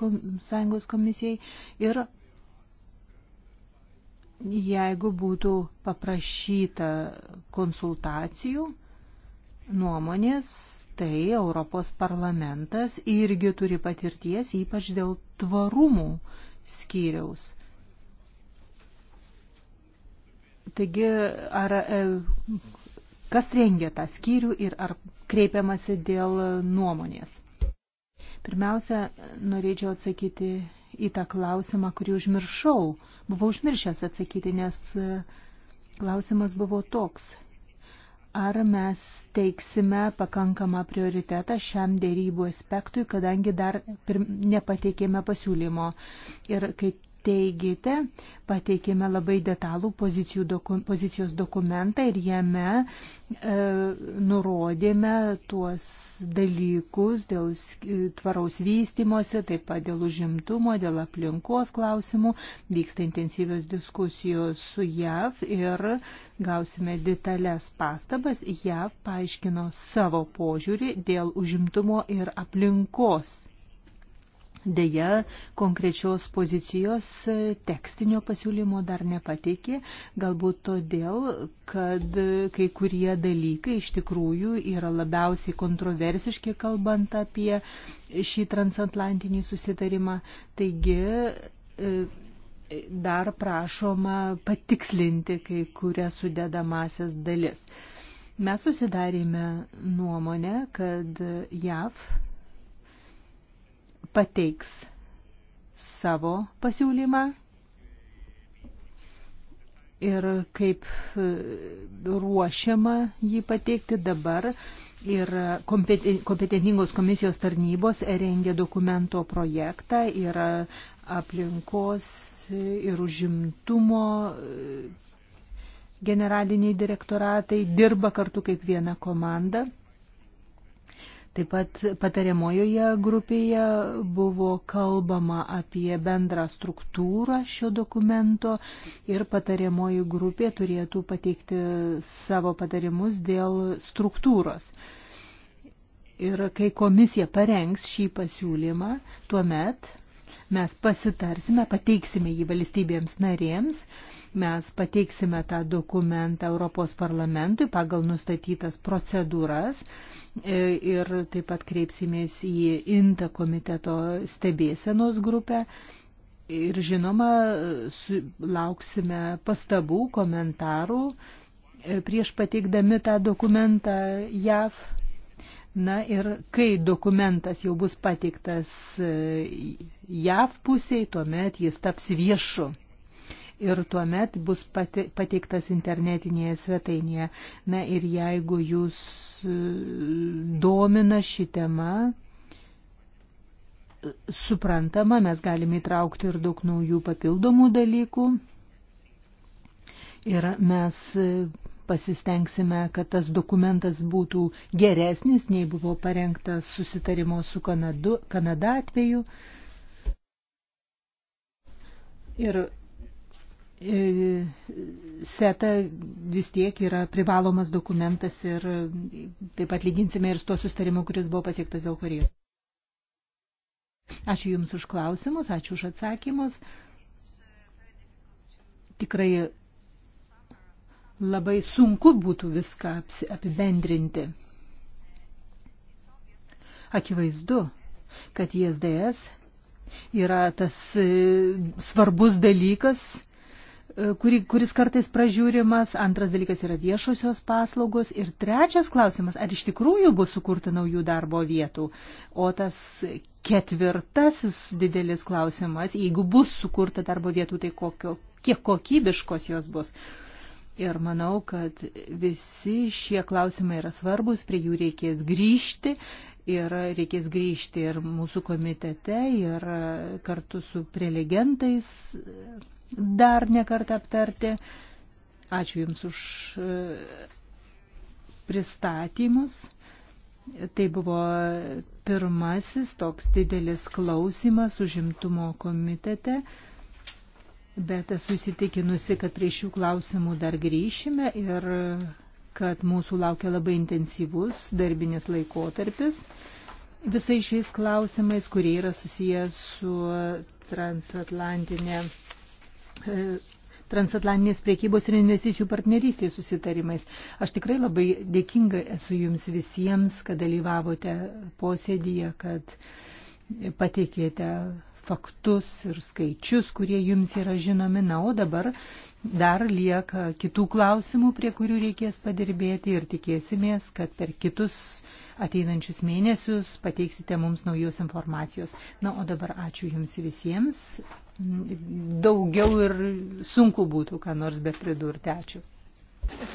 Sąjungos komisijai ir jeigu būtų paprašyta konsultacijų nuomonės, tai Europos parlamentas irgi turi patirties, ypač dėl tvarumų skyriaus Taigi, ar e, kas rengia tą skyrių ir ar kreipiamasi dėl nuomonės? Pirmiausia, norėčiau atsakyti į tą klausimą, kurį užmiršau. Buvau užmiršęs atsakyti, nes e, klausimas buvo toks. Ar mes teiksime pakankamą prioritetą šiam dėrybų aspektui, kadangi dar nepateikėme pasiūlymo. Ir kai teigėte, pateikėme labai detalų doku, pozicijos dokumentą ir jame e, nurodėme tuos dalykus dėl tvaraus vystimosi, taip pat dėl užimtumo, dėl aplinkos klausimų. Vyksta intensyvios diskusijos su JAV ir gausime detalės pastabas. JAV paaiškino savo požiūrį dėl užimtumo ir aplinkos Deja, konkrečios pozicijos e, tekstinio pasiūlymo dar nepateikė, galbūt todėl, kad e, kai kurie dalykai iš tikrųjų yra labiausiai kontroversiški, kalbant apie šį transatlantinį susitarimą. Taigi, e, dar prašoma patikslinti kai kurias sudedamasias dalis. Mes susidarėme nuomonę, kad JAV pateiks savo pasiūlymą ir kaip e, ruošiama jį pateikti dabar. Ir kompetentingos komisijos tarnybos rengia dokumento projektą ir aplinkos ir užimtumo e, generaliniai direktoratai dirba kartu kaip viena komanda. Taip pat patariamojoje grupėje buvo kalbama apie bendrą struktūrą šio dokumento ir patariamoji grupė turėtų pateikti savo patarimus dėl struktūros. Ir kai komisija parengs šį pasiūlymą, tuomet mes pasitarsime, pateiksime jį valstybėms narėms Mes pateiksime tą dokumentą Europos parlamentui pagal nustatytas procedūras e, ir taip pat kreipsimės į INTA komiteto stebėsenos grupę. Ir žinoma, lauksime pastabų, komentarų e, prieš pateikdami tą dokumentą JAV. Na ir kai dokumentas jau bus pateiktas e, JAV pusiai, tuomet jis taps viešu ir tuomet bus pateiktas internetinėje svetainėje. Na ir jeigu jūs e, domina ši tema, suprantama, mes galime įtraukti ir daug naujų papildomų dalykų. Ir mes e, pasistengsime, kad tas dokumentas būtų geresnis, nei buvo parengtas susitarimo su Kanadu, Kanada atveju. Ir E, SETA vis tiek yra privalomas dokumentas ir taip pat lyginsime ir su tuo sustarimu, kuris buvo pasiektas dėl Korejos. Ačiū Jums už klausimus, ačiū už atsakymus. Tikrai labai sunku būtų viską apibendrinti. Akivaizdu, kad ISDS yra tas e, svarbus dalykas, E, kuri, kuris kartais pražiūrimas, antras dalykas yra viešosios paslaugos ir trečias klausimas, ar iš tikrųjų bus sukurta naujų darbo vietų. O tas ketvirtasis didelis klausimas, jeigu bus sukurta darbo vietų, tai kokio, kiek kokybiškos jos bus. Ir manau, kad visi šie klausimai yra svarbus, prie jų reikės grįžti ir reikės grįžti ir mūsų komitete, ir kartu su prelegentais dar nekartą aptarti. Ačiū Jums už e, pristatymus. Tai buvo pirmasis toks didelis klausimas užimtumo komitete, bet esu įsitikinusi, kad prie šių klausimų dar grįšime ir kad mūsų laukia labai intensyvus darbinis laikotarpis visais šiais klausimais, kurie yra susijęs su transatlantinė E, transatlantinės priekybos ir investicijų partnerystės susitarimais. Aš tikrai labai dėkinga esu jums visiems, kad dalyvavote posėdyje, kad pateikėte faktus ir skaičius, kurie jums yra žinomi. Na, o dabar dar lieka kitų klausimų, prie kurių reikės padirbėti ir tikėsimės, kad per kitus ateinančius mėnesius pateiksite mums naujos informacijos. Na, o dabar ačiū jums visiems daugiau ir sunku būtų, ką nors be pridurti. Ačiū.